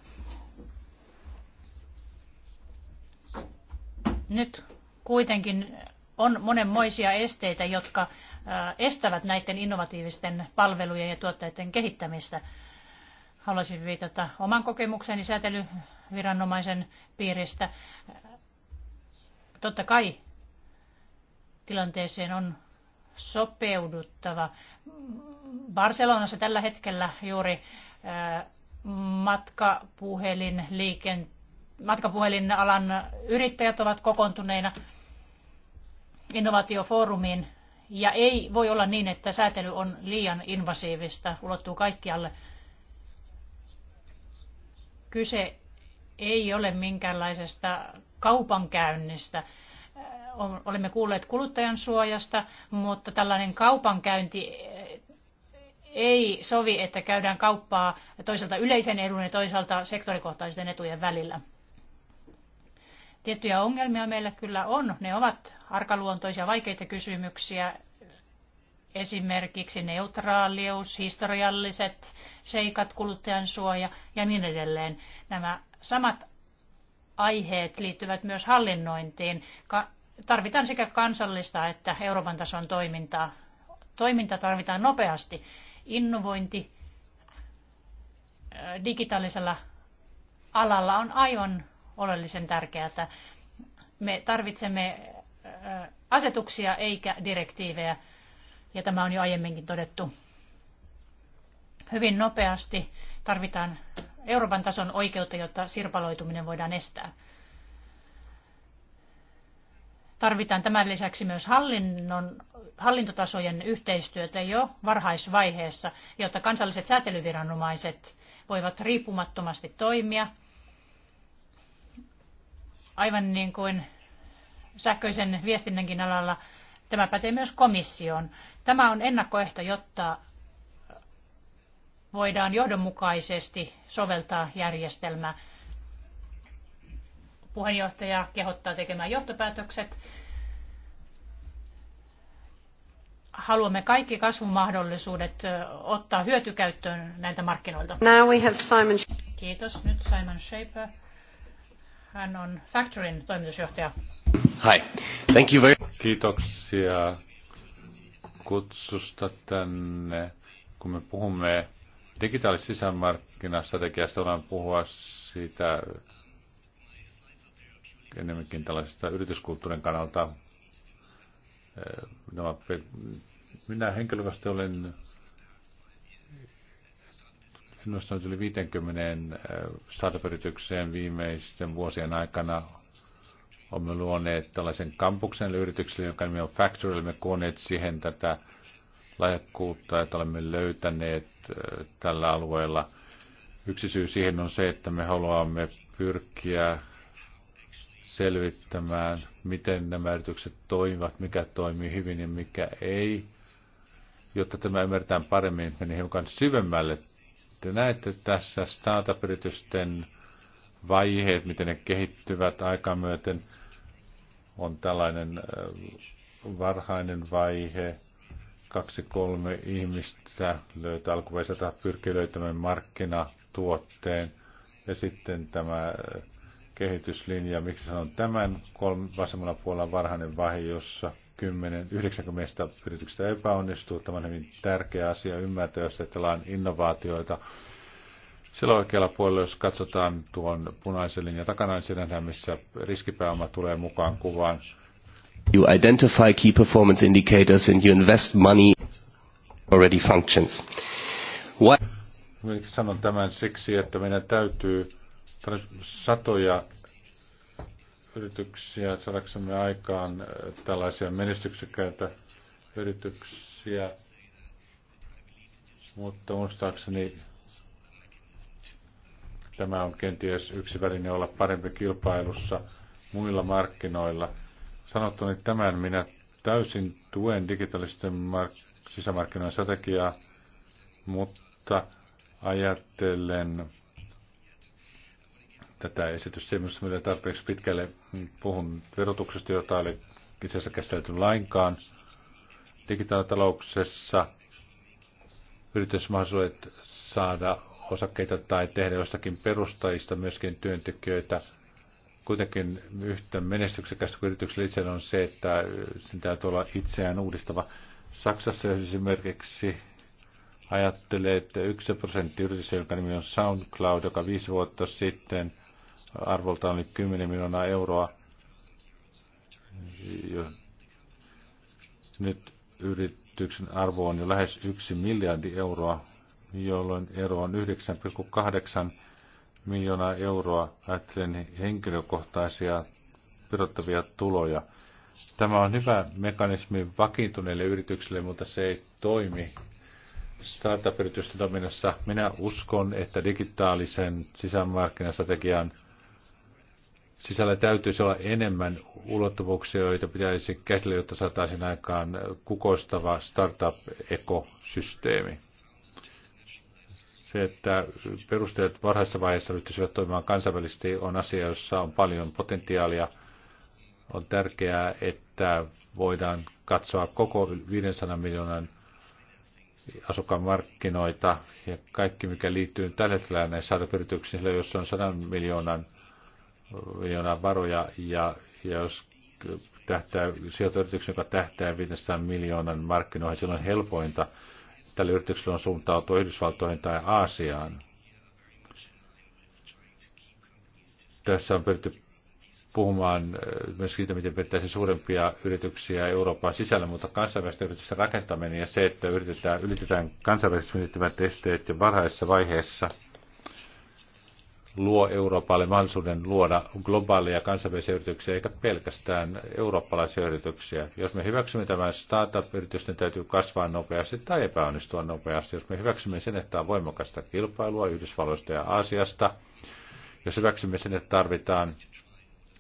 Speaker 1: Nyt kuitenkin on monenmoisia esteitä, jotka estävät näiden innovatiivisten palvelujen ja tuotteiden kehittämistä. Haluaisin viitata oman kokemukseni säätelyviranomaisen piiristä. Totta kai tilanteeseen on sopeuduttava. Barcelonassa tällä hetkellä juuri matkapuhelin liikenteen matkapuhelinalan yrittäjät ovat kokoontuneina innovaatiofoorumiin ja ei voi olla niin, että säätely on liian invasiivista, ulottuu kaikkialle. Kyse ei ole minkäänlaisesta kaupankäynnistä. Äh, olemme kuulleet kuluttajan suojasta, mutta tällainen kaupankäynti äh, ei sovi, että käydään kauppaa toisaalta yleisen edun ja toisaalta sektorikohtaisten etujen välillä. Tiettyjä ongelmia meillä kyllä on. Ne ovat arkaluontoisia, vaikeita kysymyksiä. Esimerkiksi neutraalius, historialliset seikat, kuluttajan suoja ja niin edelleen. Nämä samat aiheet liittyvät myös hallinnointiin. tarvitaan sekä kansallista että Euroopan tason toimintaa. Toiminta tarvitaan nopeasti. Innovointi äh, digitaalisella alalla on aivan oleellisen tärkeää. Me tarvitsemme asetuksia eikä direktiivejä, ja tämä on jo aiemminkin todettu. Hyvin nopeasti tarvitaan Euroopan tason oikeutta, jotta sirpaloituminen voidaan estää. Tarvitaan tämän lisäksi myös hallinnon, hallintotasojen yhteistyötä jo varhaisvaiheessa, jotta kansalliset säätelyviranomaiset voivat riippumattomasti toimia – Aivan niin kuin sähköisen viestinnänkin alalla, tämä pätee myös komissioon. Tämä on ennakkoehto, jotta voidaan johdonmukaisesti soveltaa järjestelmää. Puheenjohtaja kehottaa tekemään johtopäätökset. Haluamme kaikki kasvumahdollisuudet ottaa hyötykäyttöön näiltä markkinoilta. Now we have Simon. Kiitos. Nyt Simon Shaper. Hän on Factorin toimitusjohtaja.
Speaker 3: Hi. Thank you very... Kiitoksia kutsusta tänne. Kun me puhumme digitaalisesta sisämarkkinastrategiasta, ollaan puhua siitä enemmänkin tällaisesta yrityskulttuurin kannalta. Eh, no, minä henkilökohtaisesti olen nostanut yli 50 startup-yritykseen viimeisten vuosien aikana. Olemme luoneet tällaisen kampuksen yritykselle, jonka nimi on Factory. Olemme koonneet siihen tätä lahjakkuutta, että olemme löytäneet äh, tällä alueella. Yksi syy siihen on se, että me haluamme pyrkiä selvittämään, miten nämä yritykset toimivat, mikä toimii hyvin ja mikä ei, jotta tämä ymmärretään paremmin, meni hiukan syvemmälle te näette tässä startup-yritysten vaiheet, miten ne kehittyvät aikaan myöten? On tällainen varhainen vaihe, kaksi kolme ihmistä löytää alkuvaiheessa pyrkii löytämään markkinatuotteen. Ja sitten tämä kehityslinja, miksi sanon tämän kolme, vasemmalla puolella varhainen vaihe, jossa 10, 90 yrityksestä epäonnistuu. Tämä on hyvin tärkeä asia ymmärtää, jos ajatellaan innovaatioita. Sillä oikealla puolella, jos katsotaan tuon punaisen linjan takana, niin missä riskipääoma tulee mukaan kuvaan.
Speaker 1: You identify key performance indicators and you invest money already functions.
Speaker 3: What? Sanon tämän siksi, että meidän täytyy satoja yrityksiä saadaksemme aikaan äh, tällaisia menestyksekkäitä yrityksiä. Mutta muistaakseni tämä on kenties yksi väline olla parempi kilpailussa muilla markkinoilla. Sanottuni tämän minä täysin tuen digitaalisten mark- sisämarkkinoiden strategiaa, mutta ajattelen tätä esitystä. Se myös tarpeeksi pitkälle. Puhun verotuksesta, jota ei itse asiassa käsitelty lainkaan. Digitaalitalouksessa yritysmahdollisuudet saada osakkeita tai tehdä jostakin perustajista myöskin työntekijöitä. Kuitenkin yhtä menestyksekästä kuin yrityksellä itsellä on se, että sen täytyy olla itseään uudistava. Saksassa esimerkiksi ajattelee, että yksi prosentti yritys, jonka nimi on SoundCloud, joka viisi vuotta sitten – arvoltaan oli 10 miljoonaa euroa. Nyt yrityksen arvo on jo lähes 1 miljardi euroa, jolloin ero on 9,8 miljoonaa euroa, ajattelen henkilökohtaisia pidottavia tuloja. Tämä on hyvä mekanismi vakiintuneille yrityksille, mutta se ei toimi startup-yritysten toiminnassa. Minä uskon, että digitaalisen sisämarkkinastrategian – sisällä täytyisi olla enemmän ulottuvuuksia, joita pitäisi käsitellä, jotta saataisiin aikaan kukoistava startup-ekosysteemi. Se, että perusteet varhaisessa vaiheessa ryhtyisivät toimimaan kansainvälisesti, on asia, jossa on paljon potentiaalia. On tärkeää, että voidaan katsoa koko 500 miljoonan asukkaan markkinoita ja kaikki, mikä liittyy tällä hetkellä näissä yrityksissä, jos on 100 miljoonan miljoonaa varoja ja, ja jos tähtää, sijoitusyrityksen, joka tähtää 500 miljoonan markkinoihin, silloin helpointa tälle yritykselle on suuntautua Yhdysvaltoihin tai Aasiaan. Tässä on pyritty puhumaan äh, myös siitä, miten pitäisi suurempia yrityksiä Euroopan sisällä, mutta kansainvälisten yritysten rakentaminen ja se, että yritetään, ylitetään kansainvälisesti menettävät esteet jo varhaisessa vaiheessa – luo Euroopalle mahdollisuuden luoda globaaleja kansainvälisiä yrityksiä, eikä pelkästään eurooppalaisia yrityksiä. Jos me hyväksymme tämän startup-yritysten täytyy kasvaa nopeasti tai epäonnistua nopeasti. Jos me hyväksymme sen, että on voimakasta kilpailua Yhdysvalloista ja Aasiasta, jos hyväksymme sen, että tarvitaan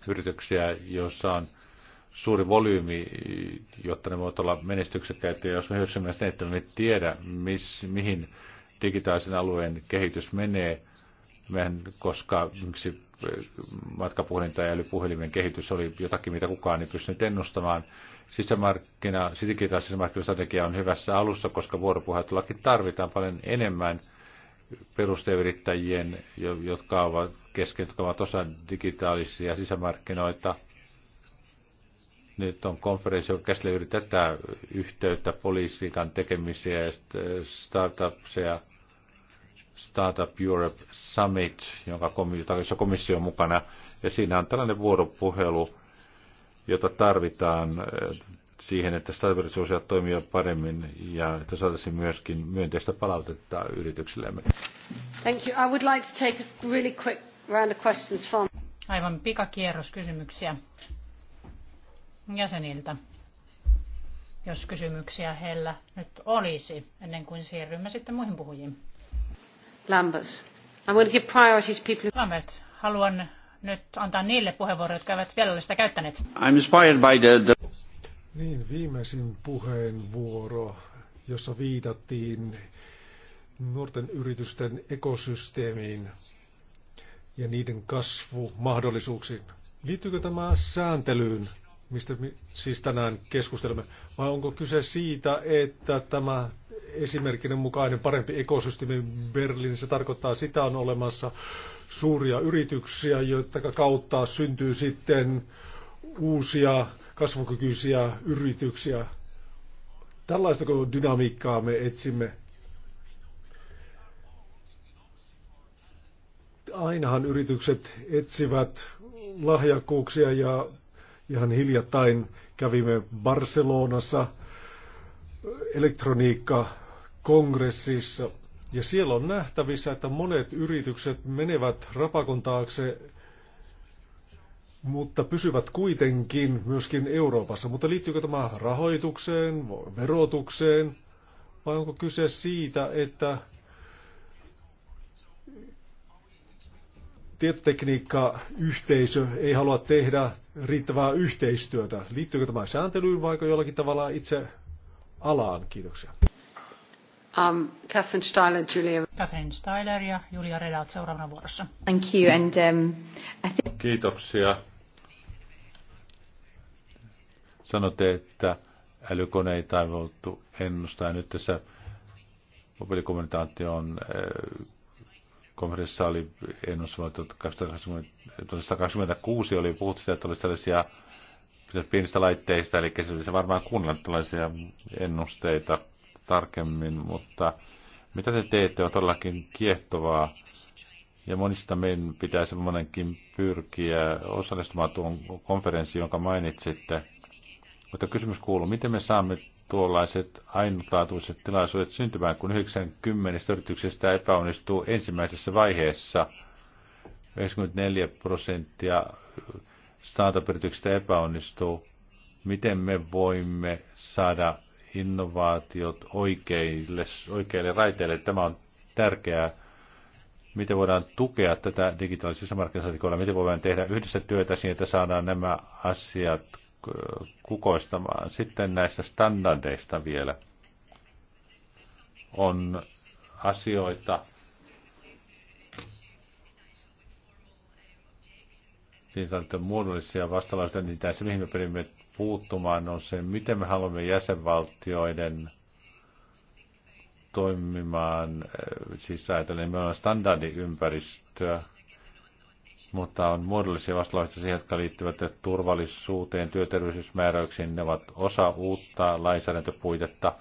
Speaker 3: yrityksiä, joissa on suuri volyymi, jotta ne voivat olla menestyksekkäitä. Ja jos me hyväksymme sen, että me tiedä, mis, mihin digitaalisen alueen kehitys menee, mehän, koska miksi eh, matkapuhelin tai älypuhelimen kehitys oli jotakin, mitä kukaan ei pystynyt ennustamaan. Sisämarkkina, digitaalinen sisämarkkinastrategia on hyvässä alussa, koska vuoropuhelullakin tarvitaan paljon enemmän perusteyrittäjien, jotka ovat kesken, jotka ovat osa digitaalisia sisämarkkinoita. Nyt on konferenssi, joka käsittelee tätä yhteyttä poliisikan tekemisiä ja startupseja Startup Europe Summit, jonka komissio, komissio on mukana, ja siinä on tällainen vuoropuhelu, jota tarvitaan äh, siihen, että startup voisivat toimivat paremmin ja että saataisiin myöskin myönteistä palautetta yrityksillemme.
Speaker 1: Thank you. I would like to take a really quick round of questions from... Aivan pikakierros kysymyksiä jäseniltä, jos kysymyksiä heillä nyt olisi, ennen kuin siirrymme sitten muihin puhujiin. Lambert. haluan nyt antaa niille puheenvuoroja, jotka eivät vielä ole sitä käyttäneet.
Speaker 3: I'm inspired by the, the...
Speaker 2: Niin, viimeisin puheenvuoro, jossa viitattiin nuorten yritysten ekosysteemiin ja niiden kasvumahdollisuuksiin. Liittyykö tämä sääntelyyn? mistä me siis tänään keskustelemme, vai onko kyse siitä, että tämä esimerkkinen mukainen parempi ekosysteemi Berliinissä tarkoittaa sitä on olemassa suuria yrityksiä, joiden kautta syntyy sitten uusia kasvukykyisiä yrityksiä. Tällaista dynamiikkaa me etsimme? Ainahan yritykset etsivät lahjakkuuksia ja Ihan hiljattain kävimme Barcelonassa elektroniikkakongressissa ja siellä on nähtävissä, että monet yritykset menevät rapakon taakse, mutta pysyvät kuitenkin myöskin Euroopassa. Mutta liittyykö tämä rahoitukseen, verotukseen, vai onko kyse siitä, että tietotekniikka-yhteisö ei halua tehdä riittävää yhteistyötä. Liittyykö tämä sääntelyyn vai jollakin tavalla itse alaan? Kiitoksia.
Speaker 1: Um, Catherine Styler, Julia. Catherine Styler ja Julia Reda seuraavana vuorossa. Thank you and, um,
Speaker 3: I think... Kiitoksia. Sanotte, että älykoneita ei voitu ennustaa. Nyt tässä mobiilikommunikaatio on eh, konferenssissa oli ennusteltu, että 2026 oli puhuttu siitä, että olisi tällaisia pienistä laitteista, eli se varmaan kuunnellut tällaisia ennusteita tarkemmin, mutta mitä te teette on todellakin kiehtovaa, ja monista meidän pitäisi semmoinenkin pyrkiä osallistumaan tuon konferenssiin, jonka mainitsitte. Mutta kysymys kuuluu, miten me saamme tuollaiset ainutlaatuiset tilaisuudet syntymään, kun 90 yrityksestä epäonnistuu ensimmäisessä vaiheessa. 94 prosenttia startup-yrityksistä epäonnistuu. Miten me voimme saada innovaatiot oikeille, oikeille raiteille? Tämä on tärkeää. Miten voidaan tukea tätä digitaalisessa markkinoilla? Miten voidaan tehdä yhdessä työtä siihen, että saadaan nämä asiat kukoistamaan. Sitten näistä standardeista vielä on asioita, niin sanottuja muodollisia vastalauseita, niin tässä mihin me pyrimme puuttumaan on se, miten me haluamme jäsenvaltioiden toimimaan, siis ajatellen nimenomaan standardiympäristöä, mutta on muodollisia vastalauseita siihen, jotka liittyvät turvallisuuteen, työterveysmääräyksiin. Ne ovat osa uutta lainsäädäntöpuitetta.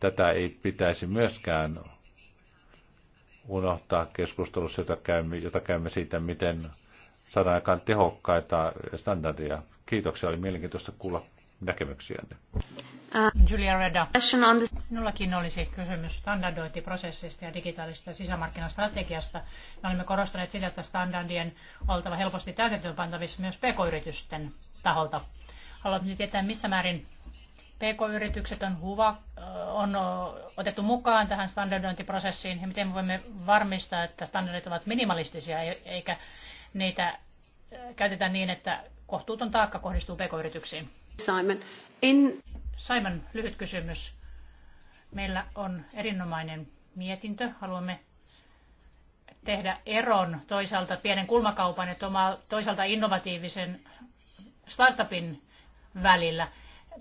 Speaker 3: Tätä ei pitäisi myöskään unohtaa keskustelussa, jota käymme, jota käymme siitä, miten saadaan aikaan tehokkaita standardeja. Kiitoksia, oli mielenkiintoista kuulla näkemyksiänne.
Speaker 1: Äh, Julia Reda. Minullakin olisi kysymys standardointiprosessista ja digitaalisesta sisämarkkinastrategiasta. Me olemme korostaneet sitä, että standardien oltava helposti täytäntöönpantavissa myös pk-yritysten taholta. Haluaisin tietää, missä määrin PK-yritykset on, huva, äh, on äh, otettu mukaan tähän standardointiprosessiin ja miten me voimme varmistaa, että standardit ovat minimalistisia e- eikä niitä käytetään niin, että kohtuuton taakka kohdistuu pk-yrityksiin. Simon, in... Simon, lyhyt kysymys. Meillä on erinomainen mietintö. Haluamme tehdä eron toisaalta pienen kulmakaupan ja toisaalta innovatiivisen startupin välillä.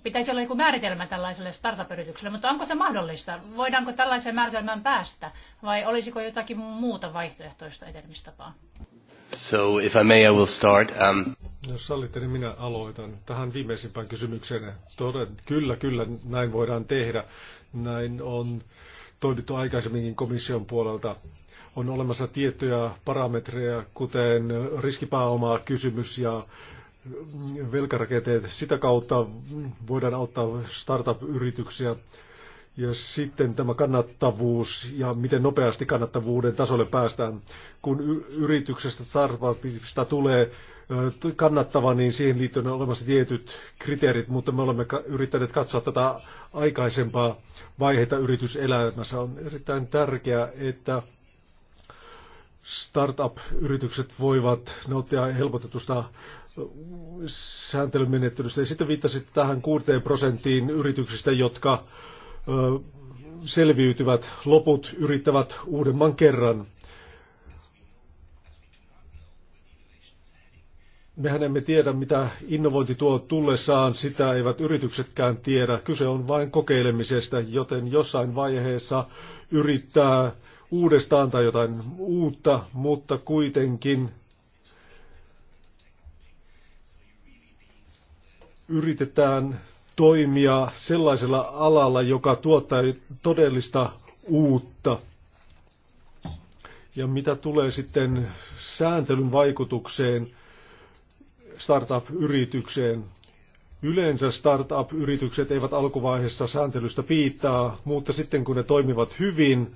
Speaker 1: Pitäisi olla joku määritelmä tällaiselle startup-yritykselle, mutta onko se mahdollista? Voidaanko tällaiseen määritelmään päästä vai olisiko jotakin muuta vaihtoehtoista etenemistapaa? So if I may, I will start. Um...
Speaker 2: Jos sallitte, niin minä aloitan tähän viimeisimpään kysymykseen. Toden, kyllä, kyllä, näin voidaan tehdä. Näin on toimittu aikaisemminkin komission puolelta. On olemassa tiettyjä parametreja, kuten riskipääomaa kysymys ja velkarakenteet. Sitä kautta voidaan auttaa startup-yrityksiä ja sitten tämä kannattavuus ja miten nopeasti kannattavuuden tasolle päästään. Kun yrityksestä startupista tulee kannattava, niin siihen liittyen on olemassa tietyt kriteerit, mutta me olemme yrittäneet katsoa tätä aikaisempaa vaiheita yrityselämässä. On erittäin tärkeää, että startup-yritykset voivat nauttia helpotetusta sääntelymenettelystä. Ja sitten viittasit tähän 6 prosenttiin yrityksistä, jotka selviytyvät, loput yrittävät uudemman kerran. Mehän emme tiedä, mitä innovointi tuo tullessaan, sitä eivät yrityksetkään tiedä. Kyse on vain kokeilemisesta, joten jossain vaiheessa yrittää uudestaan tai jotain uutta, mutta kuitenkin yritetään toimia sellaisella alalla, joka tuottaa todellista uutta. Ja mitä tulee sitten sääntelyn vaikutukseen startup-yritykseen, Yleensä startup-yritykset eivät alkuvaiheessa sääntelystä piittaa, mutta sitten kun ne toimivat hyvin,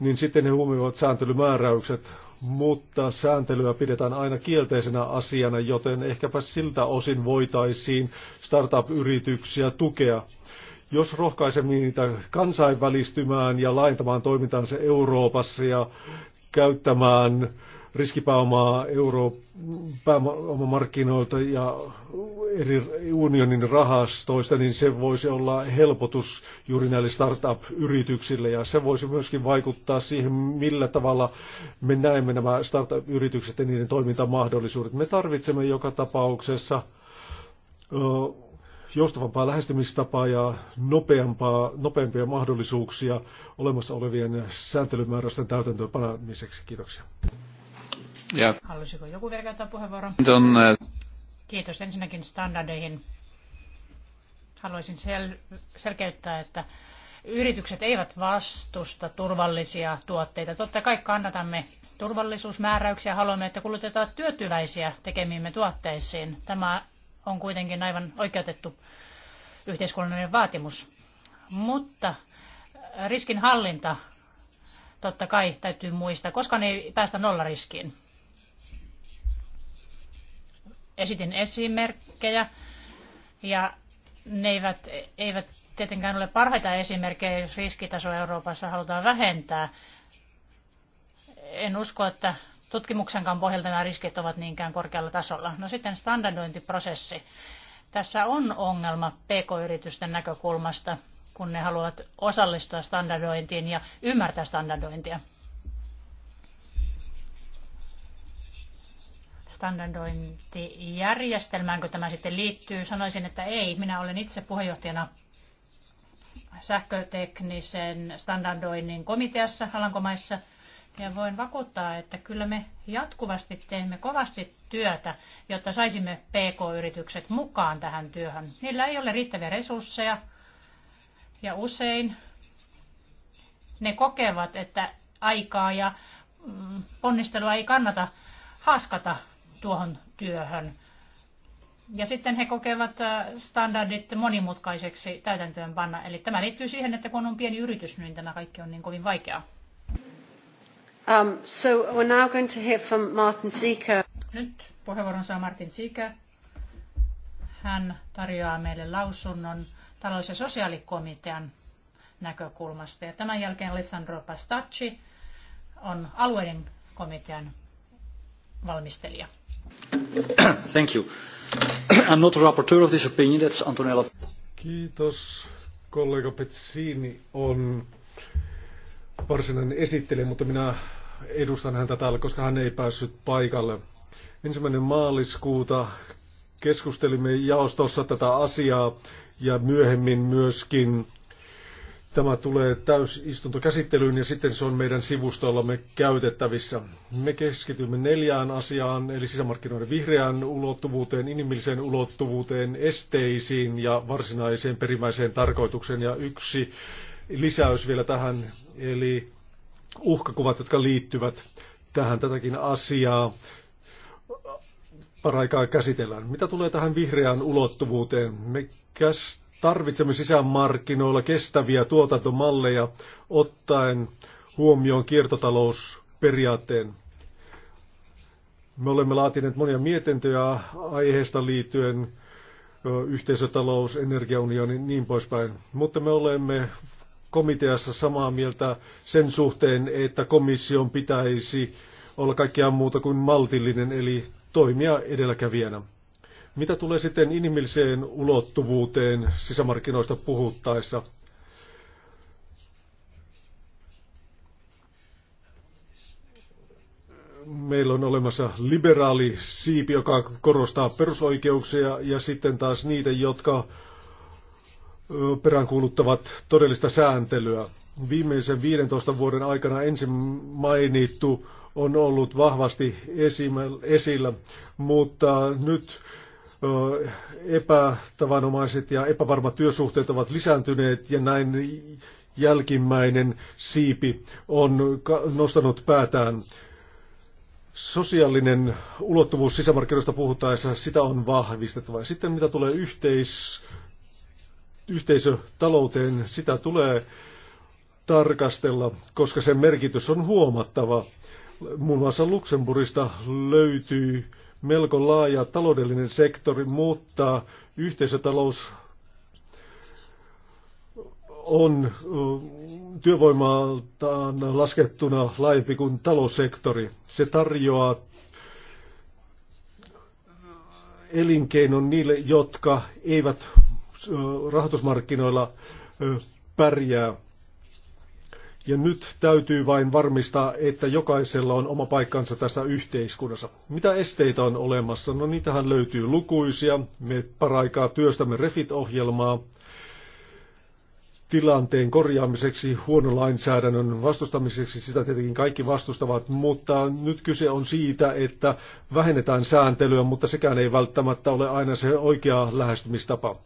Speaker 2: niin sitten he huomioivat sääntelymääräykset, mutta sääntelyä pidetään aina kielteisenä asiana, joten ehkäpä siltä osin voitaisiin startup-yrityksiä tukea. Jos rohkaisemme niitä kansainvälistymään ja laajentamaan toimintansa Euroopassa ja käyttämään riskipääomaa markkinoilta ja eri unionin rahastoista, niin se voisi olla helpotus juuri näille startup-yrityksille ja se voisi myöskin vaikuttaa siihen, millä tavalla me näemme nämä startup-yritykset ja niiden toimintamahdollisuudet. Me tarvitsemme joka tapauksessa joustavampaa lähestymistapaa ja nopeampaa, nopeampia mahdollisuuksia olemassa olevien sääntelymääräysten panemiseksi. Kiitoksia.
Speaker 1: Ja. Haluaisiko joku vielä käyttää puheenvuoron? Don, uh... Kiitos ensinnäkin standardeihin. Haluaisin sel- selkeyttää, että yritykset eivät vastusta turvallisia tuotteita. Totta kai kannatamme turvallisuusmääräyksiä, haluamme, että kuluttajat ovat tyytyväisiä tekemiimme tuotteisiin. Tämä on kuitenkin aivan oikeutettu yhteiskunnallinen vaatimus. Mutta äh, riskinhallinta totta kai täytyy muistaa, koska ei päästä nollariskiin. Esitin esimerkkejä ja ne eivät, eivät tietenkään ole parhaita esimerkkejä, jos riskitaso Euroopassa halutaan vähentää. En usko, että tutkimuksenkaan pohjalta nämä riskit ovat niinkään korkealla tasolla. No sitten standardointiprosessi. Tässä on ongelma pk-yritysten näkökulmasta, kun ne haluavat osallistua standardointiin ja ymmärtää standardointia. standardointijärjestelmäänkö tämä sitten liittyy? Sanoisin, että ei. Minä olen itse puheenjohtajana sähköteknisen standardoinnin komiteassa Alankomaissa. Ja voin vakuuttaa, että kyllä me jatkuvasti teemme kovasti työtä, jotta saisimme PK-yritykset mukaan tähän työhön. Niillä ei ole riittäviä resursseja ja usein ne kokevat, että aikaa ja mm, ponnistelua ei kannata haskata tuohon työhön. Ja sitten he kokevat äh, standardit monimutkaiseksi täytäntöönpanna. Eli tämä liittyy siihen, että kun on pieni yritys, niin tämä kaikki on niin kovin vaikeaa. Um, so we're now going to hear from Martin Sieker. Nyt puheenvuoron saa Martin Sika. Hän tarjoaa meille lausunnon talous- ja sosiaalikomitean näkökulmasta. Ja tämän jälkeen Alessandro Pastacci on alueiden komitean valmistelija.
Speaker 2: Thank you. I'm not a rapporteur of this opinion, that's Antonella. Kiitos. Kollega Petsini on varsinainen esittelijä, mutta minä edustan häntä täällä, koska hän ei päässyt paikalle. Ensimmäinen maaliskuuta keskustelimme jaostossa tätä asiaa ja myöhemmin myöskin Tämä tulee täysistuntokäsittelyyn ja sitten se on meidän sivustollamme käytettävissä. Me keskitymme neljään asiaan, eli sisämarkkinoiden vihreään ulottuvuuteen, inhimilliseen ulottuvuuteen, esteisiin ja varsinaiseen perimäiseen tarkoitukseen. Ja yksi lisäys vielä tähän, eli uhkakuvat, jotka liittyvät tähän tätäkin asiaa paraikaa käsitellään. Mitä tulee tähän vihreään ulottuvuuteen? Me käs Tarvitsemme sisämarkkinoilla kestäviä tuotantomalleja ottaen huomioon kiertotalousperiaatteen. Me olemme laatineet monia mietintöjä aiheesta liittyen yhteisötalous, energiaunioni ja niin poispäin. Mutta me olemme komiteassa samaa mieltä sen suhteen, että komission pitäisi olla kaikkea muuta kuin maltillinen, eli toimia edelläkävijänä. Mitä tulee sitten inhimilliseen ulottuvuuteen sisämarkkinoista puhuttaessa? Meillä on olemassa liberaali siipi, joka korostaa perusoikeuksia, ja sitten taas niitä, jotka peräänkuuluttavat todellista sääntelyä. Viimeisen 15 vuoden aikana ensin mainittu on ollut vahvasti esillä, mutta nyt epätavanomaiset ja epävarmat työsuhteet ovat lisääntyneet ja näin jälkimmäinen siipi on nostanut päätään. Sosiaalinen ulottuvuus sisämarkkinoista puhutaessa, sitä on vahvistettava. Sitten mitä tulee yhteis, yhteisötalouteen, sitä tulee tarkastella, koska sen merkitys on huomattava. Muun muassa Luxemburgista löytyy melko laaja taloudellinen sektori, mutta yhteisötalous on työvoimaltaan laskettuna laajempi kuin taloussektori. Se tarjoaa elinkeinon niille, jotka eivät rahoitusmarkkinoilla pärjää. Ja nyt täytyy vain varmistaa, että jokaisella on oma paikkansa tässä yhteiskunnassa. Mitä esteitä on olemassa? No niitähän löytyy lukuisia. Me paraikaa työstämme REFIT-ohjelmaa tilanteen korjaamiseksi, huonon lainsäädännön vastustamiseksi, sitä tietenkin kaikki vastustavat, mutta nyt kyse on siitä, että vähennetään sääntelyä, mutta sekään ei välttämättä ole aina se oikea lähestymistapa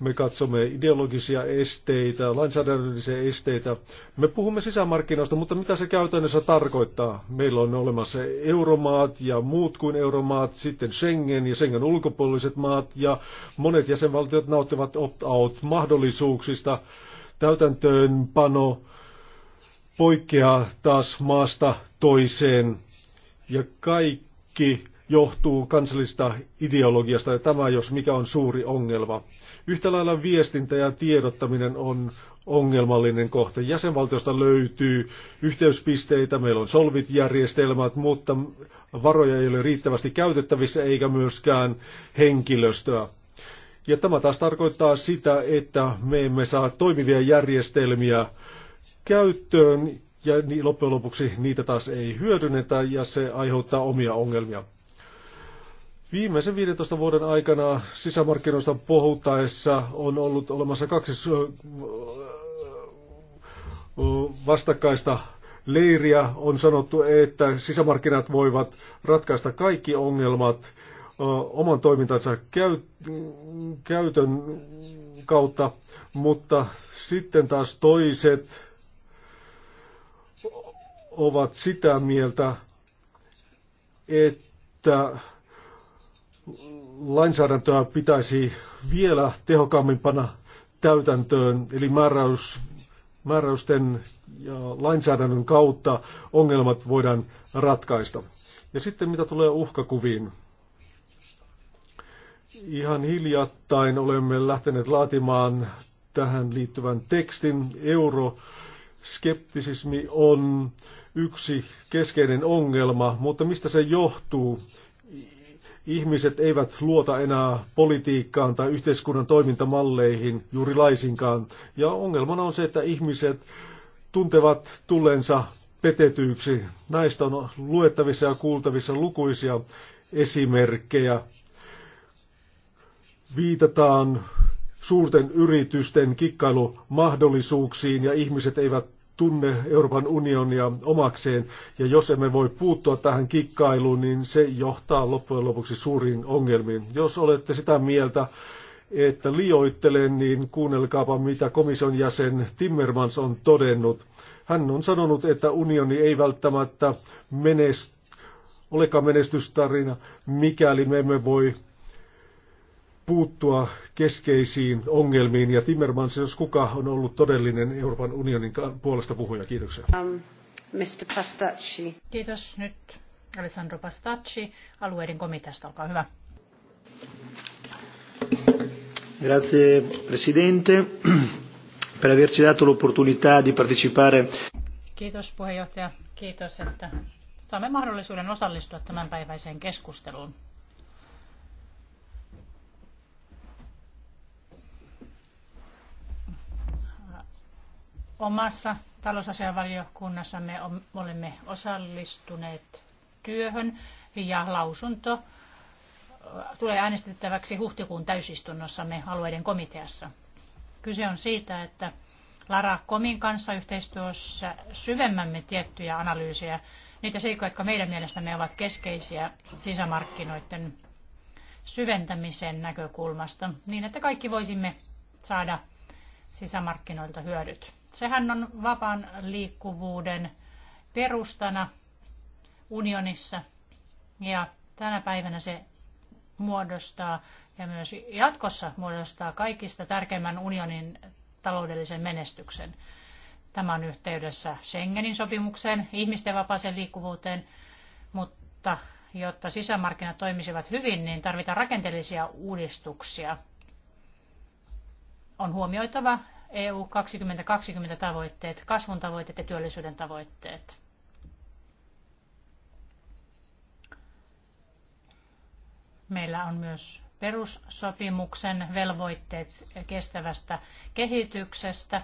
Speaker 2: me katsomme ideologisia esteitä, lainsäädännöllisiä esteitä. Me puhumme sisämarkkinoista, mutta mitä se käytännössä tarkoittaa? Meillä on olemassa euromaat ja muut kuin euromaat, sitten Schengen ja Schengen ulkopuoliset maat ja monet jäsenvaltiot nauttivat opt-out-mahdollisuuksista. Täytäntöönpano poikkeaa taas maasta toiseen ja kaikki johtuu kansallisesta ideologiasta ja tämä jos mikä on suuri ongelma. Yhtä lailla viestintä ja tiedottaminen on ongelmallinen kohta. Jäsenvaltiosta löytyy yhteyspisteitä, meillä on solvit-järjestelmät, mutta varoja ei ole riittävästi käytettävissä eikä myöskään henkilöstöä. Ja tämä taas tarkoittaa sitä, että me emme saa toimivia järjestelmiä käyttöön ja loppujen lopuksi niitä taas ei hyödynnetä ja se aiheuttaa omia ongelmia. Viimeisen 15 vuoden aikana sisämarkkinoista puhuttaessa on ollut olemassa kaksi vastakkaista leiriä. On sanottu, että sisämarkkinat voivat ratkaista kaikki ongelmat oman toimintansa käytön kautta, mutta sitten taas toiset ovat sitä mieltä, että lainsäädäntöä pitäisi vielä tehokkaammin panna täytäntöön, eli määräys, määräysten ja lainsäädännön kautta ongelmat voidaan ratkaista. Ja sitten mitä tulee uhkakuviin. Ihan hiljattain olemme lähteneet laatimaan tähän liittyvän tekstin. Euroskeptisismi on yksi keskeinen ongelma, mutta mistä se johtuu? Ihmiset eivät luota enää politiikkaan tai yhteiskunnan toimintamalleihin juuri laisinkaan. Ja ongelmana on se, että ihmiset tuntevat tulleensa petetyiksi. Näistä on luettavissa ja kuultavissa lukuisia esimerkkejä. Viitataan suurten yritysten kikkailumahdollisuuksiin ja ihmiset eivät tunne Euroopan unionia omakseen. Ja jos emme voi puuttua tähän kikkailuun, niin se johtaa loppujen lopuksi suuriin ongelmiin. Jos olette sitä mieltä, että liioittelen, niin kuunnelkaapa mitä komission jäsen Timmermans on todennut. Hän on sanonut, että unioni ei välttämättä menest, olekaan menestystarina, mikäli me emme voi puuttua keskeisiin ongelmiin. Ja Timmermans, jos kuka, on ollut todellinen Euroopan unionin puolesta puhuja. Kiitoksia.
Speaker 1: Um, Mr. Pastacci. Kiitos nyt Alessandro Pastacci alueiden komiteasta. Olkaa hyvä.
Speaker 2: Grazie Presidente per averci dato l'opportunità di partecipare.
Speaker 1: Kiitos puheenjohtaja. Kiitos, että saamme mahdollisuuden osallistua tämänpäiväiseen keskusteluun. Omassa talousasianvaliokunnassamme olemme osallistuneet työhön ja lausunto tulee äänestettäväksi huhtikuun täysistunnossamme alueiden komiteassa. Kyse on siitä, että Lara Komin kanssa yhteistyössä syvemmämme tiettyjä analyysejä, niitä seikkoja, jotka meidän mielestämme ovat keskeisiä sisämarkkinoiden syventämisen näkökulmasta, niin että kaikki voisimme saada sisämarkkinoilta hyödyt. Sehän on vapaan liikkuvuuden perustana unionissa ja tänä päivänä se muodostaa ja myös jatkossa muodostaa kaikista tärkeimmän unionin taloudellisen menestyksen. Tämä on yhteydessä Schengenin sopimukseen, ihmisten vapaaseen liikkuvuuteen, mutta jotta sisämarkkinat toimisivat hyvin, niin tarvitaan rakenteellisia uudistuksia. On huomioitava EU 2020 tavoitteet, kasvun tavoitteet ja työllisyyden tavoitteet. Meillä on myös perussopimuksen velvoitteet kestävästä kehityksestä,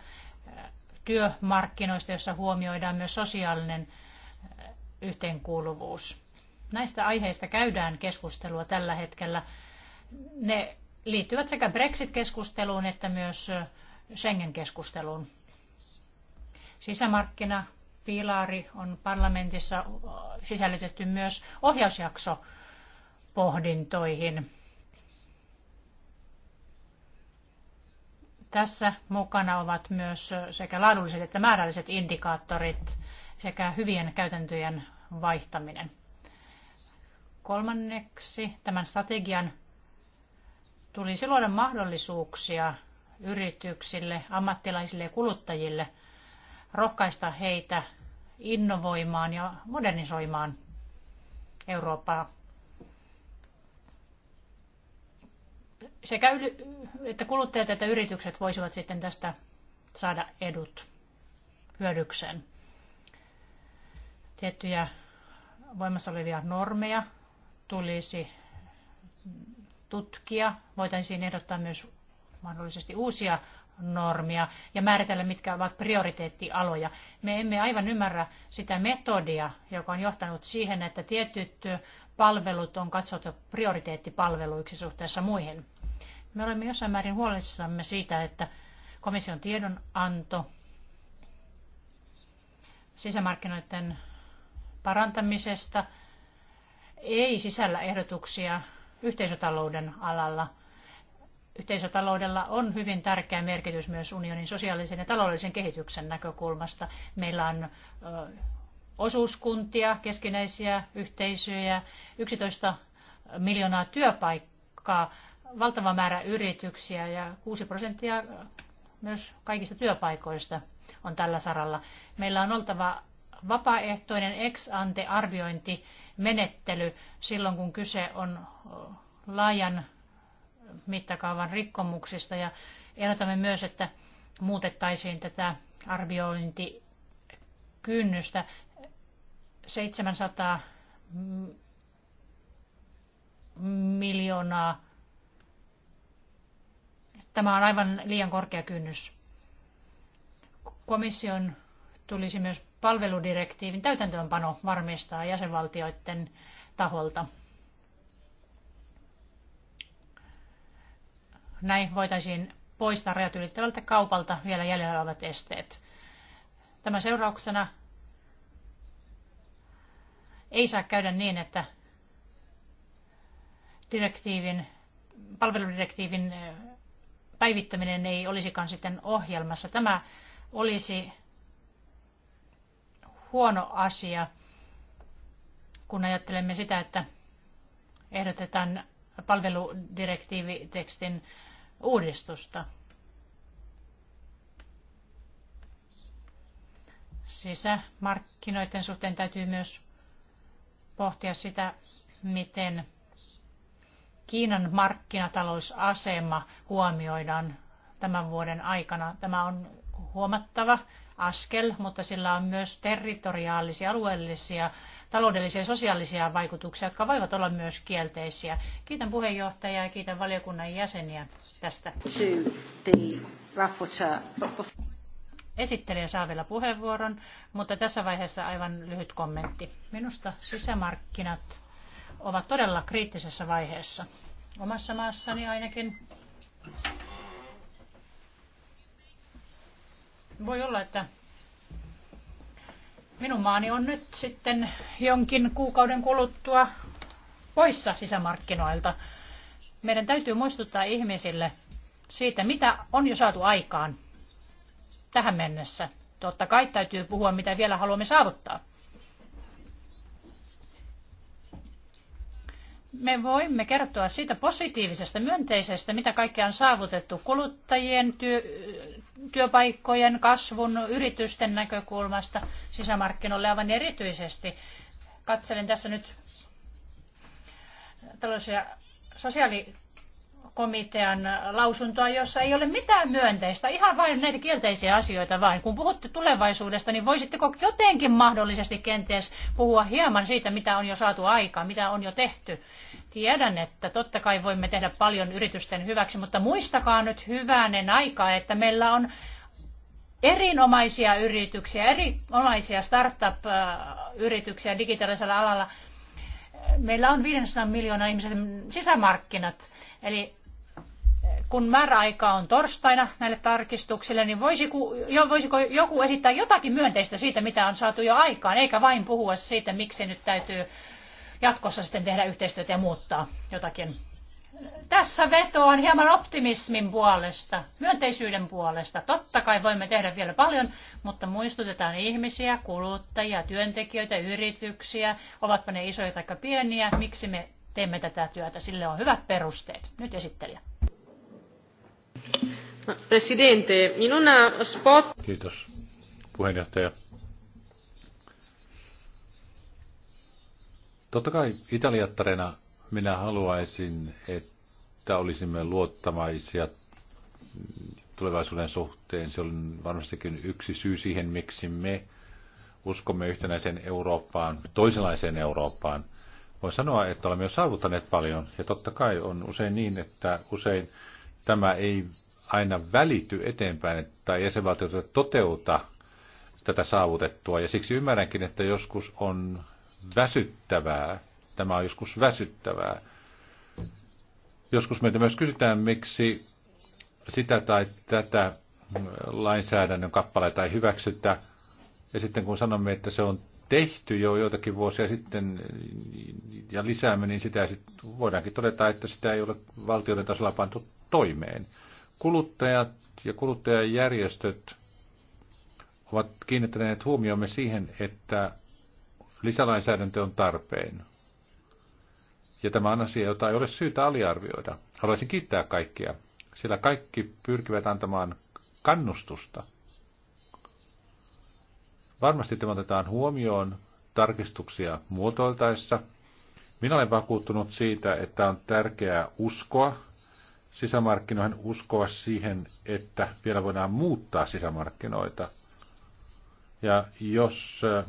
Speaker 1: työmarkkinoista, jossa huomioidaan myös sosiaalinen yhteenkuuluvuus. Näistä aiheista käydään keskustelua tällä hetkellä. Ne liittyvät sekä Brexit-keskusteluun että myös Schengen-keskusteluun. Sisämarkkina piilari on parlamentissa sisällytetty myös ohjausjakso pohdintoihin. Tässä mukana ovat myös sekä laadulliset että määrälliset indikaattorit sekä hyvien käytäntöjen vaihtaminen. Kolmanneksi tämän strategian tulisi luoda mahdollisuuksia yrityksille, ammattilaisille ja kuluttajille, rohkaista heitä innovoimaan ja modernisoimaan Eurooppaa sekä yli, että kuluttajat että yritykset voisivat sitten tästä saada edut hyödykseen. Tiettyjä voimassa olevia normeja tulisi tutkia. Voitaisiin ehdottaa myös mahdollisesti uusia normia ja määritellä, mitkä ovat prioriteettialoja. Me emme aivan ymmärrä sitä metodia, joka on johtanut siihen, että tietyt palvelut on katsottu prioriteettipalveluiksi suhteessa muihin. Me olemme jossain määrin huolissamme siitä, että komission tiedonanto sisämarkkinoiden parantamisesta ei sisällä ehdotuksia yhteisötalouden alalla – Yhteisötaloudella on hyvin tärkeä merkitys myös unionin sosiaalisen ja taloudellisen kehityksen näkökulmasta. Meillä on osuuskuntia, keskinäisiä yhteisöjä, 11 miljoonaa työpaikkaa, valtava määrä yrityksiä ja 6 prosenttia myös kaikista työpaikoista on tällä saralla. Meillä on oltava vapaaehtoinen ex ante arviointimenettely silloin, kun kyse on laajan mittakaavan rikkomuksista ja ehdotamme myös, että muutettaisiin tätä arviointikynnystä 700 miljoonaa. Tämä on aivan liian korkea kynnys. Komission tulisi myös palveludirektiivin täytäntöönpano varmistaa jäsenvaltioiden taholta. Näin voitaisiin poistaa rajat ylittävältä kaupalta vielä jäljellä olevat esteet. Tämä seurauksena ei saa käydä niin, että direktiivin, palveludirektiivin päivittäminen ei olisikaan sitten ohjelmassa. Tämä olisi huono asia, kun ajattelemme sitä, että ehdotetaan palveludirektiivitekstin uudistusta. Sisämarkkinoiden suhteen täytyy myös pohtia sitä, miten Kiinan markkinatalousasema huomioidaan tämän vuoden aikana. Tämä on huomattava askel, mutta sillä on myös territoriaalisia, alueellisia taloudellisia ja sosiaalisia vaikutuksia, jotka voivat olla myös kielteisiä. Kiitän puheenjohtajaa ja kiitän valiokunnan jäseniä tästä. Esittelijä saa vielä puheenvuoron, mutta tässä vaiheessa aivan lyhyt kommentti. Minusta sisämarkkinat ovat todella kriittisessä vaiheessa. Omassa maassani ainakin voi olla, että Minun maani on nyt sitten jonkin kuukauden kuluttua poissa sisämarkkinoilta. Meidän täytyy muistuttaa ihmisille siitä, mitä on jo saatu aikaan tähän mennessä. Totta kai täytyy puhua, mitä vielä haluamme saavuttaa. me voimme kertoa siitä positiivisesta, myönteisestä, mitä kaikkea on saavutettu kuluttajien, työ, työpaikkojen, kasvun, yritysten näkökulmasta sisämarkkinoille aivan erityisesti. Katselen tässä nyt tällaisia sosiaali- komitean lausuntoa, jossa ei ole mitään myönteistä, ihan vain näitä kielteisiä asioita vain. Kun puhutte tulevaisuudesta, niin voisitteko jotenkin mahdollisesti kenties puhua hieman siitä, mitä on jo saatu aikaan, mitä on jo tehty? Tiedän, että totta kai voimme tehdä paljon yritysten hyväksi, mutta muistakaa nyt hyvänen aikaa, että meillä on erinomaisia yrityksiä, erinomaisia startup-yrityksiä digitaalisella alalla – meillä on 500 miljoonaa ihmisen sisämarkkinat. Eli kun määräaika on torstaina näille tarkistuksille, niin voisiko, jo, voisiko joku esittää jotakin myönteistä siitä, mitä on saatu jo aikaan, eikä vain puhua siitä, miksi nyt täytyy jatkossa sitten tehdä yhteistyötä ja muuttaa jotakin. Tässä vetoan hieman optimismin puolesta, myönteisyyden puolesta. Totta kai voimme tehdä vielä paljon, mutta muistutetaan ihmisiä, kuluttajia, työntekijöitä, yrityksiä, ovatpa ne isoja tai pieniä, miksi me teemme tätä työtä. Sille on hyvät perusteet. Nyt esittelijä. Presidente, in una spot...
Speaker 3: Kiitos, puheenjohtaja. Totta kai italiattarena minä haluaisin, että olisimme luottamaisia tulevaisuuden suhteen. Se on varmastikin yksi syy siihen, miksi me uskomme yhtenäiseen Eurooppaan, toisenlaiseen Eurooppaan. Voin sanoa, että olemme jo saavuttaneet paljon, ja totta kai on usein niin, että usein tämä ei aina välity eteenpäin tai jäsenvaltiot toteuta tätä saavutettua. Ja siksi ymmärränkin, että joskus on väsyttävää. Tämä on joskus väsyttävää. Joskus meitä myös kysytään, miksi sitä tai tätä lainsäädännön kappaleita ei hyväksytä. Ja sitten kun sanomme, että se on tehty jo joitakin vuosia sitten ja lisäämme, niin sitä sit voidaankin todeta, että sitä ei ole valtioiden tasolla pantu toimeen. Kuluttajat ja kuluttajajärjestöt ovat kiinnittäneet huomiomme siihen, että lisälainsäädäntö on tarpeen. Ja tämä on asia, jota ei ole syytä aliarvioida. Haluaisin kiittää kaikkia, sillä kaikki pyrkivät antamaan kannustusta. Varmasti tämä otetaan huomioon tarkistuksia muotoiltaessa. Minä olen vakuuttunut siitä, että on tärkeää uskoa sisämarkkinoihin, uskoa siihen, että vielä voidaan muuttaa sisämarkkinoita. Ja jos äh,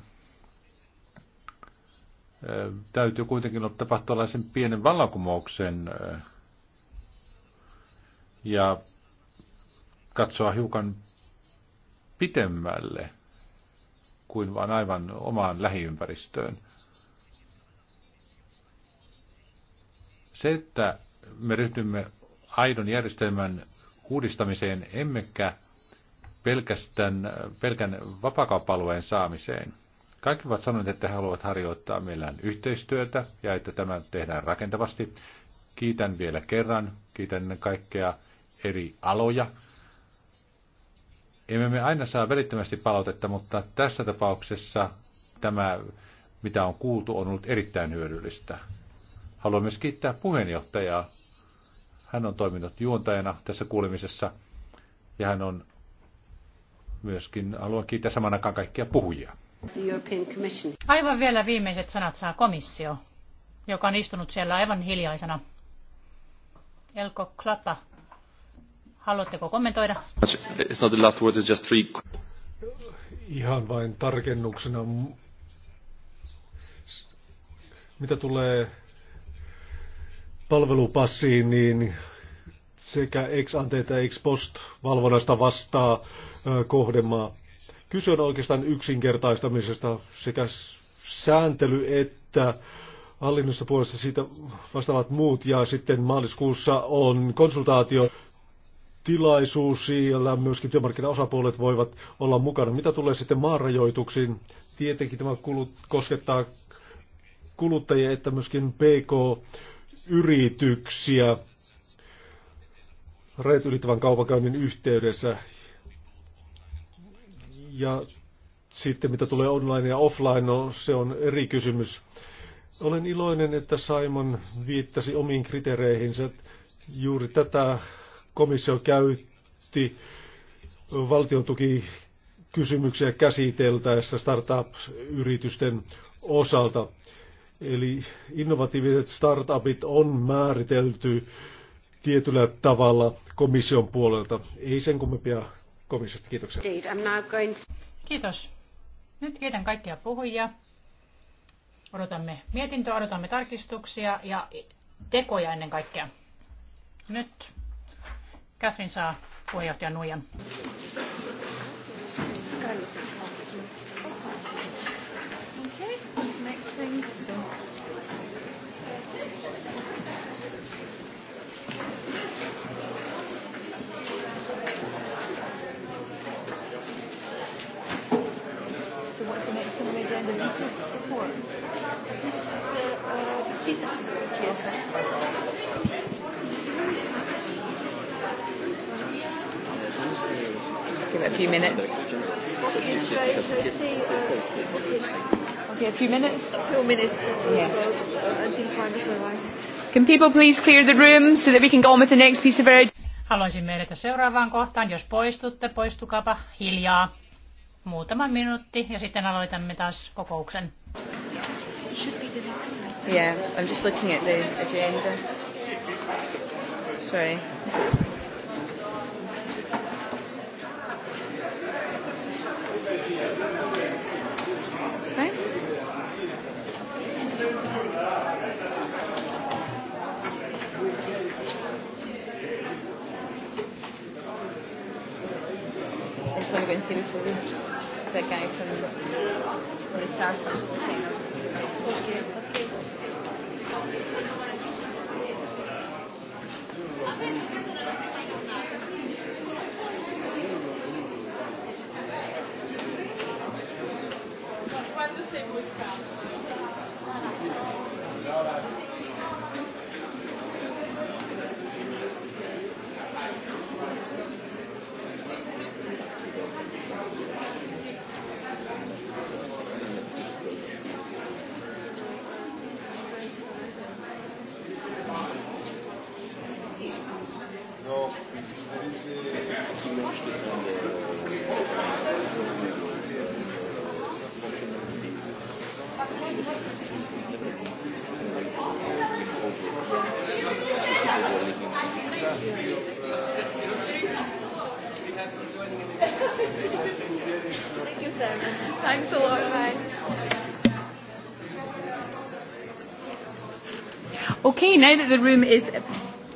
Speaker 3: täytyy kuitenkin olla tapahtua tällaisen pienen vallankumouksen äh, ja katsoa hiukan pitemmälle kuin vain aivan omaan lähiympäristöön. Se, että me ryhdymme aidon järjestelmän uudistamiseen, emmekä pelkästään pelkän vapakauppa saamiseen. Kaikki ovat sanoneet, että he haluavat harjoittaa meillään yhteistyötä ja että tämä tehdään rakentavasti. Kiitän vielä kerran, kiitän kaikkea eri aloja. Emme me aina saa välittömästi palautetta, mutta tässä tapauksessa tämä, mitä on kuultu, on ollut erittäin hyödyllistä. Haluan myös kiittää puheenjohtajaa hän on toiminut juontajana tässä kuulemisessa ja hän on myöskin, haluan kiittää saman aikaan kaikkia puhujia.
Speaker 1: Aivan vielä viimeiset sanat saa komissio, joka on istunut siellä aivan hiljaisena. Elko Klappa, haluatteko kommentoida?
Speaker 3: It's not the last word, it's just three...
Speaker 2: Ihan vain tarkennuksena. Mitä tulee palvelupassiin, niin sekä ex ante että ex post valvonnasta vastaa kohdemaa. Kyse on oikeastaan yksinkertaistamisesta sekä sääntely että hallinnosta puolesta siitä vastaavat muut. Ja sitten maaliskuussa on konsultaatio tilaisuus, siellä myöskin työmarkkinaosapuolet voivat olla mukana. Mitä tulee sitten maanrajoituksiin? Tietenkin tämä kulut, koskettaa kuluttajia että myöskin PK yrityksiä rajat ylittävän kaupankäynnin yhteydessä. Ja sitten mitä tulee online ja offline, no, se on eri kysymys. Olen iloinen, että Simon viittasi omiin kriteereihinsä. Juuri tätä komissio käytti valtiontuki kysymyksiä käsiteltäessä startup-yritysten osalta. Eli innovatiiviset startupit on määritelty tietyllä tavalla komission puolelta. Ei sen kummempia komissiosta. Kiitoksia.
Speaker 1: Kiitos. Nyt kiitän kaikkia puhujia. Odotamme mietintöä, odotamme tarkistuksia ja tekoja ennen kaikkea. Nyt Catherine saa puheenjohtajan nuijan. Before.
Speaker 3: Give it a few minutes.
Speaker 1: Okay, a few minutes. A few minutes. Yeah. Uh, until partners Can people please clear the room so that we can go on with the next piece of our... Haluaisin meidät seuraavaan kohtaan. Jos poistutte, poistukaapa hiljaa muutama minuutti ja sitten aloitamme taas kokouksen.
Speaker 3: Yeah, I'm just looking at the agenda.
Speaker 1: Sorry. Sorry. fine. I just want to go and see before we the guy from the Star Fox to sing. Okay, now that the room is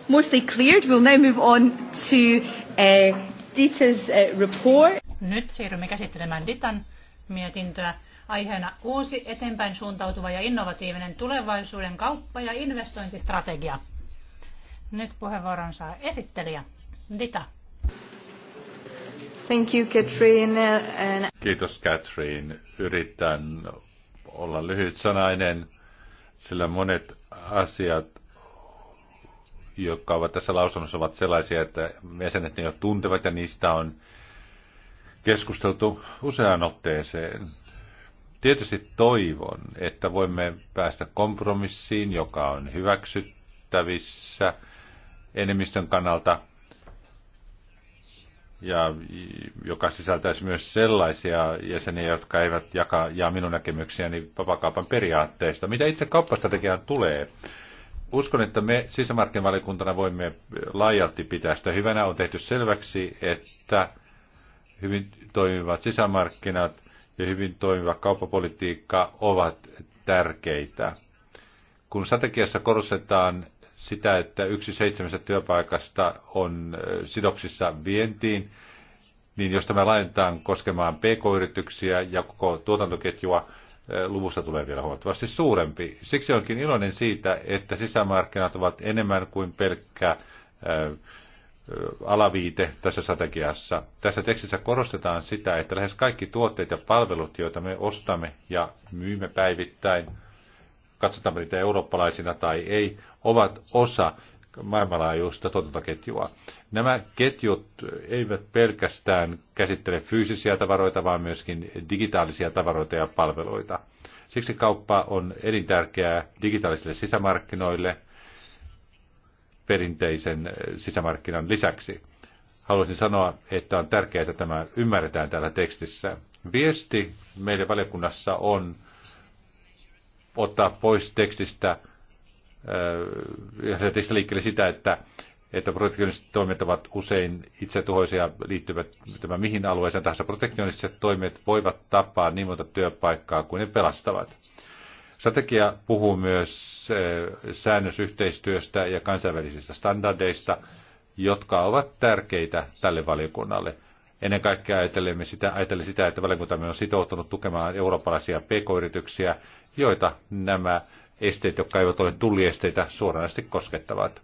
Speaker 3: mostly cleared, we'll now move on to uh, Dita's
Speaker 1: uh, report. Nyt siirrymme käsittelemään Ditan mietintöä. Aiheena uusi eteenpäin suuntautuva ja innovatiivinen tulevaisuuden kauppa- ja investointistrategia. Nyt puheenvuoron saa esittelijä Dita.
Speaker 3: Thank you, Catherine. And... Kiitos, Catherine. Yritän olla lyhyt sanainen, sillä monet asiat jotka ovat tässä lausunnossa, ovat sellaisia, että jäsenet ne jo tuntevat ja niistä on keskusteltu useaan otteeseen. Tietysti toivon, että voimme päästä kompromissiin, joka on hyväksyttävissä enemmistön kannalta ja joka sisältäisi myös sellaisia jäseniä, jotka eivät jaka, jaa minun näkemyksiäni vapakaupan periaatteista. Mitä itse kauppastrategiaan tulee, uskon, että me sisämarkkinavaliokuntana voimme laajalti pitää sitä hyvänä. On tehty selväksi, että hyvin toimivat sisämarkkinat ja hyvin toimiva kauppapolitiikka ovat tärkeitä. Kun strategiassa korostetaan sitä, että yksi seitsemästä työpaikasta on äh, sidoksissa vientiin, niin jos tämä laajentaa koskemaan pk-yrityksiä ja koko tuotantoketjua, luvusta tulee vielä huomattavasti suurempi. Siksi onkin iloinen siitä, että sisämarkkinat ovat enemmän kuin pelkkä alaviite tässä strategiassa. Tässä tekstissä korostetaan sitä, että lähes kaikki tuotteet ja palvelut, joita me ostamme ja myymme päivittäin, katsotaan niitä eurooppalaisina tai ei, ovat osa maailmanlaajuista tuotantoketjua. Nämä ketjut eivät pelkästään käsittele fyysisiä tavaroita, vaan myöskin digitaalisia tavaroita ja palveluita. Siksi kauppa on elintärkeää digitaalisille sisämarkkinoille perinteisen eh, sisämarkkinan lisäksi. Haluaisin sanoa, että on tärkeää, että tämä ymmärretään täällä tekstissä. Viesti meidän valiokunnassa on ottaa pois tekstistä lähteekö liikkeelle sitä, että, että protektionistiset toimet ovat usein itsetuhoisia, liittyvät tämän mihin alueeseen tahansa. Protektionistiset toimet voivat tappaa niin monta työpaikkaa kuin ne pelastavat. Strategia puhuu myös säännösyhteistyöstä ja kansainvälisistä standardeista, jotka ovat tärkeitä tälle valiokunnalle. Ennen kaikkea ajattelemme sitä, ajattelemme sitä että valiokuntamme on sitoutunut tukemaan eurooppalaisia pk-yrityksiä, joita nämä esteet, jotka eivät ole tulliesteitä, suoranaisesti koskettavat.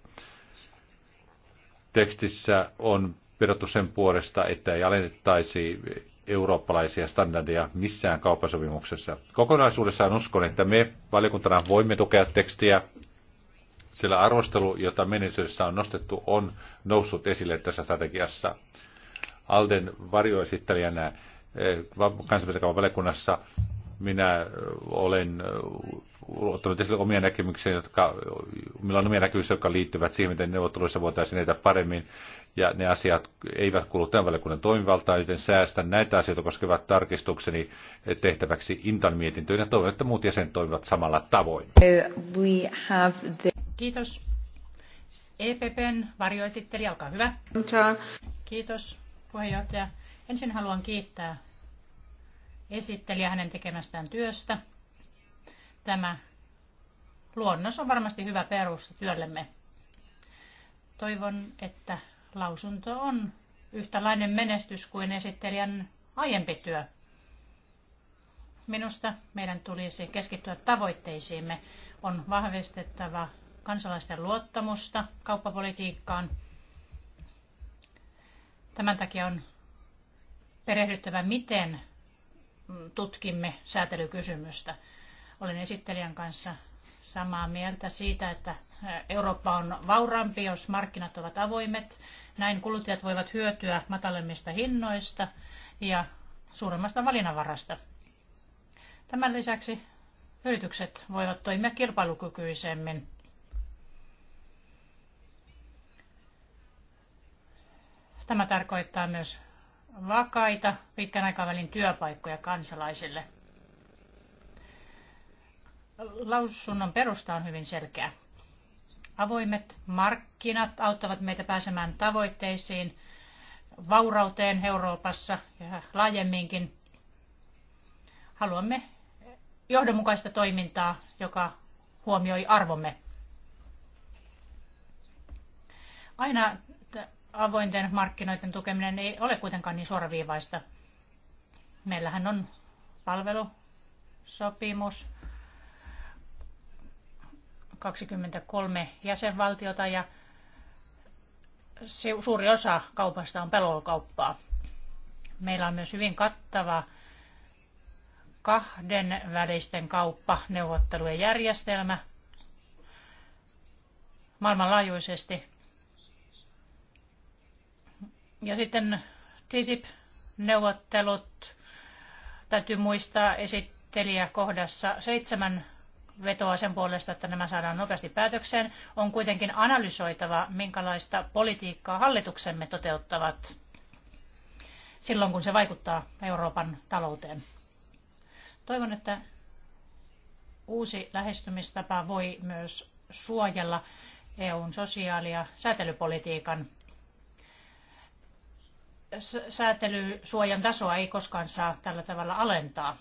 Speaker 3: Tekstissä on vedottu sen puolesta, että ei alennettaisi eurooppalaisia standardeja missään kauppasopimuksessa. Kokonaisuudessaan uskon, että me valiokuntana voimme tukea tekstiä, sillä arvostelu, jota menisyydessä on nostettu, on noussut esille tässä strategiassa. Alden varjoesittelijänä eh, kansainvälisen valiokunnassa minä olen ottanut esille omia näkemyksiä, jotka, millä on omia näkemyksiä, jotka liittyvät siihen, miten neuvotteluissa voitaisiin edetä paremmin. Ja ne asiat eivät kuulu tämän valiokunnan toimivaltaan, joten säästän näitä asioita koskevat tarkistukseni tehtäväksi Intan mietintöön ja toivon, että muut jäsenet toimivat samalla tavoin.
Speaker 1: We have the... Kiitos. EPPn varjoesittelijä, olkaa hyvä. Kiitos puheenjohtaja. Ensin haluan kiittää esittelijä hänen tekemästään työstä. Tämä luonnos on varmasti hyvä perusta työllemme. Toivon, että lausunto on yhtälainen menestys kuin esittelijän aiempi työ. Minusta meidän tulisi keskittyä tavoitteisiimme. On vahvistettava kansalaisten luottamusta kauppapolitiikkaan. Tämän takia on perehdyttävä, miten Mm, tutkimme säätelykysymystä. Olen esittelijän kanssa samaa mieltä siitä, että Eurooppa on vauraampi, jos markkinat ovat avoimet. Näin kuluttajat voivat hyötyä matalemmista hinnoista ja suuremmasta valinnanvarasta. Tämän lisäksi yritykset voivat toimia kilpailukykyisemmin. Tämä tarkoittaa myös vakaita pitkän aikavälin työpaikkoja kansalaisille. Lausunnon perusta on hyvin selkeä. Avoimet markkinat auttavat meitä pääsemään tavoitteisiin, vaurauteen Euroopassa ja laajemminkin. Haluamme johdonmukaista toimintaa, joka huomioi arvomme. Aina avointen markkinoiden tukeminen ei ole kuitenkaan niin suoraviivaista. Meillähän on palvelusopimus, 23 jäsenvaltiota ja suuri osa kaupasta on pelolkauppaa. Meillä on myös hyvin kattava kahden välisten kauppaneuvottelujen järjestelmä maailmanlaajuisesti ja sitten TTIP-neuvottelut täytyy muistaa esittelijä kohdassa seitsemän vetoa sen puolesta, että nämä saadaan nopeasti päätökseen. On kuitenkin analysoitava, minkälaista politiikkaa hallituksemme toteuttavat silloin, kun se vaikuttaa Euroopan talouteen. Toivon, että uusi lähestymistapa voi myös suojella EUn sosiaali- ja säätelypolitiikan säätelysuojan tasoa ei koskaan saa tällä tavalla alentaa.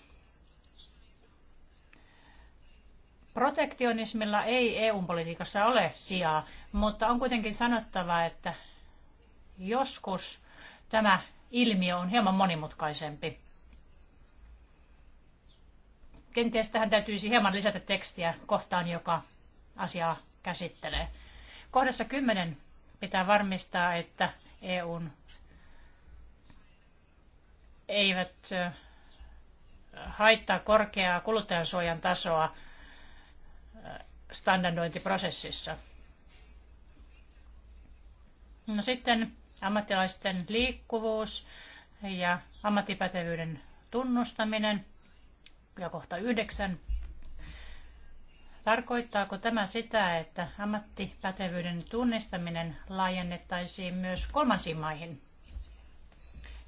Speaker 1: Protektionismilla ei EU-politiikassa ole sijaa, mutta on kuitenkin sanottava, että joskus tämä ilmiö on hieman monimutkaisempi. Kenties tähän täytyisi hieman lisätä tekstiä kohtaan, joka asiaa käsittelee. Kohdassa 10 pitää varmistaa, että EUn eivät haittaa korkeaa kuluttajansuojan tasoa standardointiprosessissa. No sitten ammattilaisten liikkuvuus ja ammattipätevyyden tunnustaminen ja kohta yhdeksän. Tarkoittaako tämä sitä, että ammattipätevyyden tunnistaminen laajennettaisiin myös kolmansiin maihin?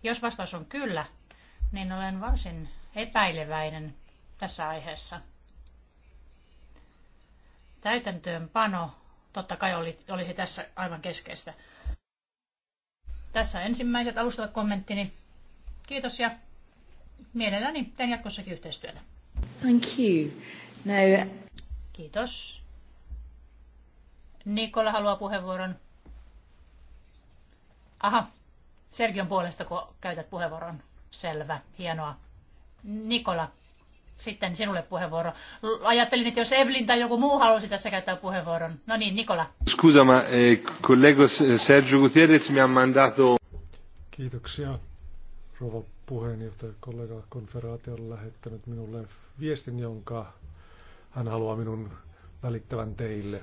Speaker 1: Jos vastaus on kyllä, niin olen varsin epäileväinen tässä aiheessa. Täytäntöönpano totta kai oli, olisi tässä aivan keskeistä. Tässä ensimmäiset alustavat kommenttini. Kiitos ja mielelläni teen jatkossakin yhteistyötä. Thank you. No. Kiitos. Nikola haluaa puheenvuoron. Aha, Sergion puolesta, kun käytät puheenvuoron. Selvä, hienoa. Nikola, sitten sinulle puheenvuoro. Ajattelin, että jos Evelyn tai joku muu halusi tässä käyttää puheenvuoron. No niin, Nikola.
Speaker 3: Scusa, ma eh, collego Sergio Gutierrez mi ha mandato... Kiitoksia,
Speaker 2: rouva puheenjohtaja. Kollega konferaatio on lähettänyt minulle viestin, jonka hän haluaa minun välittävän teille.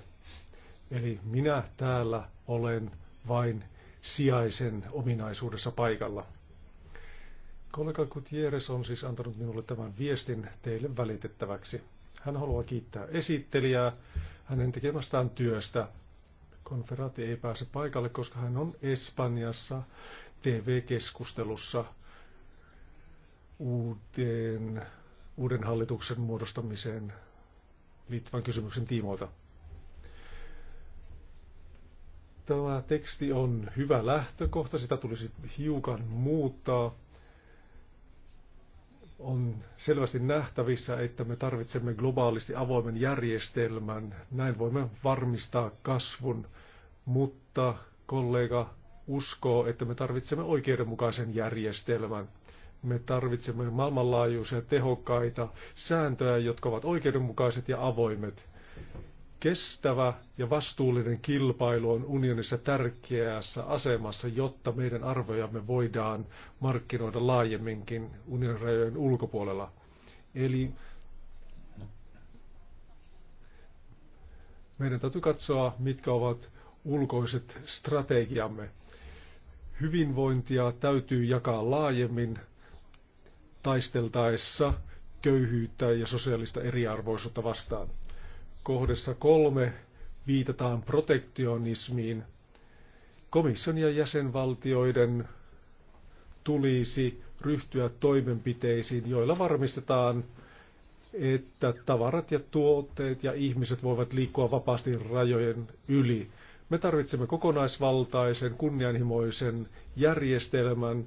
Speaker 2: Eli minä täällä olen vain sijaisen ominaisuudessa paikalla. Kollega Gutierrez on siis antanut minulle tämän viestin teille välitettäväksi. Hän haluaa kiittää esittelijää hänen tekemästään työstä. Konferaati ei pääse paikalle, koska hän on Espanjassa TV-keskustelussa uuden, uuden hallituksen muodostamiseen liittyvän kysymyksen tiimoilta. Tämä teksti on hyvä lähtökohta, sitä tulisi hiukan muuttaa. On selvästi nähtävissä, että me tarvitsemme globaalisti avoimen järjestelmän. Näin voimme varmistaa kasvun, mutta kollega uskoo, että me tarvitsemme oikeudenmukaisen järjestelmän. Me tarvitsemme maailmanlaajuisia tehokkaita sääntöjä, jotka ovat oikeudenmukaiset ja avoimet. Kestävä ja vastuullinen kilpailu on unionissa tärkeässä asemassa, jotta meidän arvojamme voidaan markkinoida laajemminkin unionin rajojen ulkopuolella. Eli meidän täytyy katsoa, mitkä ovat ulkoiset strategiamme. Hyvinvointia täytyy jakaa laajemmin taisteltaessa köyhyyttä ja sosiaalista eriarvoisuutta vastaan. Kohdassa kolme viitataan protektionismiin. Komission ja jäsenvaltioiden tulisi ryhtyä toimenpiteisiin, joilla varmistetaan, että tavarat ja tuotteet ja ihmiset voivat liikkua vapaasti rajojen yli. Me tarvitsemme kokonaisvaltaisen, kunnianhimoisen järjestelmän,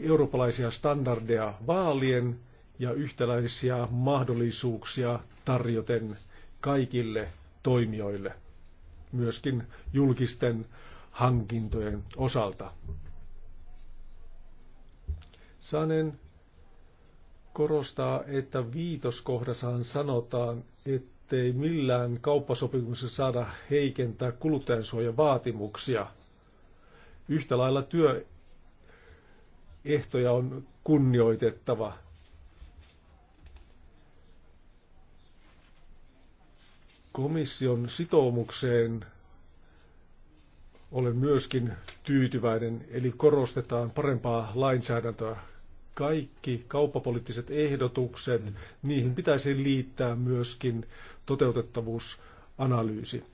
Speaker 2: eurooppalaisia standardeja vaalien ja yhtäläisiä mahdollisuuksia tarjoten kaikille toimijoille, myöskin julkisten hankintojen osalta. Sanen korostaa, että viitoskohdassaan sanotaan, ettei millään kauppasopimuksessa saada heikentää kuluttajansuojan vaatimuksia. Yhtä lailla työehtoja on kunnioitettava. komission sitoumukseen olen myöskin tyytyväinen, eli korostetaan parempaa lainsäädäntöä. Kaikki kauppapoliittiset ehdotukset, niihin pitäisi liittää myöskin toteutettavuusanalyysi.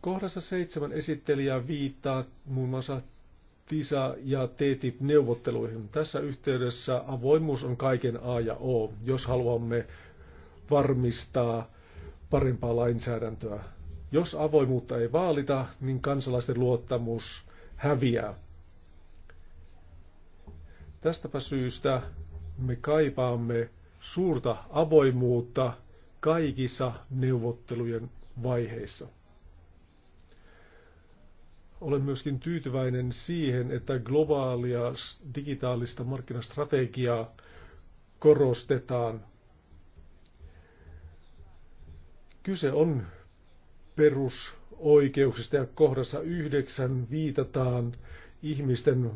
Speaker 2: Kohdassa seitsemän esittelijä viittaa muun muassa TISA- ja TTIP-neuvotteluihin. Tässä yhteydessä avoimuus on kaiken A ja O, jos haluamme varmistaa parempaa lainsäädäntöä. Jos avoimuutta ei vaalita, niin kansalaisten luottamus häviää. Tästäpä syystä me kaipaamme suurta avoimuutta kaikissa neuvottelujen vaiheissa. Olen myöskin tyytyväinen siihen, että globaalia digitaalista markkinastrategiaa korostetaan Kyse on perusoikeuksista ja kohdassa yhdeksän viitataan ihmisten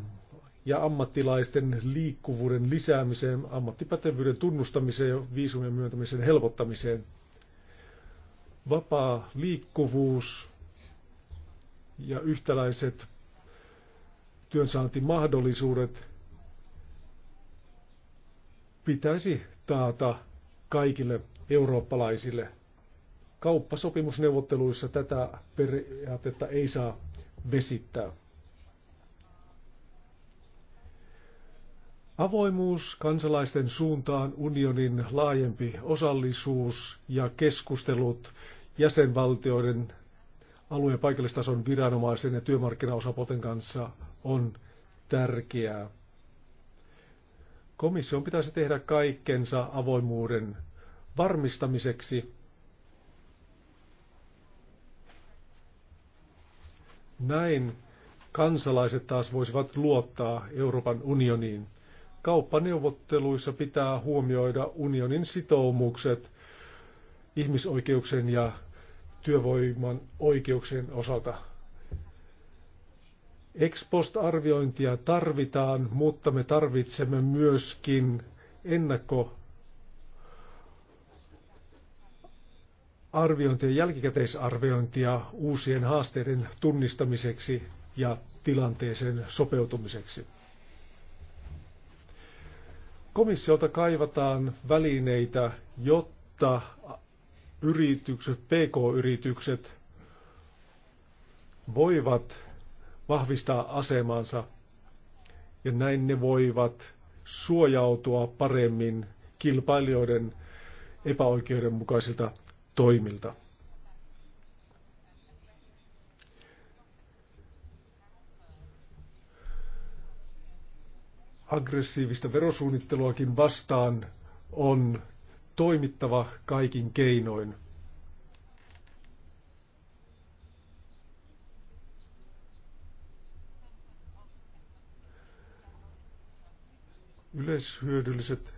Speaker 2: ja ammattilaisten liikkuvuuden lisäämiseen, ammattipätevyyden tunnustamiseen ja viisumien myöntämisen
Speaker 3: helpottamiseen.
Speaker 2: Vapaa liikkuvuus ja yhtäläiset työnsaantimahdollisuudet pitäisi taata kaikille eurooppalaisille – Kauppasopimusneuvotteluissa tätä periaatetta ei saa vesittää. Avoimuus kansalaisten suuntaan, unionin laajempi osallisuus ja keskustelut jäsenvaltioiden alueen paikallistason viranomaisen ja työmarkkinaosapuolten kanssa on tärkeää. Komission pitäisi tehdä kaikkensa avoimuuden varmistamiseksi Näin kansalaiset taas voisivat luottaa Euroopan unioniin. Kauppaneuvotteluissa pitää huomioida unionin sitoumukset ihmisoikeuksien ja työvoiman oikeuksien osalta. Ex post-arviointia tarvitaan, mutta me tarvitsemme myöskin ennakko arviointia jälkikäteisarviointia uusien haasteiden tunnistamiseksi ja tilanteeseen sopeutumiseksi. Komissiolta kaivataan välineitä, jotta yritykset, PK-yritykset voivat vahvistaa asemansa ja näin ne voivat suojautua paremmin kilpailijoiden epäoikeudenmukaisilta toimilta. Aggressiivista verosuunnitteluakin vastaan on toimittava kaikin keinoin. Yleishyödylliset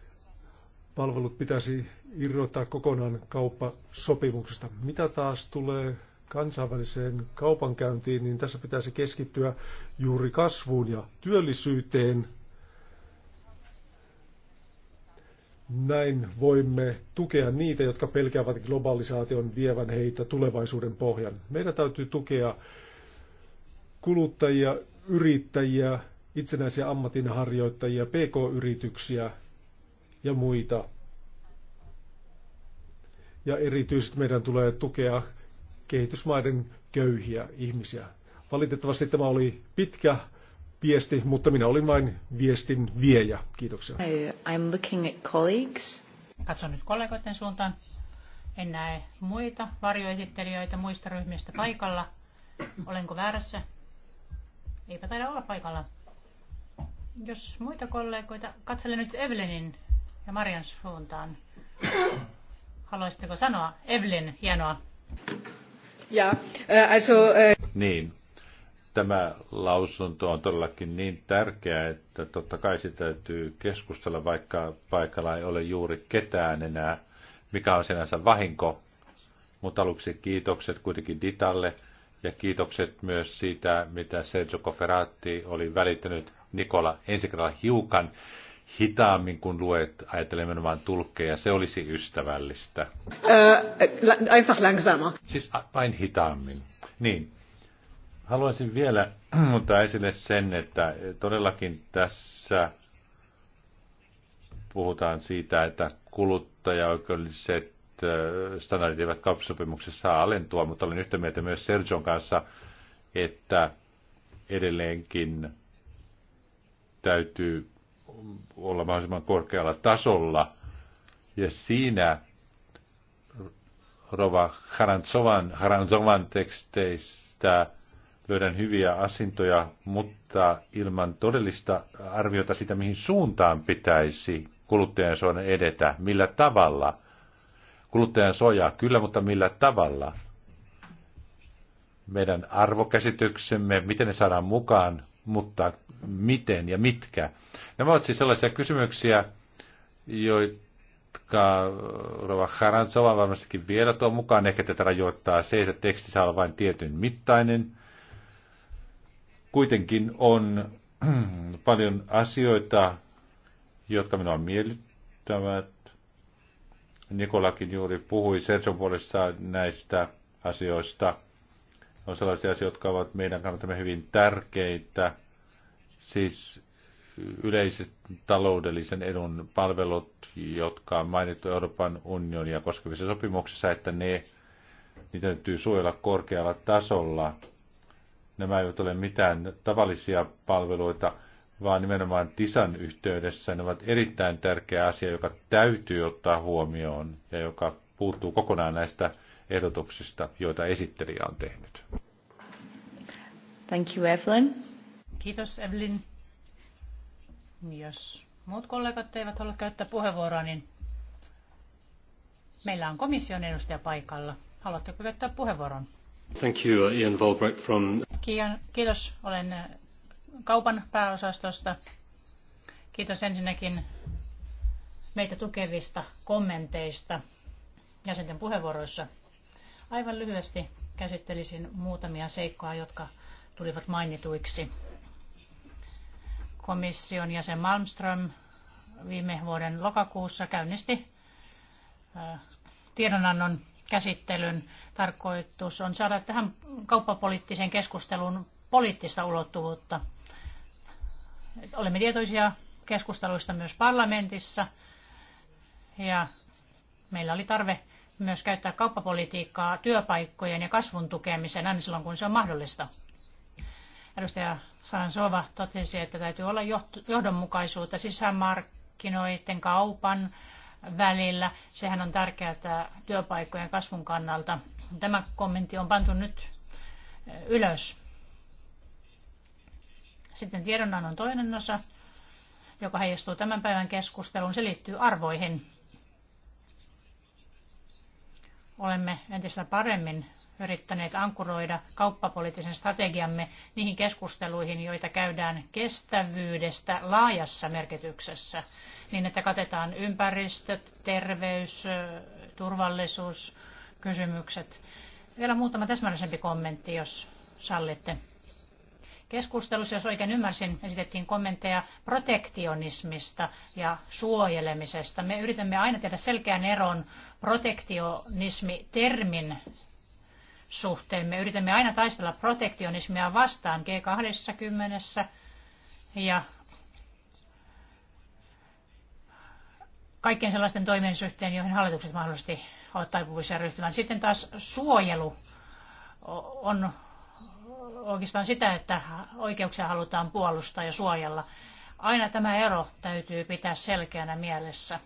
Speaker 2: palvelut pitäisi irrottaa kokonaan kauppasopimuksesta. Mitä taas tulee kansainväliseen kaupankäyntiin, niin tässä pitäisi keskittyä juuri kasvuun ja työllisyyteen. Näin voimme tukea niitä, jotka pelkäävät globalisaation vievän heitä tulevaisuuden pohjan. Meidän täytyy tukea kuluttajia, yrittäjiä, itsenäisiä ammatinharjoittajia, pk-yrityksiä ja muita. Ja erityisesti meidän tulee tukea kehitysmaiden köyhiä ihmisiä. Valitettavasti tämä oli pitkä viesti, mutta minä olin vain viestin
Speaker 1: viejä. Kiitoksia. I'm looking at colleagues. Katson nyt kollegoiden suuntaan. En näe muita varjoesittelijöitä muista ryhmistä paikalla. Olenko väärässä? Eipä taida olla paikalla. Jos muita kollegoita, katselen nyt Evelynin ja Marian suuntaan. Haluaisitteko sanoa? Evelyn, hienoa.
Speaker 3: Ja, ää, äh, also, uh... Niin, tämä lausunto on todellakin niin tärkeä, että totta kai se täytyy keskustella, vaikka paikalla ei ole juuri ketään enää, mikä on sinänsä vahinko. Mutta aluksi kiitokset kuitenkin Ditalle ja kiitokset myös siitä, mitä Sergio Coferatti oli välittänyt Nikola ensi kerralla hiukan hitaammin, kun luet, ajattelemaan vain tulkkeja, se olisi ystävällistä.
Speaker 2: Äh, einfach langsamer.
Speaker 3: Siis vain hitaammin. Niin. Haluaisin vielä ottaa esille sen, että todellakin tässä puhutaan siitä, että kuluttajaoikeudelliset standardit eivät kauppasopimuksessa saa alentua, mutta olen yhtä mieltä myös Sergion kanssa, että edelleenkin täytyy olla mahdollisimman korkealla tasolla. Ja siinä Rova Harantsovan, Harantsovan teksteistä löydän hyviä asintoja, mutta ilman todellista arviota sitä, mihin suuntaan pitäisi suojan edetä, millä tavalla. Kuluttajan suojaa kyllä, mutta millä tavalla. Meidän arvokäsityksemme, miten ne saadaan mukaan, mutta miten ja mitkä. Nämä ovat siis sellaisia kysymyksiä, jotka Rova Harantsova varmastikin vielä tuo mukaan. Ehkä tätä rajoittaa se, että teksti saa olla vain tietyn mittainen. Kuitenkin on paljon asioita, jotka minua miellyttävät. Nikolakin juuri puhui Sergio puolessa näistä asioista. On sellaisia asioita, jotka ovat meidän kannaltamme hyvin tärkeitä. Siis yleiset taloudellisen edun palvelut, jotka on mainittu Euroopan unionia koskevissa sopimuksissa, että ne, niitä täytyy suojella korkealla tasolla. Nämä eivät ole mitään tavallisia palveluita, vaan nimenomaan TISAN yhteydessä ne ovat erittäin tärkeä asia, joka täytyy ottaa huomioon ja joka puuttuu kokonaan näistä ehdotuksista, joita esittelijä on tehnyt.
Speaker 1: Thank you, Evelyn. Kiitos Evelyn. Jos muut kollegat eivät halua käyttää puheenvuoroa, niin meillä on komission edustaja paikalla. Haluatteko käyttää puheenvuoron?
Speaker 2: Thank you, Ian Volbright from...
Speaker 1: Kiitos, olen kaupan pääosastosta. Kiitos ensinnäkin meitä tukevista kommenteista jäsenten puheenvuoroissa. Aivan lyhyesti käsittelisin muutamia seikkoja, jotka tulivat mainituiksi komission jäsen Malmström viime vuoden lokakuussa käynnisti tiedonannon käsittelyn. Tarkoitus on saada tähän kauppapoliittiseen keskusteluun poliittista ulottuvuutta. Olemme tietoisia keskusteluista myös parlamentissa ja meillä oli tarve myös käyttää kauppapolitiikkaa työpaikkojen ja kasvun tukemiseen aina silloin, kun se on mahdollista. Edustaja Sansova totesi, että täytyy olla johdonmukaisuutta sisämarkkinoiden kaupan välillä. Sehän on tärkeää työpaikkojen kasvun kannalta. Tämä kommentti on pantu nyt eh, ylös. Sitten tiedonannon toinen osa, joka heijastuu tämän päivän keskusteluun, se liittyy arvoihin olemme entistä paremmin yrittäneet ankuroida kauppapoliittisen strategiamme niihin keskusteluihin, joita käydään kestävyydestä laajassa merkityksessä, niin että katetaan ympäristöt, terveys, turvallisuus, kysymykset. Vielä muutama täsmällisempi kommentti, jos sallitte. Keskustelussa, jos oikein ymmärsin, esitettiin kommentteja protektionismista ja suojelemisesta. Me yritämme aina tehdä selkeän eron protektionismi-termin suhteen. Me yritämme aina taistella protektionismia vastaan G20 ja kaikkien sellaisten toimien suhteen, joihin hallitukset mahdollisesti ovat taipuvuisia ryhtymään. Sitten taas suojelu on oikeastaan sitä, että oikeuksia halutaan puolustaa ja suojella. Aina tämä ero täytyy pitää selkeänä mielessä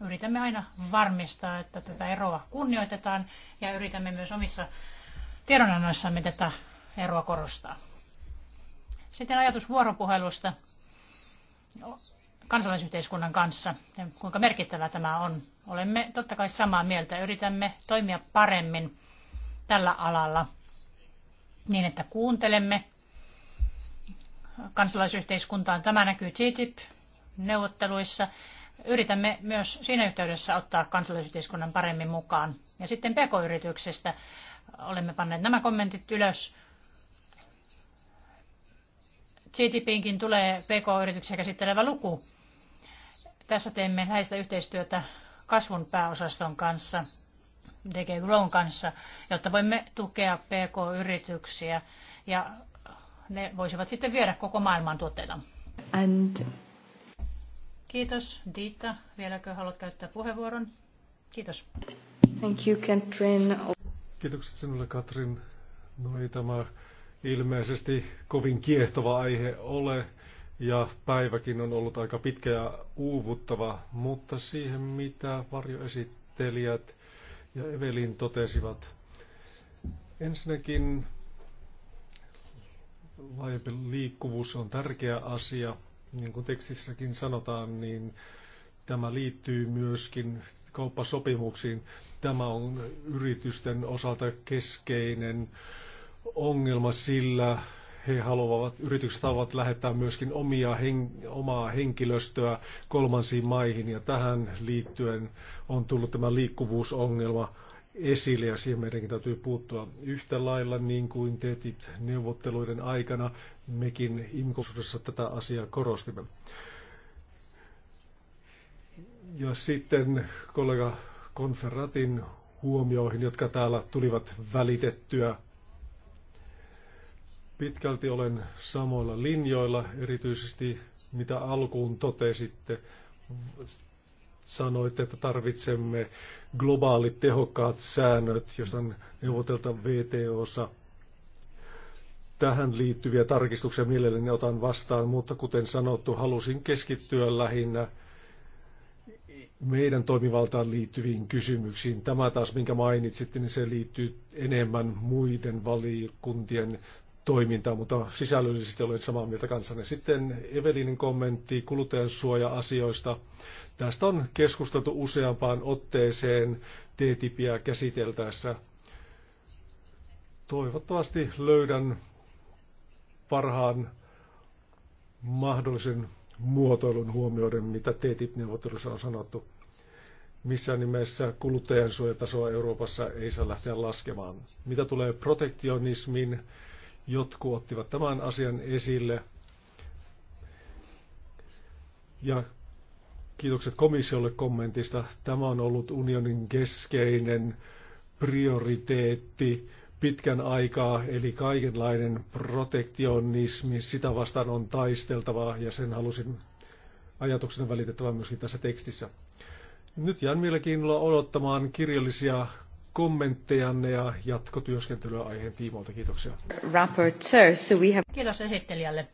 Speaker 1: yritämme aina varmistaa, että tätä eroa kunnioitetaan ja yritämme myös omissa tiedonannoissamme tätä eroa korostaa. Sitten ajatus vuoropuhelusta kansalaisyhteiskunnan kanssa ja kuinka merkittävä tämä on. Olemme totta kai samaa mieltä. Yritämme toimia paremmin tällä alalla niin, että kuuntelemme kansalaisyhteiskuntaan. Tämä näkyy TTIP-neuvotteluissa yritämme myös siinä yhteydessä ottaa kansalaisyhteiskunnan paremmin mukaan. Ja sitten PK-yrityksestä olemme panneet nämä kommentit ylös. GDPinkin tulee PK-yrityksiä käsittelevä luku. Tässä teemme näistä yhteistyötä kasvun pääosaston kanssa, DG Grown kanssa, jotta voimme tukea PK-yrityksiä ja ne voisivat sitten viedä koko maailman tuotteita. And Kiitos. Diitta, vieläkö haluat käyttää puheenvuoron? Kiitos.
Speaker 3: Thank you, Katrin.
Speaker 2: Kiitokset sinulle, Katrin. No tämä ilmeisesti kovin kiehtova aihe ole. Ja päiväkin on ollut aika pitkä ja uuvuttava, mutta siihen mitä varjoesittelijät ja Evelin totesivat. Ensinnäkin laajempi liikkuvuus on tärkeä asia – niin kuin tekstissäkin sanotaan, niin tämä liittyy myöskin kauppasopimuksiin. Tämä on yritysten osalta keskeinen ongelma, sillä he haluavat, yritykset haluavat lähettää myöskin omia hen, omaa henkilöstöä kolmansiin maihin ja tähän liittyen on tullut tämä liikkuvuusongelma esille ja siihen meidänkin täytyy puuttua yhtä lailla niin kuin TTIP-neuvotteluiden aikana mekin imkosuudessa tätä asiaa korostimme. Ja sitten kollega Konferatin huomioihin, jotka täällä tulivat välitettyä. Pitkälti olen samoilla linjoilla, erityisesti mitä alkuun totesitte. Sanoitte, että tarvitsemme globaalit tehokkaat säännöt, joista on neuvotelta VTOssa. Tähän liittyviä tarkistuksia mielelläni otan vastaan, mutta kuten sanottu, halusin keskittyä lähinnä meidän toimivaltaan liittyviin kysymyksiin. Tämä taas, minkä mainitsitte, niin se liittyy enemmän muiden valiokuntien toimintaa, mutta sisällöllisesti olen samaa mieltä kanssanne. Sitten Evelinin kommentti kuluttajansuoja-asioista. Tästä on keskusteltu useampaan otteeseen T-tipiä käsiteltäessä. Toivottavasti löydän parhaan mahdollisen muotoilun huomioiden, mitä TTIP-neuvottelussa on sanottu. Missään nimessä kuluttajansuojatasoa Euroopassa ei saa lähteä laskemaan. Mitä tulee protektionismiin, jotkut ottivat tämän asian esille. Ja Kiitokset komissiolle kommentista. Tämä on ollut unionin keskeinen prioriteetti pitkän aikaa, eli kaikenlainen protektionismi, sitä vastaan on taisteltava ja sen halusin ajatuksena välitettävän myöskin tässä tekstissä. Nyt jään mielenkiinnolla odottamaan kirjallisia kommenttejanne ja jatkotyöskentelyä aiheen tiimoilta. Kiitoksia.
Speaker 1: Rapporteur, so we have... Kiitos esittelijälle.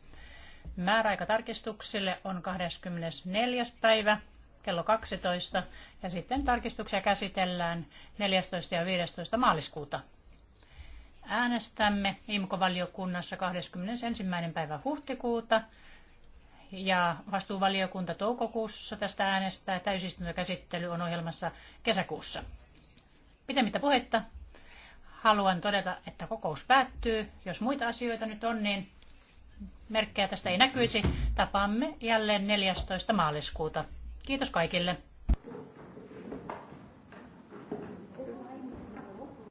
Speaker 1: Määräaika tarkistuksille on 24. päivä kello 12 ja sitten tarkistuksia käsitellään 14. ja 15. maaliskuuta. Äänestämme IMKO-valiokunnassa 21. päivä huhtikuuta ja vastuuvaliokunta toukokuussa tästä äänestää. Täysistuntokäsittely on ohjelmassa kesäkuussa. Pitemmittä puhetta haluan todeta, että kokous päättyy. Jos muita asioita nyt on, niin merkkejä tästä ei näkyisi. Tapaamme jälleen 14. maaliskuuta. Kiitos kaikille.